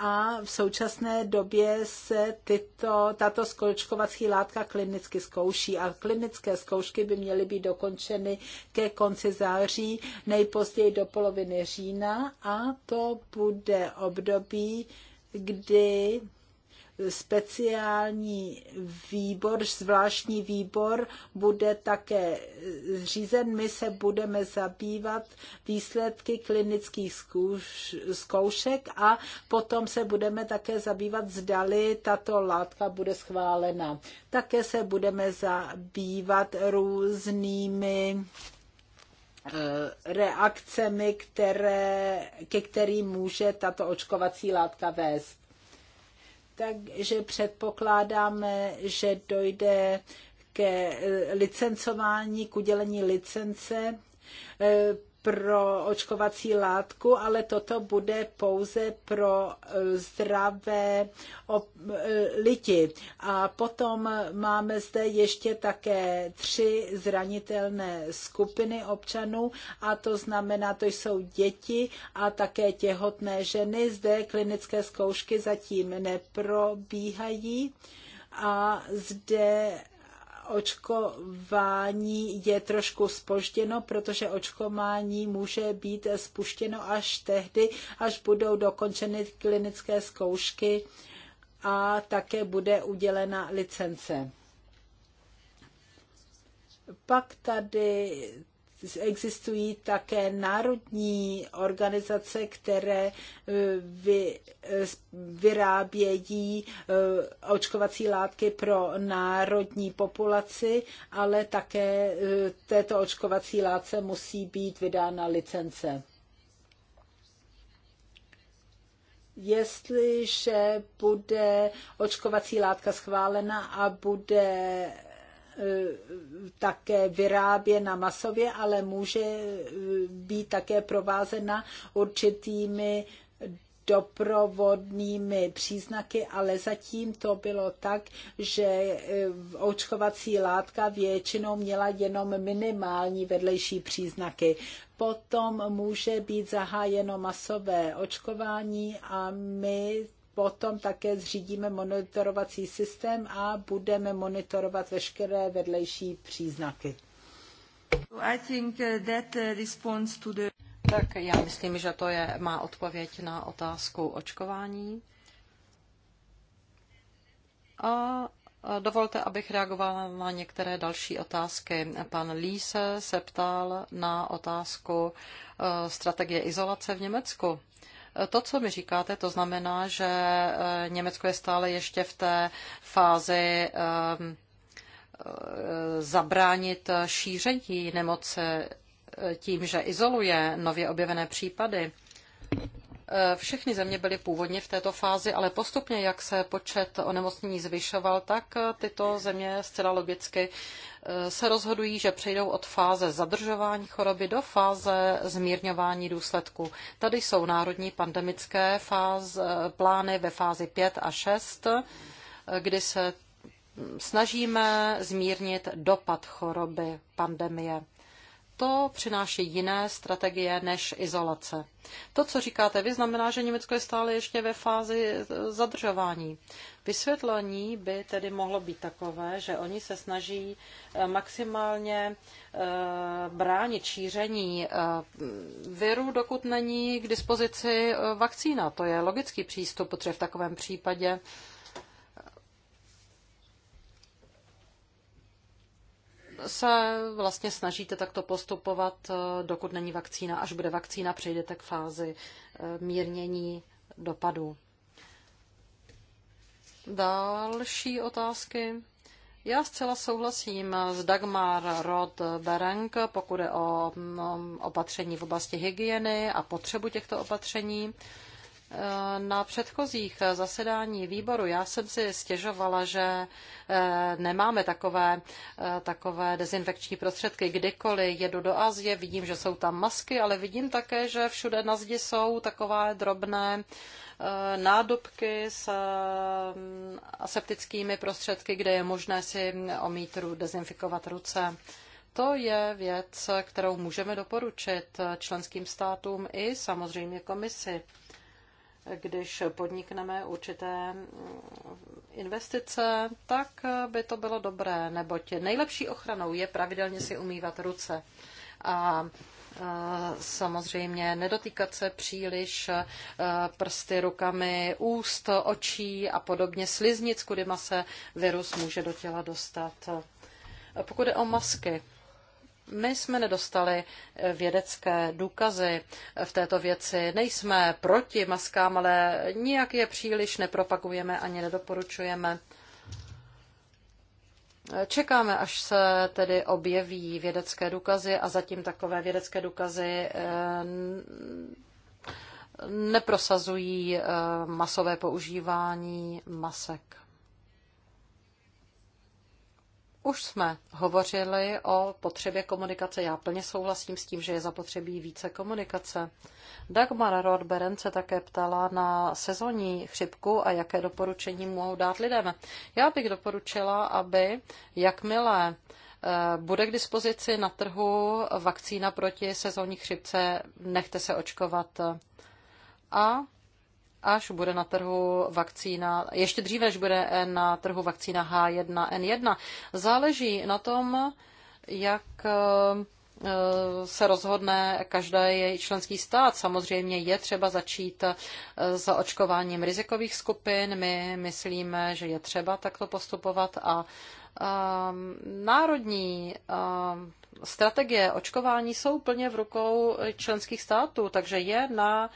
[SPEAKER 4] a v současné době se tyto, tato skolčkovací látka klinicky zkouší a klinické zkoušky by měly být dokončeny ke konci září, nejpozději do poloviny října a to bude období, kdy speciální výbor, zvláštní výbor bude také zřízen. My se budeme zabývat výsledky klinických zkoušek a potom se budeme také zabývat, zdali tato látka bude schválena. Také se budeme zabývat různými eh, reakcemi, které, ke kterým může tato očkovací látka vést takže předpokládáme, že dojde ke licencování, k udělení licence pro očkovací látku, ale toto bude pouze pro e, zdravé e, lidi. A potom máme zde ještě také tři zranitelné skupiny občanů a to znamená, to jsou děti a také těhotné ženy. Zde klinické zkoušky zatím neprobíhají a zde očkování je trošku spožděno, protože očkování může být spuštěno až tehdy, až budou dokončeny klinické zkoušky a také bude udělena licence. Pak tady existují také národní organizace, které eh, vy, eh, vyrábějí eh, očkovací látky pro národní populaci, ale také této očkovací látce musí být vydána licence. Jestliže bude očkovací látka schválena a bude Eh, také vyráběna masově, ale může eh, být také provázena určitými doprovodnými příznaky, ale zatím to bylo tak, že eh, očkovací látka většinou měla jenom minimální vedlejší příznaky. Potom může být zahájeno masové očkování a my potom také zřídíme monitorovací systém a budeme monitorovat veškeré vedlejší příznaky.
[SPEAKER 3] I think uh, that uh, to the... Tak já myslím, že to je má odpověď na otázku očkování. A dovolte, abych reagovala na některé další otázky. Pan Líse se ptal na otázku uh, strategie izolace v Německu. To, co mi říkáte, to znamená, že eh, Německo je stále ještě v té fázi ehm, eh, zabránit eh, šíření nemoci tím, že izoluje nově objevené případy. Eh, všechny země byly původně v této fázi, ale postupně, jak se počet onemocnění zvyšoval, tak eh, tyto země zcela logicky eh, se rozhodují, že přejdou od fáze zadržování choroby do fáze zmírňování důsledků. Tady jsou národní pandemické fáz, plány ve fázi 5 a 6, kdy se hm, snažíme zmírnit dopad choroby pandemie to přináší jiné strategie než izolace. To, co říkáte vy, znamená, že Německo je stále ještě ve fázi eh, zadržování. Vysvětlení by tedy mohlo být takové, že oni se snaží eh, maximálně eh, bránit šíření viru, dokud není k dispozici vakcína. To je logický přístup, protože v takovém případě se vlastně snažíte takto postupovat, eh, dokud není vakcína. Až bude vakcína, přejdete k fázi eh, mírnění dopadů. Další otázky. Já zcela souhlasím s Dagmar Rod Bereng, pokud je o mm, opatření v oblasti hygieny a potřebu těchto opatření. Eh, na předchozích eh, zasedání výboru já jsem si stěžovala, že eh, nemáme takové, takové dezinfekční prostředky. Kdykoliv jedu do Asie, vidím, že jsou tam masky, ale vidím také, že všude na zdi jsou takové drobné nádobky s aseptickými prostředky, kde je možné si omít, dezinfikovat ruce. To je věc, kterou můžeme doporučit členským státům i samozřejmě komisi když podnikneme určité mm, investice, tak by to bylo dobré, neboť nejlepší ochranou je pravidelně si umývat ruce. A e, samozřejmě nedotýkat se příliš e, prsty rukami, úst, očí a podobně sliznic, kudy se virus může do těla dostat. E, pokud je o masky, my jsme nedostali eh, vědecké důkazy v této věci. Nejsme proti maskám, ale nijak je příliš nepropagujeme ani nedoporučujeme. Čekáme, až se tedy objeví vědecké důkazy a zatím takové vědecké důkazy eh, neprosazují eh, masové používání masek. Už jsme hovořili o potřebě komunikace. Já plně souhlasím s tím, že je zapotřebí více komunikace. Dagmar Rodberen se také ptala na sezonní chřipku a jaké doporučení mohou dát lidem. Já bych doporučila, aby jakmile eh, bude k dispozici na trhu vakcína proti sezónní chřipce, nechte se očkovat. A až bude na trhu vakcína, ještě dříve, než bude na trhu vakcína H1N1. Záleží na tom, jak eh, se rozhodne každý členský stát. Samozřejmě je třeba začít eh, s očkováním rizikových skupin. My myslíme, že je třeba takto postupovat a eh, národní strategie očkování jsou plně v rukou členských států, takže je na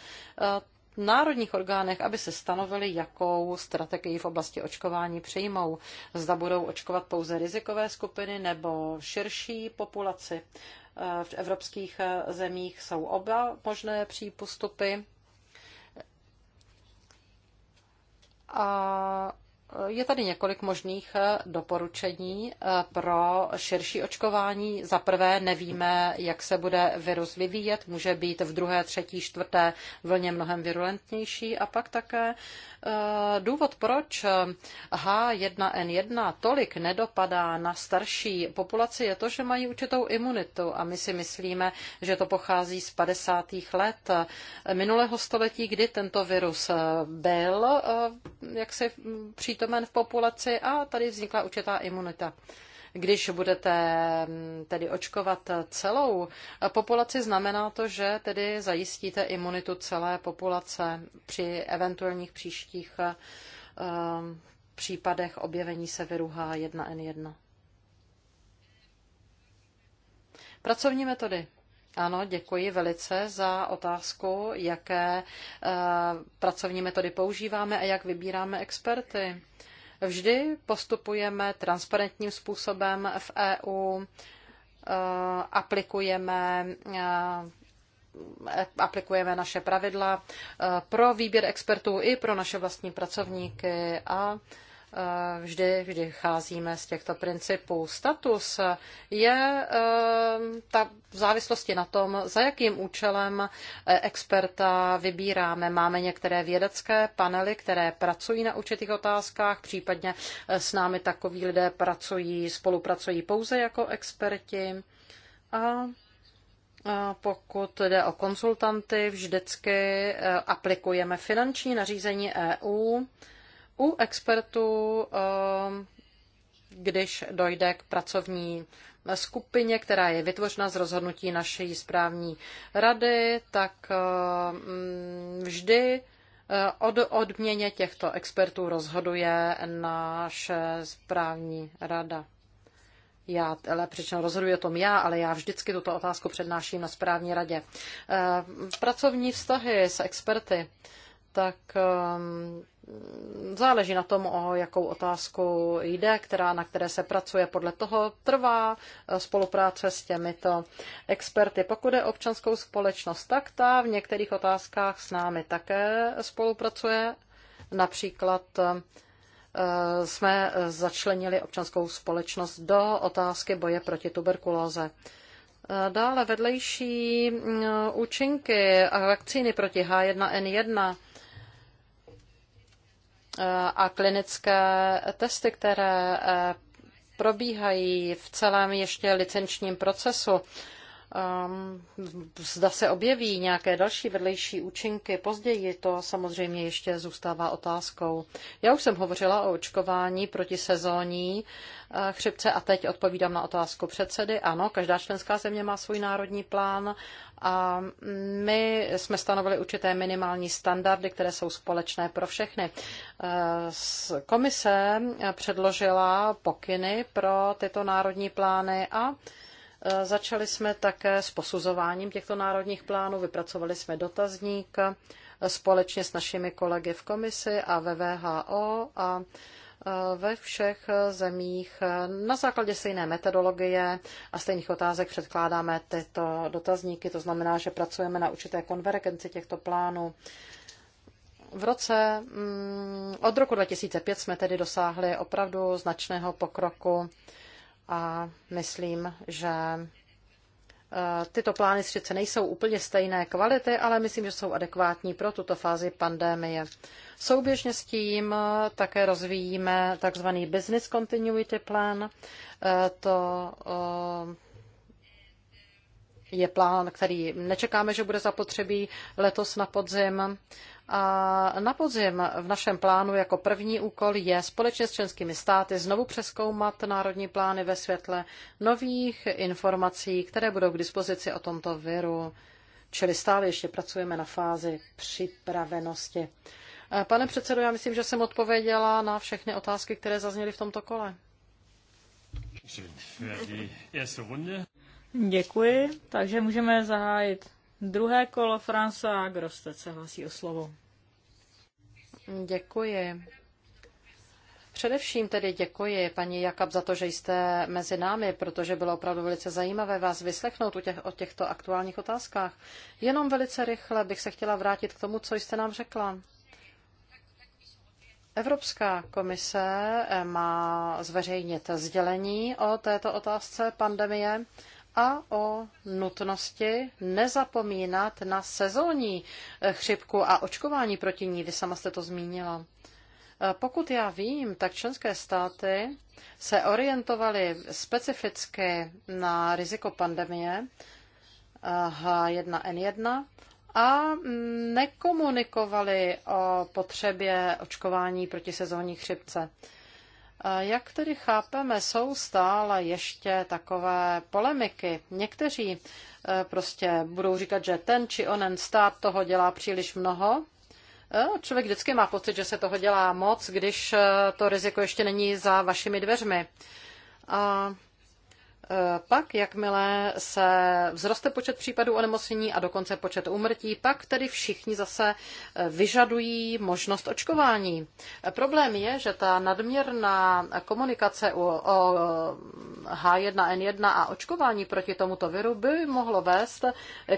[SPEAKER 3] národních orgánech, aby se stanovili, jakou strategii v oblasti očkování přijmou. Zda budou očkovat pouze rizikové skupiny nebo širší populaci. Eh, v evropských eh, zemích jsou oba možné přípustupy. A je tady několik možných eh, doporučení eh, pro širší očkování. Za prvé nevíme, jak se bude virus vyvíjet, může být v druhé, třetí, čtvrté vlně mnohem virulentnější a pak také eh, důvod, proč H1N1 tolik nedopadá na starší populaci, je to, že mají určitou imunitu a my si myslíme, že to pochází z 50. let minulého století, kdy tento virus byl, jak se přítomný přítomen v populaci a tady vznikla určitá imunita. Když budete mm, tedy očkovat celou populaci, znamená to, že tedy zajistíte imunitu celé populace při eventuálních příštích eh, případech objevení se viru H1N1. Pracovní metody. Ano, děkuji velice za otázku, jaké eh, pracovní metody používáme a jak vybíráme experty. Vždy postupujeme transparentním způsobem v EU, eh, aplikujeme eh, aplikujeme naše pravidla pro výběr expertů i pro naše vlastní pracovníky a Eh, vždy, vždy cházíme z těchto principů. Status je eh, ta v závislosti na tom, za jakým účelem eh, experta vybíráme. Máme některé vědecké panely, které pracují na určitých otázkách, případně s námi takoví lidé pracují, spolupracují pouze jako experti. A pokud jde o konzultanty, vždycky aplikujeme finanční nařízení EU u expertů, ehm, když dojde k pracovní skupině, která je vytvořena z rozhodnutí naší správní rady, tak ehm, vždy eh, od odměně těchto expertů rozhoduje naše správní rada. Já, ale přičem rozhoduji o tom já, ale já vždycky tuto otázku přednáším na správní radě. Eh, pracovní vztahy s experty, tak ehm, záleží na tom, o jakou otázku jde, která, na které se pracuje. Podle toho trvá eh, spolupráce s těmito experty. Pokud je občanskou společnost, tak ta v některých otázkách s námi také spolupracuje. Například eh, jsme začlenili občanskou společnost do otázky boje proti tuberkulóze. Eh, dále vedlejší mm, účinky a vakcíny proti H1N1 a klinické testy, které eh, probíhají v celém ještě licenčním procesu, Ehm, zda se objeví nějaké další vedlejší účinky později, to samozřejmě ještě zůstává otázkou. Já už jsem hovořila o očkování proti sezónní eh, chřipce a teď odpovídám na otázku předsedy. Ano, každá členská země má svůj národní plán a my jsme stanovili určité minimální standardy, které jsou společné pro všechny. Eh, komise předložila pokyny pro tyto národní plány a Začali jsme také s posuzováním těchto národních plánů, vypracovali jsme dotazník společně s našimi kolegy v komisi a ve VHO a e, ve všech zemích na základě stejné metodologie a stejných otázek předkládáme tyto dotazníky, to znamená, že pracujeme na určité konvergenci těchto plánů. V roce, mm, od roku 2005 jsme tedy dosáhli opravdu značného pokroku a myslím, že e, tyto plány sice nejsou úplně stejné kvality, ale myslím, že jsou adekvátní pro tuto fázi pandémie. Souběžně s tím e, také rozvíjíme tzv. business continuity plan. E, to je plán, který nečekáme, že bude zapotřebí letos na podzim. A na podzim v našem plánu jako první úkol je společně s členskými státy znovu přeskoumat národní plány ve světle nových informací, které budou k dispozici o tomto viru. Čili stále ještě pracujeme na fázi připravenosti. Pane předsedo, já myslím, že jsem odpověděla na všechny otázky, které zazněly v tomto kole.
[SPEAKER 2] Děkuji, takže můžeme zahájit Druhé kolo Fransa Grostec se hlasí o slovo.
[SPEAKER 3] Děkuji. Především tedy děkuji, paní Jakab, za to, že jste mezi námi, protože bylo opravdu velice zajímavé vás vyslechnout u těch, o těchto aktuálních otázkách. Jenom velice rychle bych se chtěla vrátit k tomu, co jste nám řekla. Evropská komise eh, má zveřejnit sdělení o této otázce pandemie a o nutnosti nezapomínat na sezónní eh, chřipku a očkování proti ní. Vy sama jste to zmínila. Eh, pokud já vím, tak členské státy se orientovaly specificky na riziko pandemie H1N1 eh, a mm, nekomunikovali o potřebě očkování proti sezónní chřipce. Jak tedy chápeme, jsou stále ještě takové polemiky. Někteří e, prostě budou říkat, že ten či onen stát toho dělá příliš mnoho. E, člověk vždycky má pocit, že se toho dělá moc, když e, to riziko ještě není za vašimi dveřmi. A Eh, pak, jakmile se vzroste počet případů onemocnění a dokonce počet úmrtí, pak tedy všichni zase eh, vyžadují možnost očkování. Eh, problém je, že ta nadměrná komunikace o H1N1 a očkování proti tomuto viru by mohlo vést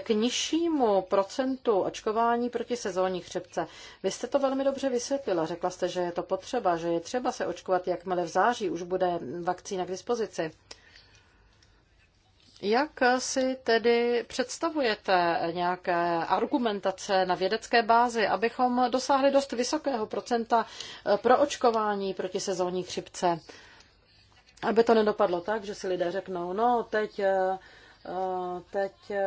[SPEAKER 3] k nižšímu procentu očkování proti sezónní chřipce. Vy jste to velmi dobře vysvětlila. Řekla jste, že je to potřeba, že je třeba se očkovat, jakmile v září už bude vakcína k dispozici. Jak si tedy představujete nějaké argumentace na vědecké bázi, abychom dosáhli dost vysokého procenta pro očkování proti sezónní chřipce? Aby to nedopadlo tak, že si lidé řeknou, no teď eh, Eh, teď eh,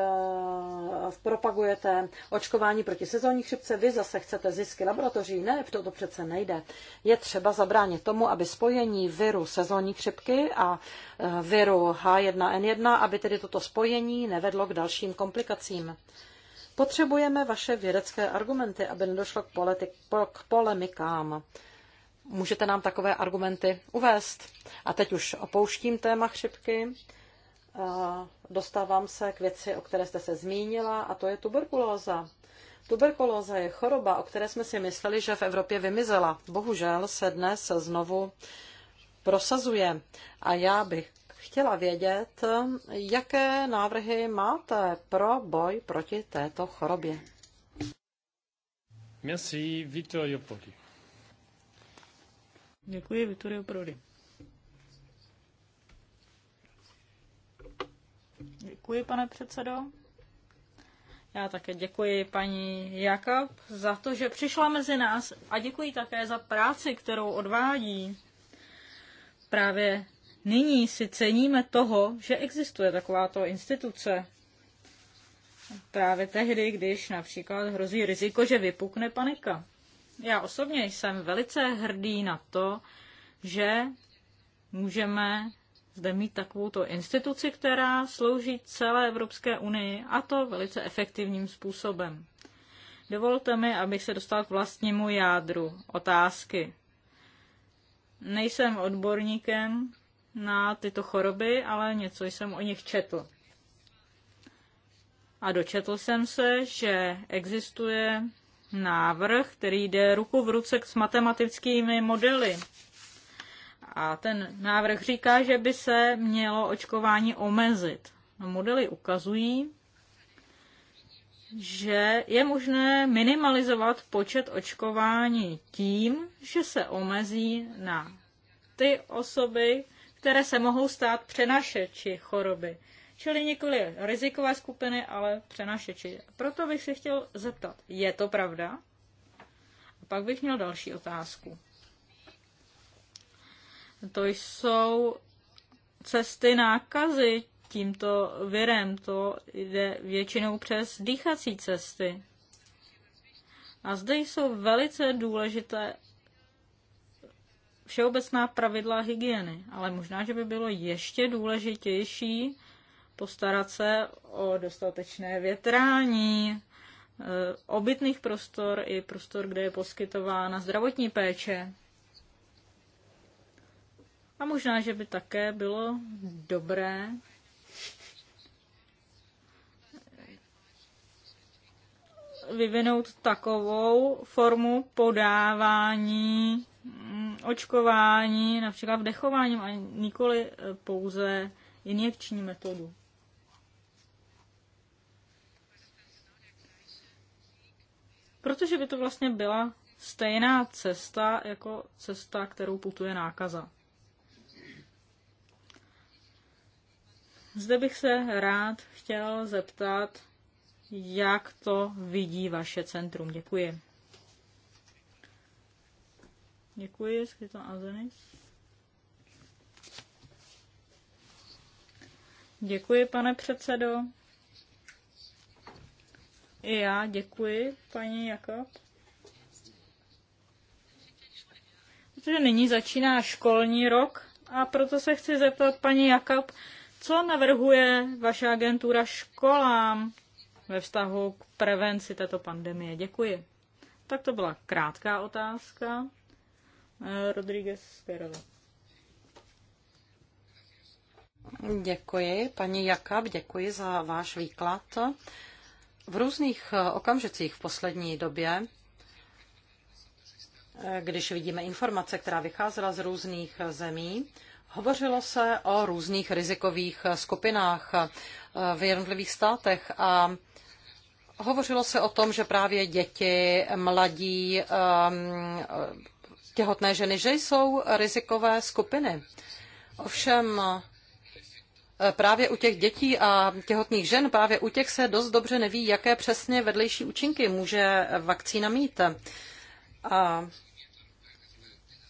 [SPEAKER 3] propagujete očkování proti sezónní chřipce, vy zase chcete zisky laboratoří. Ne, to, to přece nejde. Je třeba zabránit tomu, aby spojení viru sezónní chřipky a eh, viru H1N1, aby tedy toto spojení nevedlo k dalším komplikacím. Potřebujeme vaše vědecké argumenty, aby nedošlo k, politi- k polemikám. Můžete nám takové argumenty uvést? A teď už opouštím téma chřipky dostávám se k věci, o které jste se zmínila, a to je tuberkulóza. Tuberkulóza je choroba, o které jsme si mysleli, že v Evropě vymizela. Bohužel se dnes znovu prosazuje. A já bych chtěla vědět, jaké návrhy máte pro boj proti této chorobě.
[SPEAKER 1] Merci, Vittorio Prodi.
[SPEAKER 2] Děkuji, Vittorio Prodi. Děkuji, pane předsedo. Já také děkuji paní Jakob za to, že přišla mezi nás a děkuji také za práci, kterou odvádí. Právě nyní si ceníme toho, že existuje takováto instituce. Právě tehdy, když například hrozí riziko, že vypukne panika. Já osobně jsem velice hrdý na to, že můžeme zde mít takovouto instituci, která slouží celé Evropské unii a to velice efektivním způsobem. Dovolte mi, abych se dostal k vlastnímu jádru otázky. Nejsem odborníkem na tyto choroby, ale něco jsem o nich četl. A dočetl jsem se, že existuje návrh, který jde ruku v ruce s matematickými modely a ten návrh říká, že by se mělo očkování omezit. No, modely ukazují, že je možné minimalizovat počet očkování tím, že se omezí na ty osoby, které se mohou stát přenašeči choroby. Čili nikoli rizikové skupiny, ale přenašeči. Proto bych se chtěl zeptat, je to pravda? A pak bych měl další otázku. To jsou cesty nákazy tímto virem. To jde většinou přes dýchací cesty. A zde jsou velice důležité všeobecná pravidla hygieny, ale možná, že by bylo ještě důležitější postarat se o dostatečné větrání, eh, obytných prostor i prostor, kde je poskytována zdravotní péče. A možná, že by také bylo dobré vyvinout takovou formu podávání mm, očkování, například vdechováním a nikoli eh, pouze injekční metodu. Protože by to vlastně byla stejná cesta jako cesta, kterou putuje nákaza. Zde bych se rád chtěl zeptat, jak to vidí vaše centrum. Děkuji. Děkuji, Skryto Azenis. Děkuji, pane předsedo. I já děkuji, paní Jakob. Protože nyní začíná školní rok a proto se chci zeptat paní Jakob, co navrhuje vaše agentura školám ve vztahu k prevenci této pandemie? Děkuji. Tak to byla krátká otázka. Eh, Rodríguez Guerrero.
[SPEAKER 3] Děkuji, paní Jakab, děkuji za váš výklad. V různých eh, okamžicích v poslední době, eh, když vidíme informace, která vycházela z různých zemí, Hovořilo se o různých rizikových skupinách eh, v jednotlivých státech a hovořilo se o tom, že právě děti, mladí, ehm, těhotné ženy, že jsou rizikové skupiny. Ovšem eh, právě u těch dětí a těhotných žen, právě u těch se dost dobře neví, jaké přesně vedlejší účinky může vakcína mít. A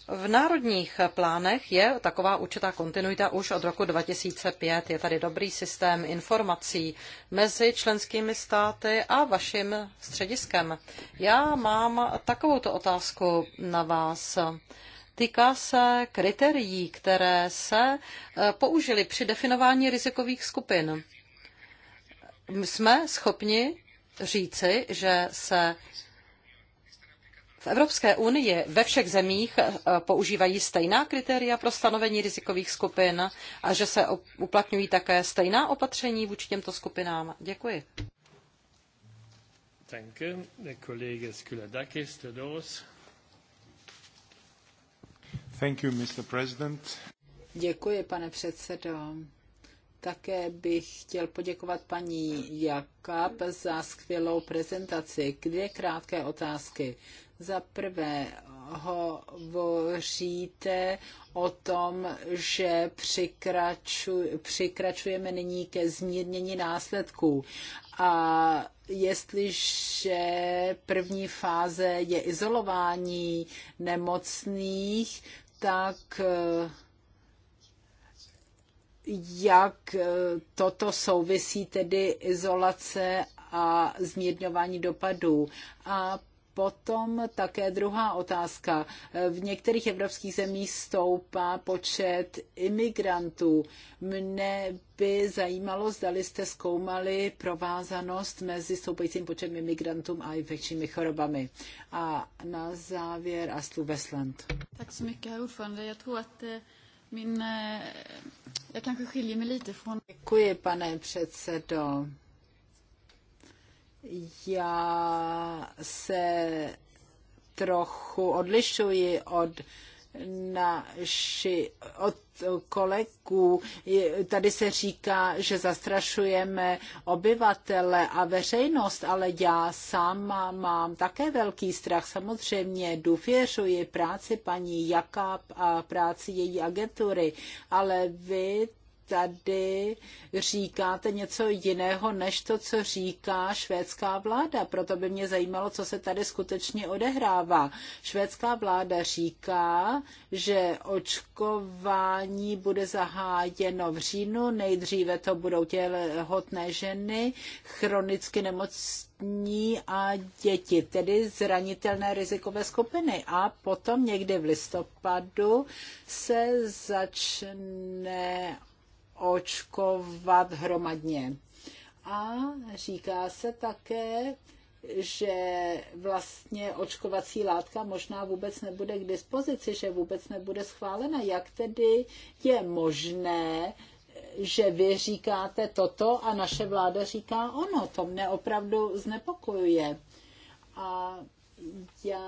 [SPEAKER 3] v národních plánech je taková určitá kontinuita už od roku 2005. Je tady dobrý systém informací mezi členskými státy a vaším střediskem. Já mám takovouto otázku na vás. Týká se kritérií, které se eh, použily při definování rizikových skupin. Jsme schopni říci, že se v Evropské unii ve všech zemích eh, používají stejná kritéria pro stanovení rizikových skupin a že se uplatňují také stejná opatření vůči těmto skupinám. Děkuji.
[SPEAKER 4] Děkuji, pane předsedo. Také bych chtěl poděkovat paní Jakab za skvělou prezentaci. Dvě krátké otázky. Za prvé hovoříte o tom, že přikraču, přikračujeme nyní ke zmírnění následků. A jestliže první fáze je izolování nemocných, tak jak toto souvisí tedy izolace a zmírňování dopadů. A Potom také druhá otázka. V některých evropských zemích stoupá počet imigrantů. Mne by zajímalo, zdali jste zkoumali provázanost mezi stoupajícím počtem imigrantům a infekčními chorobami. A
[SPEAKER 2] na závěr
[SPEAKER 4] Astu Westland.
[SPEAKER 2] Tak så mycket, herr eh, eh,
[SPEAKER 4] Děkuji, pane předsedo. Já se trochu odlišuji od naši, od kolegů. Tady se říká, že zastrašujeme obyvatele a veřejnost, ale já sama mám také velký strach. Samozřejmě důvěřuji práci paní Jakab a práci její agentury, ale vy tady říkáte něco jiného, než to, co říká švédská vláda. Proto by mě zajímalo, co se tady skutečně odehrává. Švédská vláda říká, že očkování bude zahájeno v říjnu, nejdříve to budou těhotné ženy, chronicky nemocní a děti, tedy zranitelné rizikové skupiny. A potom někdy v listopadu se začne očkovat hromadně. A říká se také, že vlastně očkovací látka možná vůbec nebude k dispozici, že vůbec nebude schválena. Jak tedy je možné, že vy říkáte toto a naše vláda říká ono? To mne opravdu znepokojuje. A já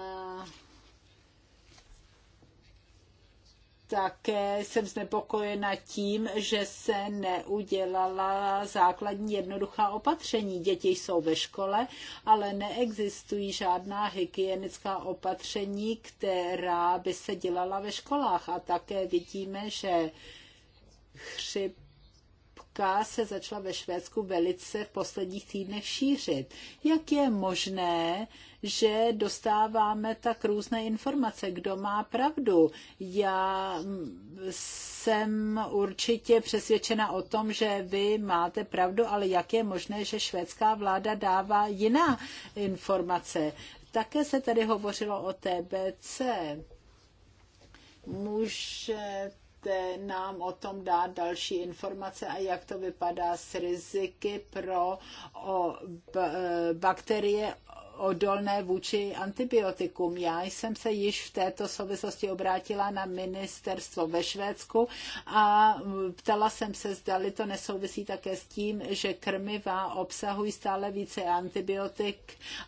[SPEAKER 4] také jsem znepokojena tím, že se neudělala základní jednoduchá opatření. Děti jsou ve škole, ale neexistují žádná hygienická opatření, která by se dělala ve školách. A také vidíme, že chřip se začala ve Švédsku velice v posledních týdnech šířit. Jak je možné, že dostáváme tak různé informace, kdo má pravdu. Já jsem určitě přesvědčena o tom, že vy máte pravdu, ale jak je možné, že švédská vláda dává jiná informace? Také se tady hovořilo o TBC. můžete nám o tom dát další informace a jak to vypadá s riziky pro o, b, bakterie odolné vůči antibiotikům. Já jsem se již v této souvislosti obrátila na ministerstvo ve Švédsku a ptala jsem se, zdali to nesouvisí také s tím, že krmiva obsahují stále více antibiotik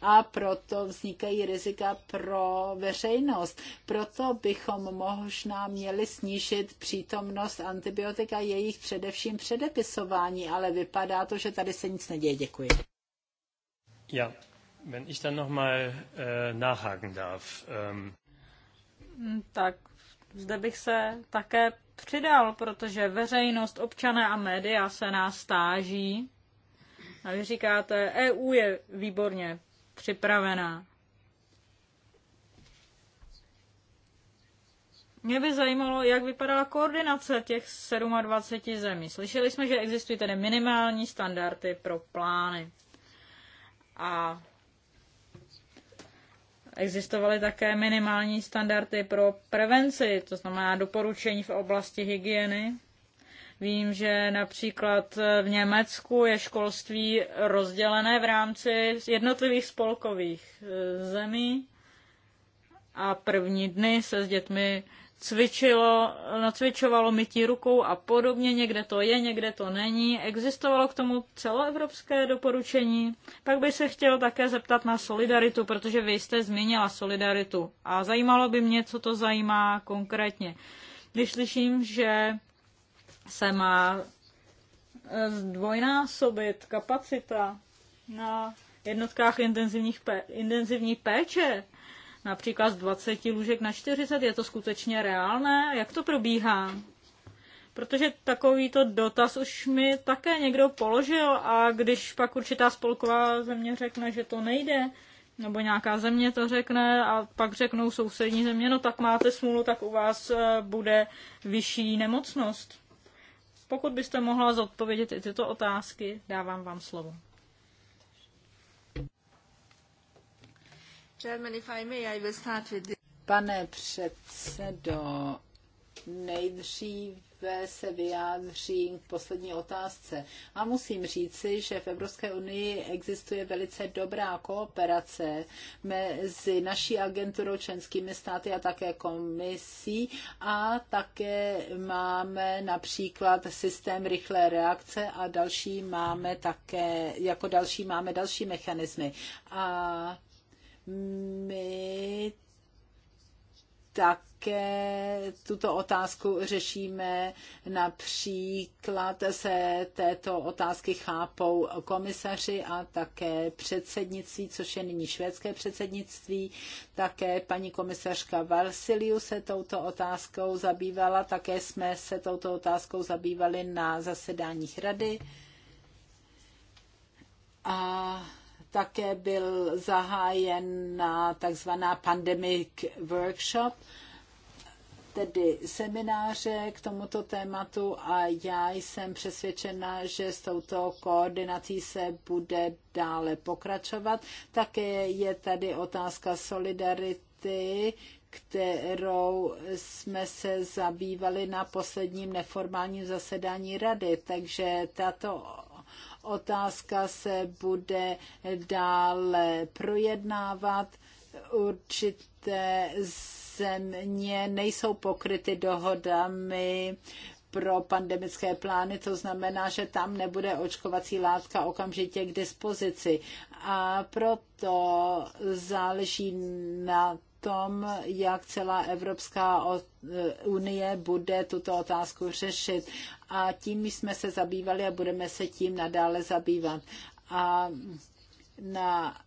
[SPEAKER 4] a proto vznikají rizika pro veřejnost. Proto bychom možná měli snížit přítomnost antibiotik a jejich především předepisování, ale vypadá to, že tady se nic neděje.
[SPEAKER 1] Děkuji. Ja, Wenn ich dann äh, nachhaken darf. Ähm.
[SPEAKER 2] Hm, tak zde bych se také přidal, protože veřejnost, občané a média se nás stáží. A vy říkáte, EU je výborně připravená. Mě by zajímalo, jak vypadala koordinace těch 27 zemí. Slyšeli jsme, že existují tedy minimální standardy pro plány. A existovaly také minimální standardy pro prevenci, to znamená doporučení v oblasti hygieny. Vím, že například v Německu je školství rozdělené v rámci jednotlivých spolkových eh, zemí a první dny se s dětmi cvičilo, nacvičovalo mytí rukou a podobně, někde to je, někde to není. Existovalo k tomu celoevropské doporučení. Pak by se chtěl také zeptat na solidaritu, protože vy jste zmínila solidaritu a zajímalo by mě, co to zajímá konkrétně. Když slyším, že se má e, zdvojnásobit kapacita na jednotkách intenzivních intenzivní péče, například z 20 lůžek na 40. Je to skutečně reálné? Jak to probíhá? Protože takovýto dotaz už mi také někdo položil a když pak určitá spolková země řekne, že to nejde, nebo nějaká země to řekne a pak řeknou sousední země, no tak máte smůlu, tak u vás eh, bude vyšší nemocnost. Pokud byste mohla zodpovědět i tyto otázky, dávám vám slovo.
[SPEAKER 4] Pane předsedo, nejdříve se vyjádřím k poslední otázce. A musím říci, že v Evropské unii existuje velice dobrá kooperace mezi naší agenturou, členskými státy a také komisí. A také máme například systém rychlé reakce a další máme také, jako další máme další mechanismy. A my také tuto otázku řešíme. Například se této otázky chápou komisaři a také předsednictví, což je nyní švédské předsednictví. Také paní komisařka Varsiliu se touto otázkou zabývala. Také jsme se touto otázkou zabývali na zasedáních rady. A také byl zahájen na pandemic workshop, tedy semináře k tomuto tématu a já jsem přesvědčena, že s touto koordinací se bude dále pokračovat. Také je tady otázka solidarity, kterou jsme se zabývali na posledním neformálním zasedání rady. Takže tato Otázka se bude dále projednávat. Určité země nejsou pokryty dohodami pro pandemické plány, to znamená, že tam nebude očkovací látka okamžitě k dispozici. A proto záleží na tom, jak celá Evropská eh, unie bude tuto otázku řešit. A tím jsme se zabývali a budeme se tím nadále zabývat. A na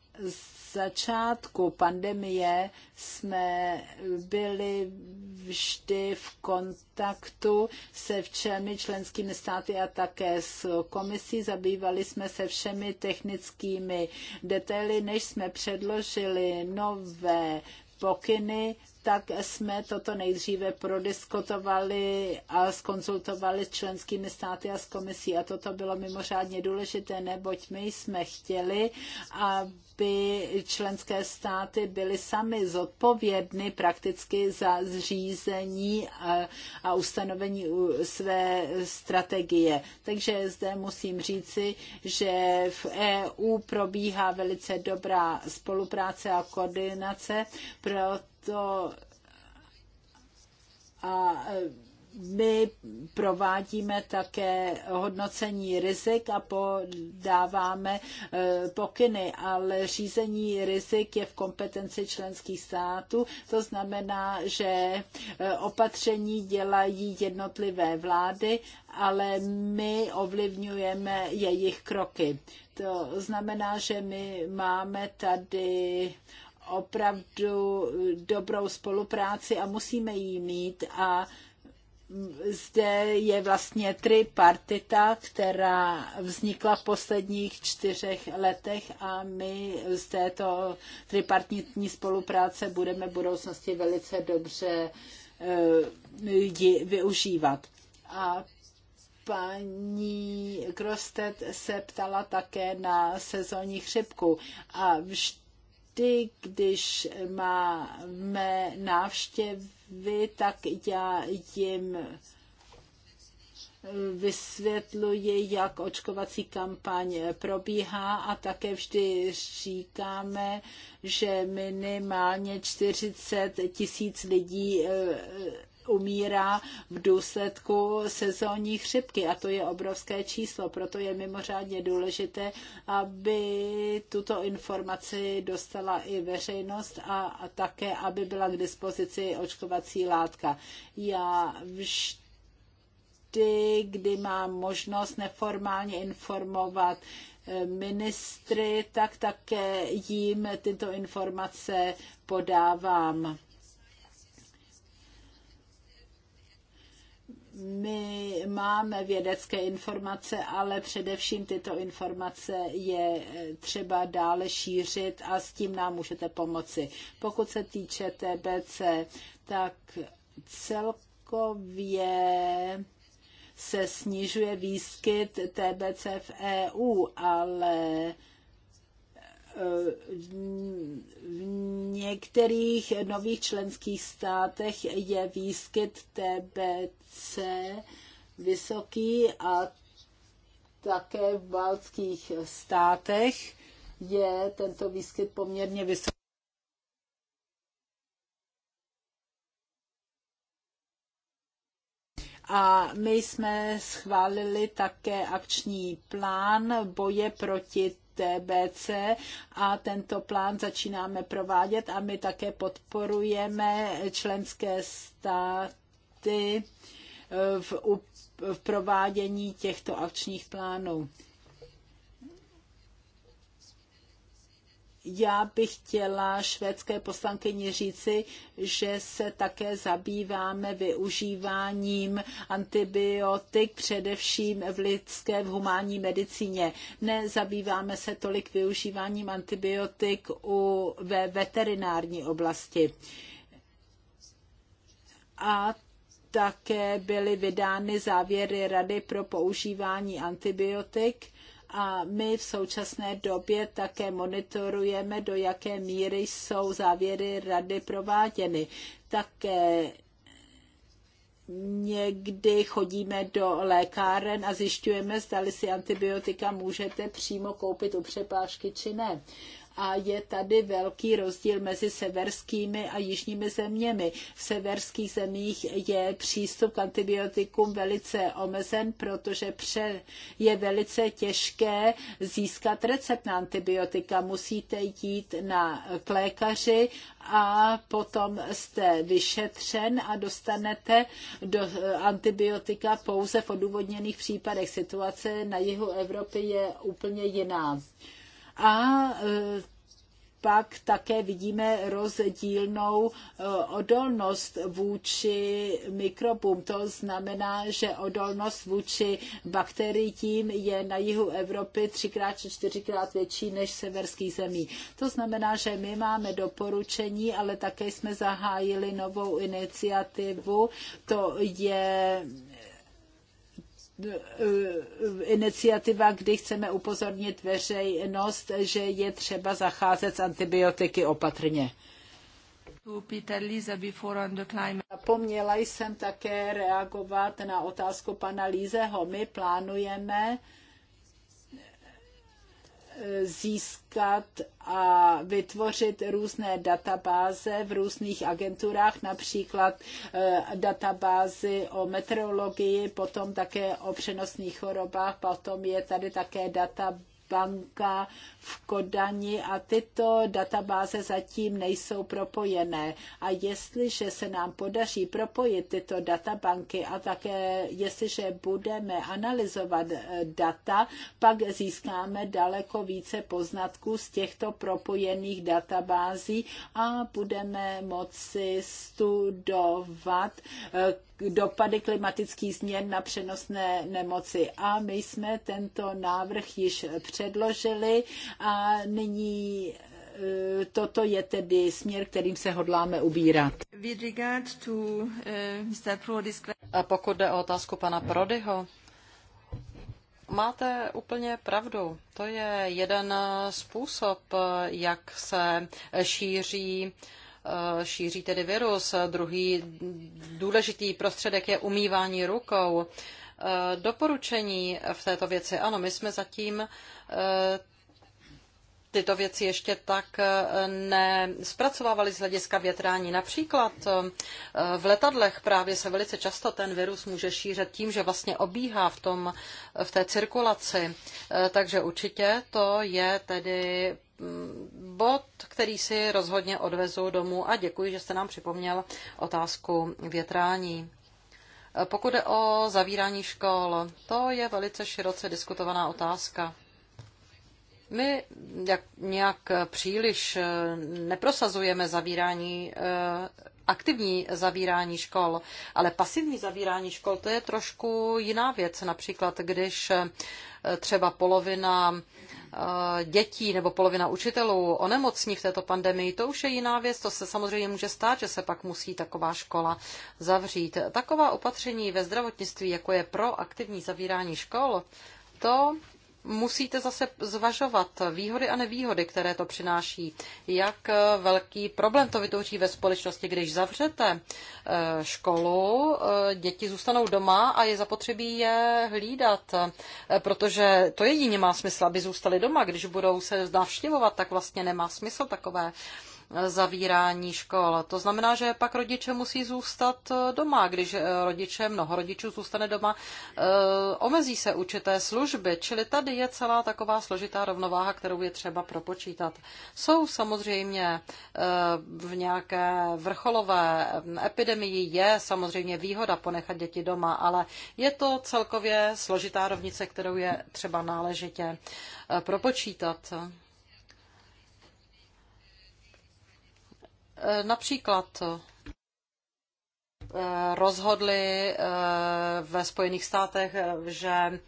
[SPEAKER 4] začátku pandemie jsme byli vždy v kontaktu se všemi členskými státy a také s komisí. Zabývali jsme se všemi technickými detaily, než jsme předložili nové pokyny tak jsme toto nejdříve prodiskutovali a skonzultovali s členskými státy a s komisí. A toto bylo mimořádně důležité, neboť my jsme chtěli, aby členské státy byly sami zodpovědny prakticky za zřízení a, a ustanovení své strategie. Takže zde musím říci, že v EU probíhá velice dobrá spolupráce a koordinace, proto to a e, my provádíme také hodnocení rizik a podáváme e, pokyny, ale řízení rizik je v kompetenci členských států. To znamená, že e, opatření dělají jednotlivé vlády, ale my ovlivňujeme jejich kroky. To znamená, že my máme tady opravdu eh, dobrou spolupráci a musíme ji mít a zde je vlastně tripartita, která vznikla v posledních čtyřech letech a my z této tripartitní spolupráce budeme v budoucnosti velice dobře eh, ji využívat. A paní Krostet se ptala také na sezónní chřipku a vždy vždy, když máme návštěvy, tak já jim vysvětluji, jak očkovací kampaň probíhá a také vždy říkáme, že minimálně 40 tisíc lidí eh, umírá v důsledku sezónní chřipky a to je obrovské číslo, proto je mimořádně důležité, aby tuto informaci dostala i veřejnost a, a také, aby byla k dispozici očkovací látka. Já vždy kdy, kdy mám možnost neformálně informovat eh, ministry, tak také jim tyto informace podávám. my máme vědecké informace, ale především tyto informace je eh, třeba dále šířit a s tím nám můžete pomoci. Pokud se týče TBC, tak celkově se snižuje výskyt TBC v EU, ale v některých nových členských státech je výskyt TBC vysoký a také v baltských státech je tento výskyt poměrně vysoký. A my jsme schválili také akční plán boje proti TBC a tento plán začínáme provádět a my také podporujeme členské státy v, v provádění těchto akčních plánů. Já bych chtěla švédské poslankyni říci, že se také zabýváme využíváním antibiotik, především v lidské, v humánní medicíně. Nezabýváme se tolik využíváním antibiotik u, ve veterinární oblasti. A také byly vydány závěry Rady pro používání antibiotik a my v současné době také monitorujeme, do jaké míry jsou závěry rady prováděny. Také někdy chodíme do lékáren a zjišťujeme, zdali si antibiotika můžete přímo koupit u přepážky či ne a je tady velký rozdíl mezi severskými a jižními zeměmi. V severských zemích je přístup k antibiotikům velice omezen, protože pře je velice těžké získat recept na antibiotika. Musíte jít na, k lékaři a potom jste vyšetřen a dostanete do eh, antibiotika pouze v odůvodněných případech. Situace na jihu Evropy je úplně jiná. A e, pak také vidíme rozdílnou e, odolnost vůči mikrobům. To znamená, že odolnost vůči bakteriím je na jihu Evropy třikrát či čtyřikrát větší než v severských zemí. To znamená, že my máme doporučení, ale také jsme zahájili novou iniciativu. To je Eh, eh, iniciativa, kdy chceme upozornit veřejnost, že je třeba zacházet s antibiotiky opatrně. Zapomněla jsem také reagovat na otázku pana Lízeho. My plánujeme získat a vytvořit různé databáze v různých agenturách, například e, databázy o meteorologii, potom také o přenosných chorobách, potom je tady také databáze banka v Kodani a tyto databáze zatím nejsou propojené. A jestliže se nám podaří propojit tyto databanky a také jestliže budeme analyzovat eh, data, pak získáme daleko více poznatků z těchto propojených databází a budeme moci studovat, eh, dopady klimatických změn na přenosné nemoci. A my jsme tento návrh již předložili a nyní e, toto je tedy směr, kterým se hodláme ubírat.
[SPEAKER 3] E, a pokud jde o otázku pana Prodyho, máte úplně pravdu. To je jeden způsob, jak se šíří uh, Eh, šíří tedy virus. Druhý důležitý prostředek je umývání rukou. Eh, doporučení v této věci, ano, my jsme zatím eh, tyto věci ještě tak nespracovávali z hlediska větrání. Například v letadlech právě se velice často ten virus může šířit tím, že vlastně obíhá v, tom, v té cirkulaci. Takže určitě to je tedy mm, bod, který si rozhodně odvezu domů a děkuji, že jste nám připomněl otázku větrání. Pokud je o zavírání škol, to je velice široce diskutovaná otázka. My jak, nějak příliš eh, neprosazujeme zavírání, eh, aktivní zavírání škol, ale pasivní zavírání škol to je trošku jiná věc. Například, když eh, třeba polovina Eh, dětí nebo polovina učitelů onemocní v této pandemii, to už je jiná věc. To se samozřejmě může stát, že se pak musí taková škola zavřít. Taková opatření ve zdravotnictví, jako je proaktivní zavírání škol, to musíte zase zvažovat výhody a nevýhody, které to přináší. Jak velký problém to vytvoří ve společnosti, když zavřete eh, školu, eh, děti zůstanou doma a je zapotřebí je hlídat, eh, protože to jedině má smysl, aby zůstali doma. Když budou se navštěvovat, tak vlastně nemá smysl takové zavírání škol. To znamená, že pak rodiče musí zůstat eh, doma. Když eh, rodiče, mnoho rodičů zůstane doma, eh, omezí se určité služby. Čili tady je celá taková složitá rovnováha, kterou je třeba propočítat. Jsou samozřejmě v nějaké vrcholové mm, epidemii je samozřejmě výhoda ponechat děti doma, ale je to celkově složitá rovnice, kterou je třeba náležitě propočítat. Eh, například eh, rozhodli eh, ve Spojených státech, že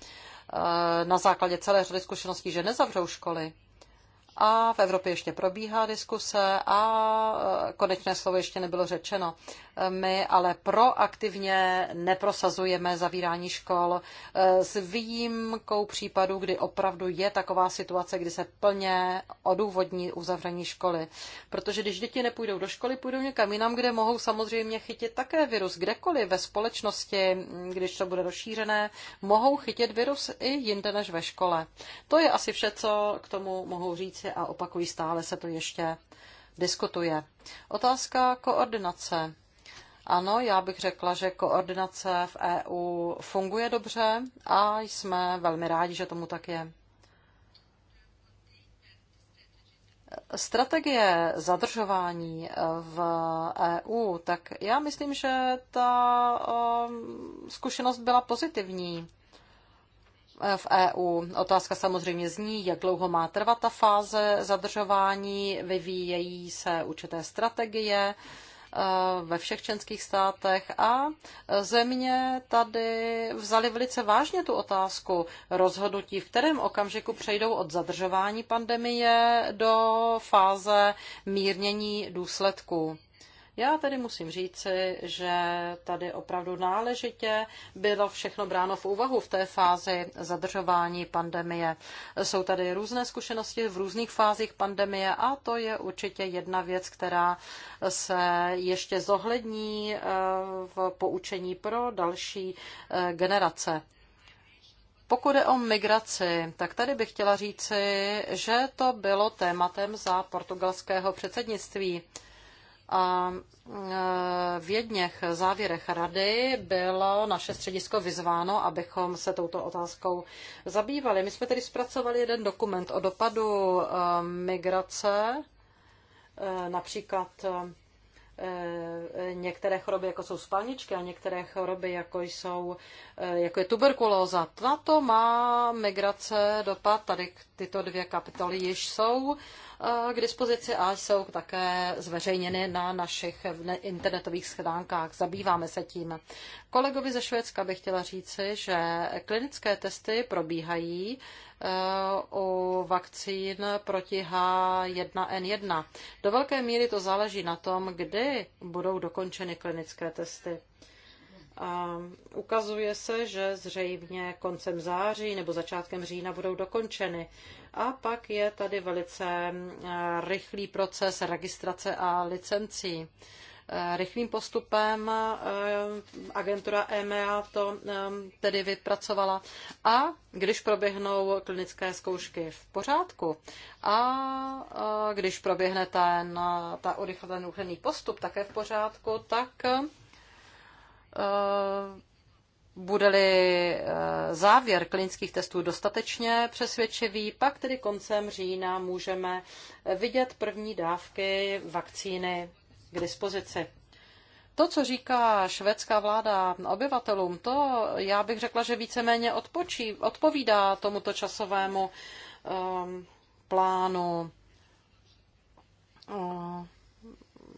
[SPEAKER 3] na základě celé řady zkušeností, že nezavřou školy a v Evropě ještě probíhá diskuse a e, konečné slovo ještě nebylo řečeno. E, my ale proaktivně neprosazujeme zavírání škol e, s výjimkou případů, kdy opravdu je taková situace, kdy se plně odůvodní uzavření školy. Protože když děti nepůjdou do školy, půjdou někam jinam, kde mohou samozřejmě chytit také virus. Kdekoliv ve společnosti, když to bude rozšířené, mohou chytit virus i jinde než ve škole. To je asi vše, co k tomu mohu říct věci a opakují stále se to ještě diskutuje. Otázka koordinace. Ano, já bych řekla, že koordinace v EU funguje dobře a jsme velmi rádi, že tomu tak je. Strategie zadržování v EU, tak já myslím, že ta um, zkušenost byla pozitivní v EU. Otázka samozřejmě zní, jak dlouho má trvat ta fáze zadržování, vyvíjejí se určité strategie eh, ve všech členských státech a země tady vzali velice vážně tu otázku rozhodnutí, v kterém okamžiku přejdou od zadržování pandemie do fáze mírnění důsledků. Já tedy musím říci, že tady opravdu náležitě bylo všechno bráno v úvahu v té fázi zadržování pandemie. Jsou tady různé zkušenosti v různých fázích pandemie a to je určitě jedna věc, která se ještě zohlední eh, v poučení pro další eh, generace. Pokud je o migraci, tak tady bych chtěla říci, že to bylo tématem za portugalského předsednictví. A e, v jedněch závěrech rady bylo naše středisko vyzváno, abychom se touto otázkou zabývali. My jsme tedy zpracovali jeden dokument o dopadu e, migrace, e, například Eh, některé choroby, jako jsou spalničky a některé choroby, jako, jsou, eh, jako je tuberkulóza. Na to má migrace dopad. Tady tyto dvě kapitoly již jsou eh, k dispozici a jsou také zveřejněny na našich internetových schránkách. Zabýváme se tím. Kolegovi ze Švédska bych chtěla říci, že klinické testy probíhají u vakcín proti H1N1. Do velké míry to záleží na tom, kdy budou dokončeny klinické testy. A ukazuje se, že zřejmě koncem září nebo začátkem října budou dokončeny. A pak je tady velice eh, rychlý proces registrace a licencí. Eh, rychlým postupem eh, agentura EMEA to eh, tedy vypracovala. A když proběhnou klinické zkoušky v pořádku a když proběhne ten, ta urychlený urychlený postup také v pořádku, tak bude-li závěr klinických testů dostatečně přesvědčivý, pak tedy koncem října můžeme vidět první dávky vakcíny k dispozici. To, co říká švédská vláda obyvatelům, to já bych řekla, že víceméně odpočí, odpovídá tomuto časovému um, plánu. Um,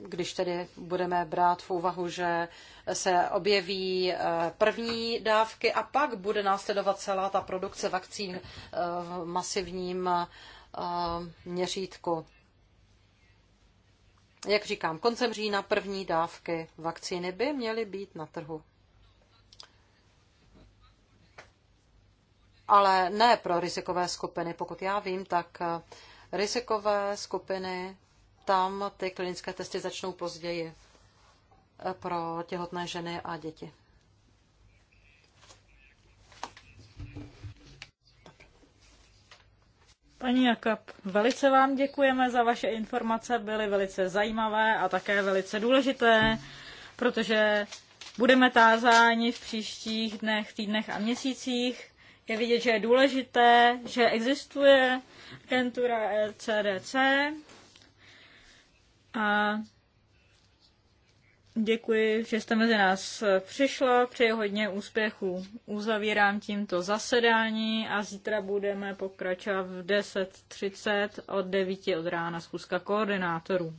[SPEAKER 3] když tedy budeme brát v úvahu, že se objeví eh, první dávky a pak bude následovat celá ta produkce vakcín eh, v masivním eh, měřítku jak říkám, koncem října první dávky vakcíny by měly být na trhu. Ale ne pro rizikové skupiny. Pokud já vím, tak eh, rizikové skupiny, tam ty klinické testy začnou později eh, pro těhotné ženy a děti.
[SPEAKER 2] Paní Jakab, velice vám děkujeme za vaše informace, byly velice zajímavé a také velice důležité, protože budeme tázáni v příštích dnech, týdnech a měsících. Je vidět, že je důležité, že existuje agentura ECDC a Děkuji, že jste mezi nás přišla. Přeji hodně úspěchů. Uzavírám tímto zasedání a zítra budeme pokračovat v 10.30 od 9 od rána schůzka koordinátorů.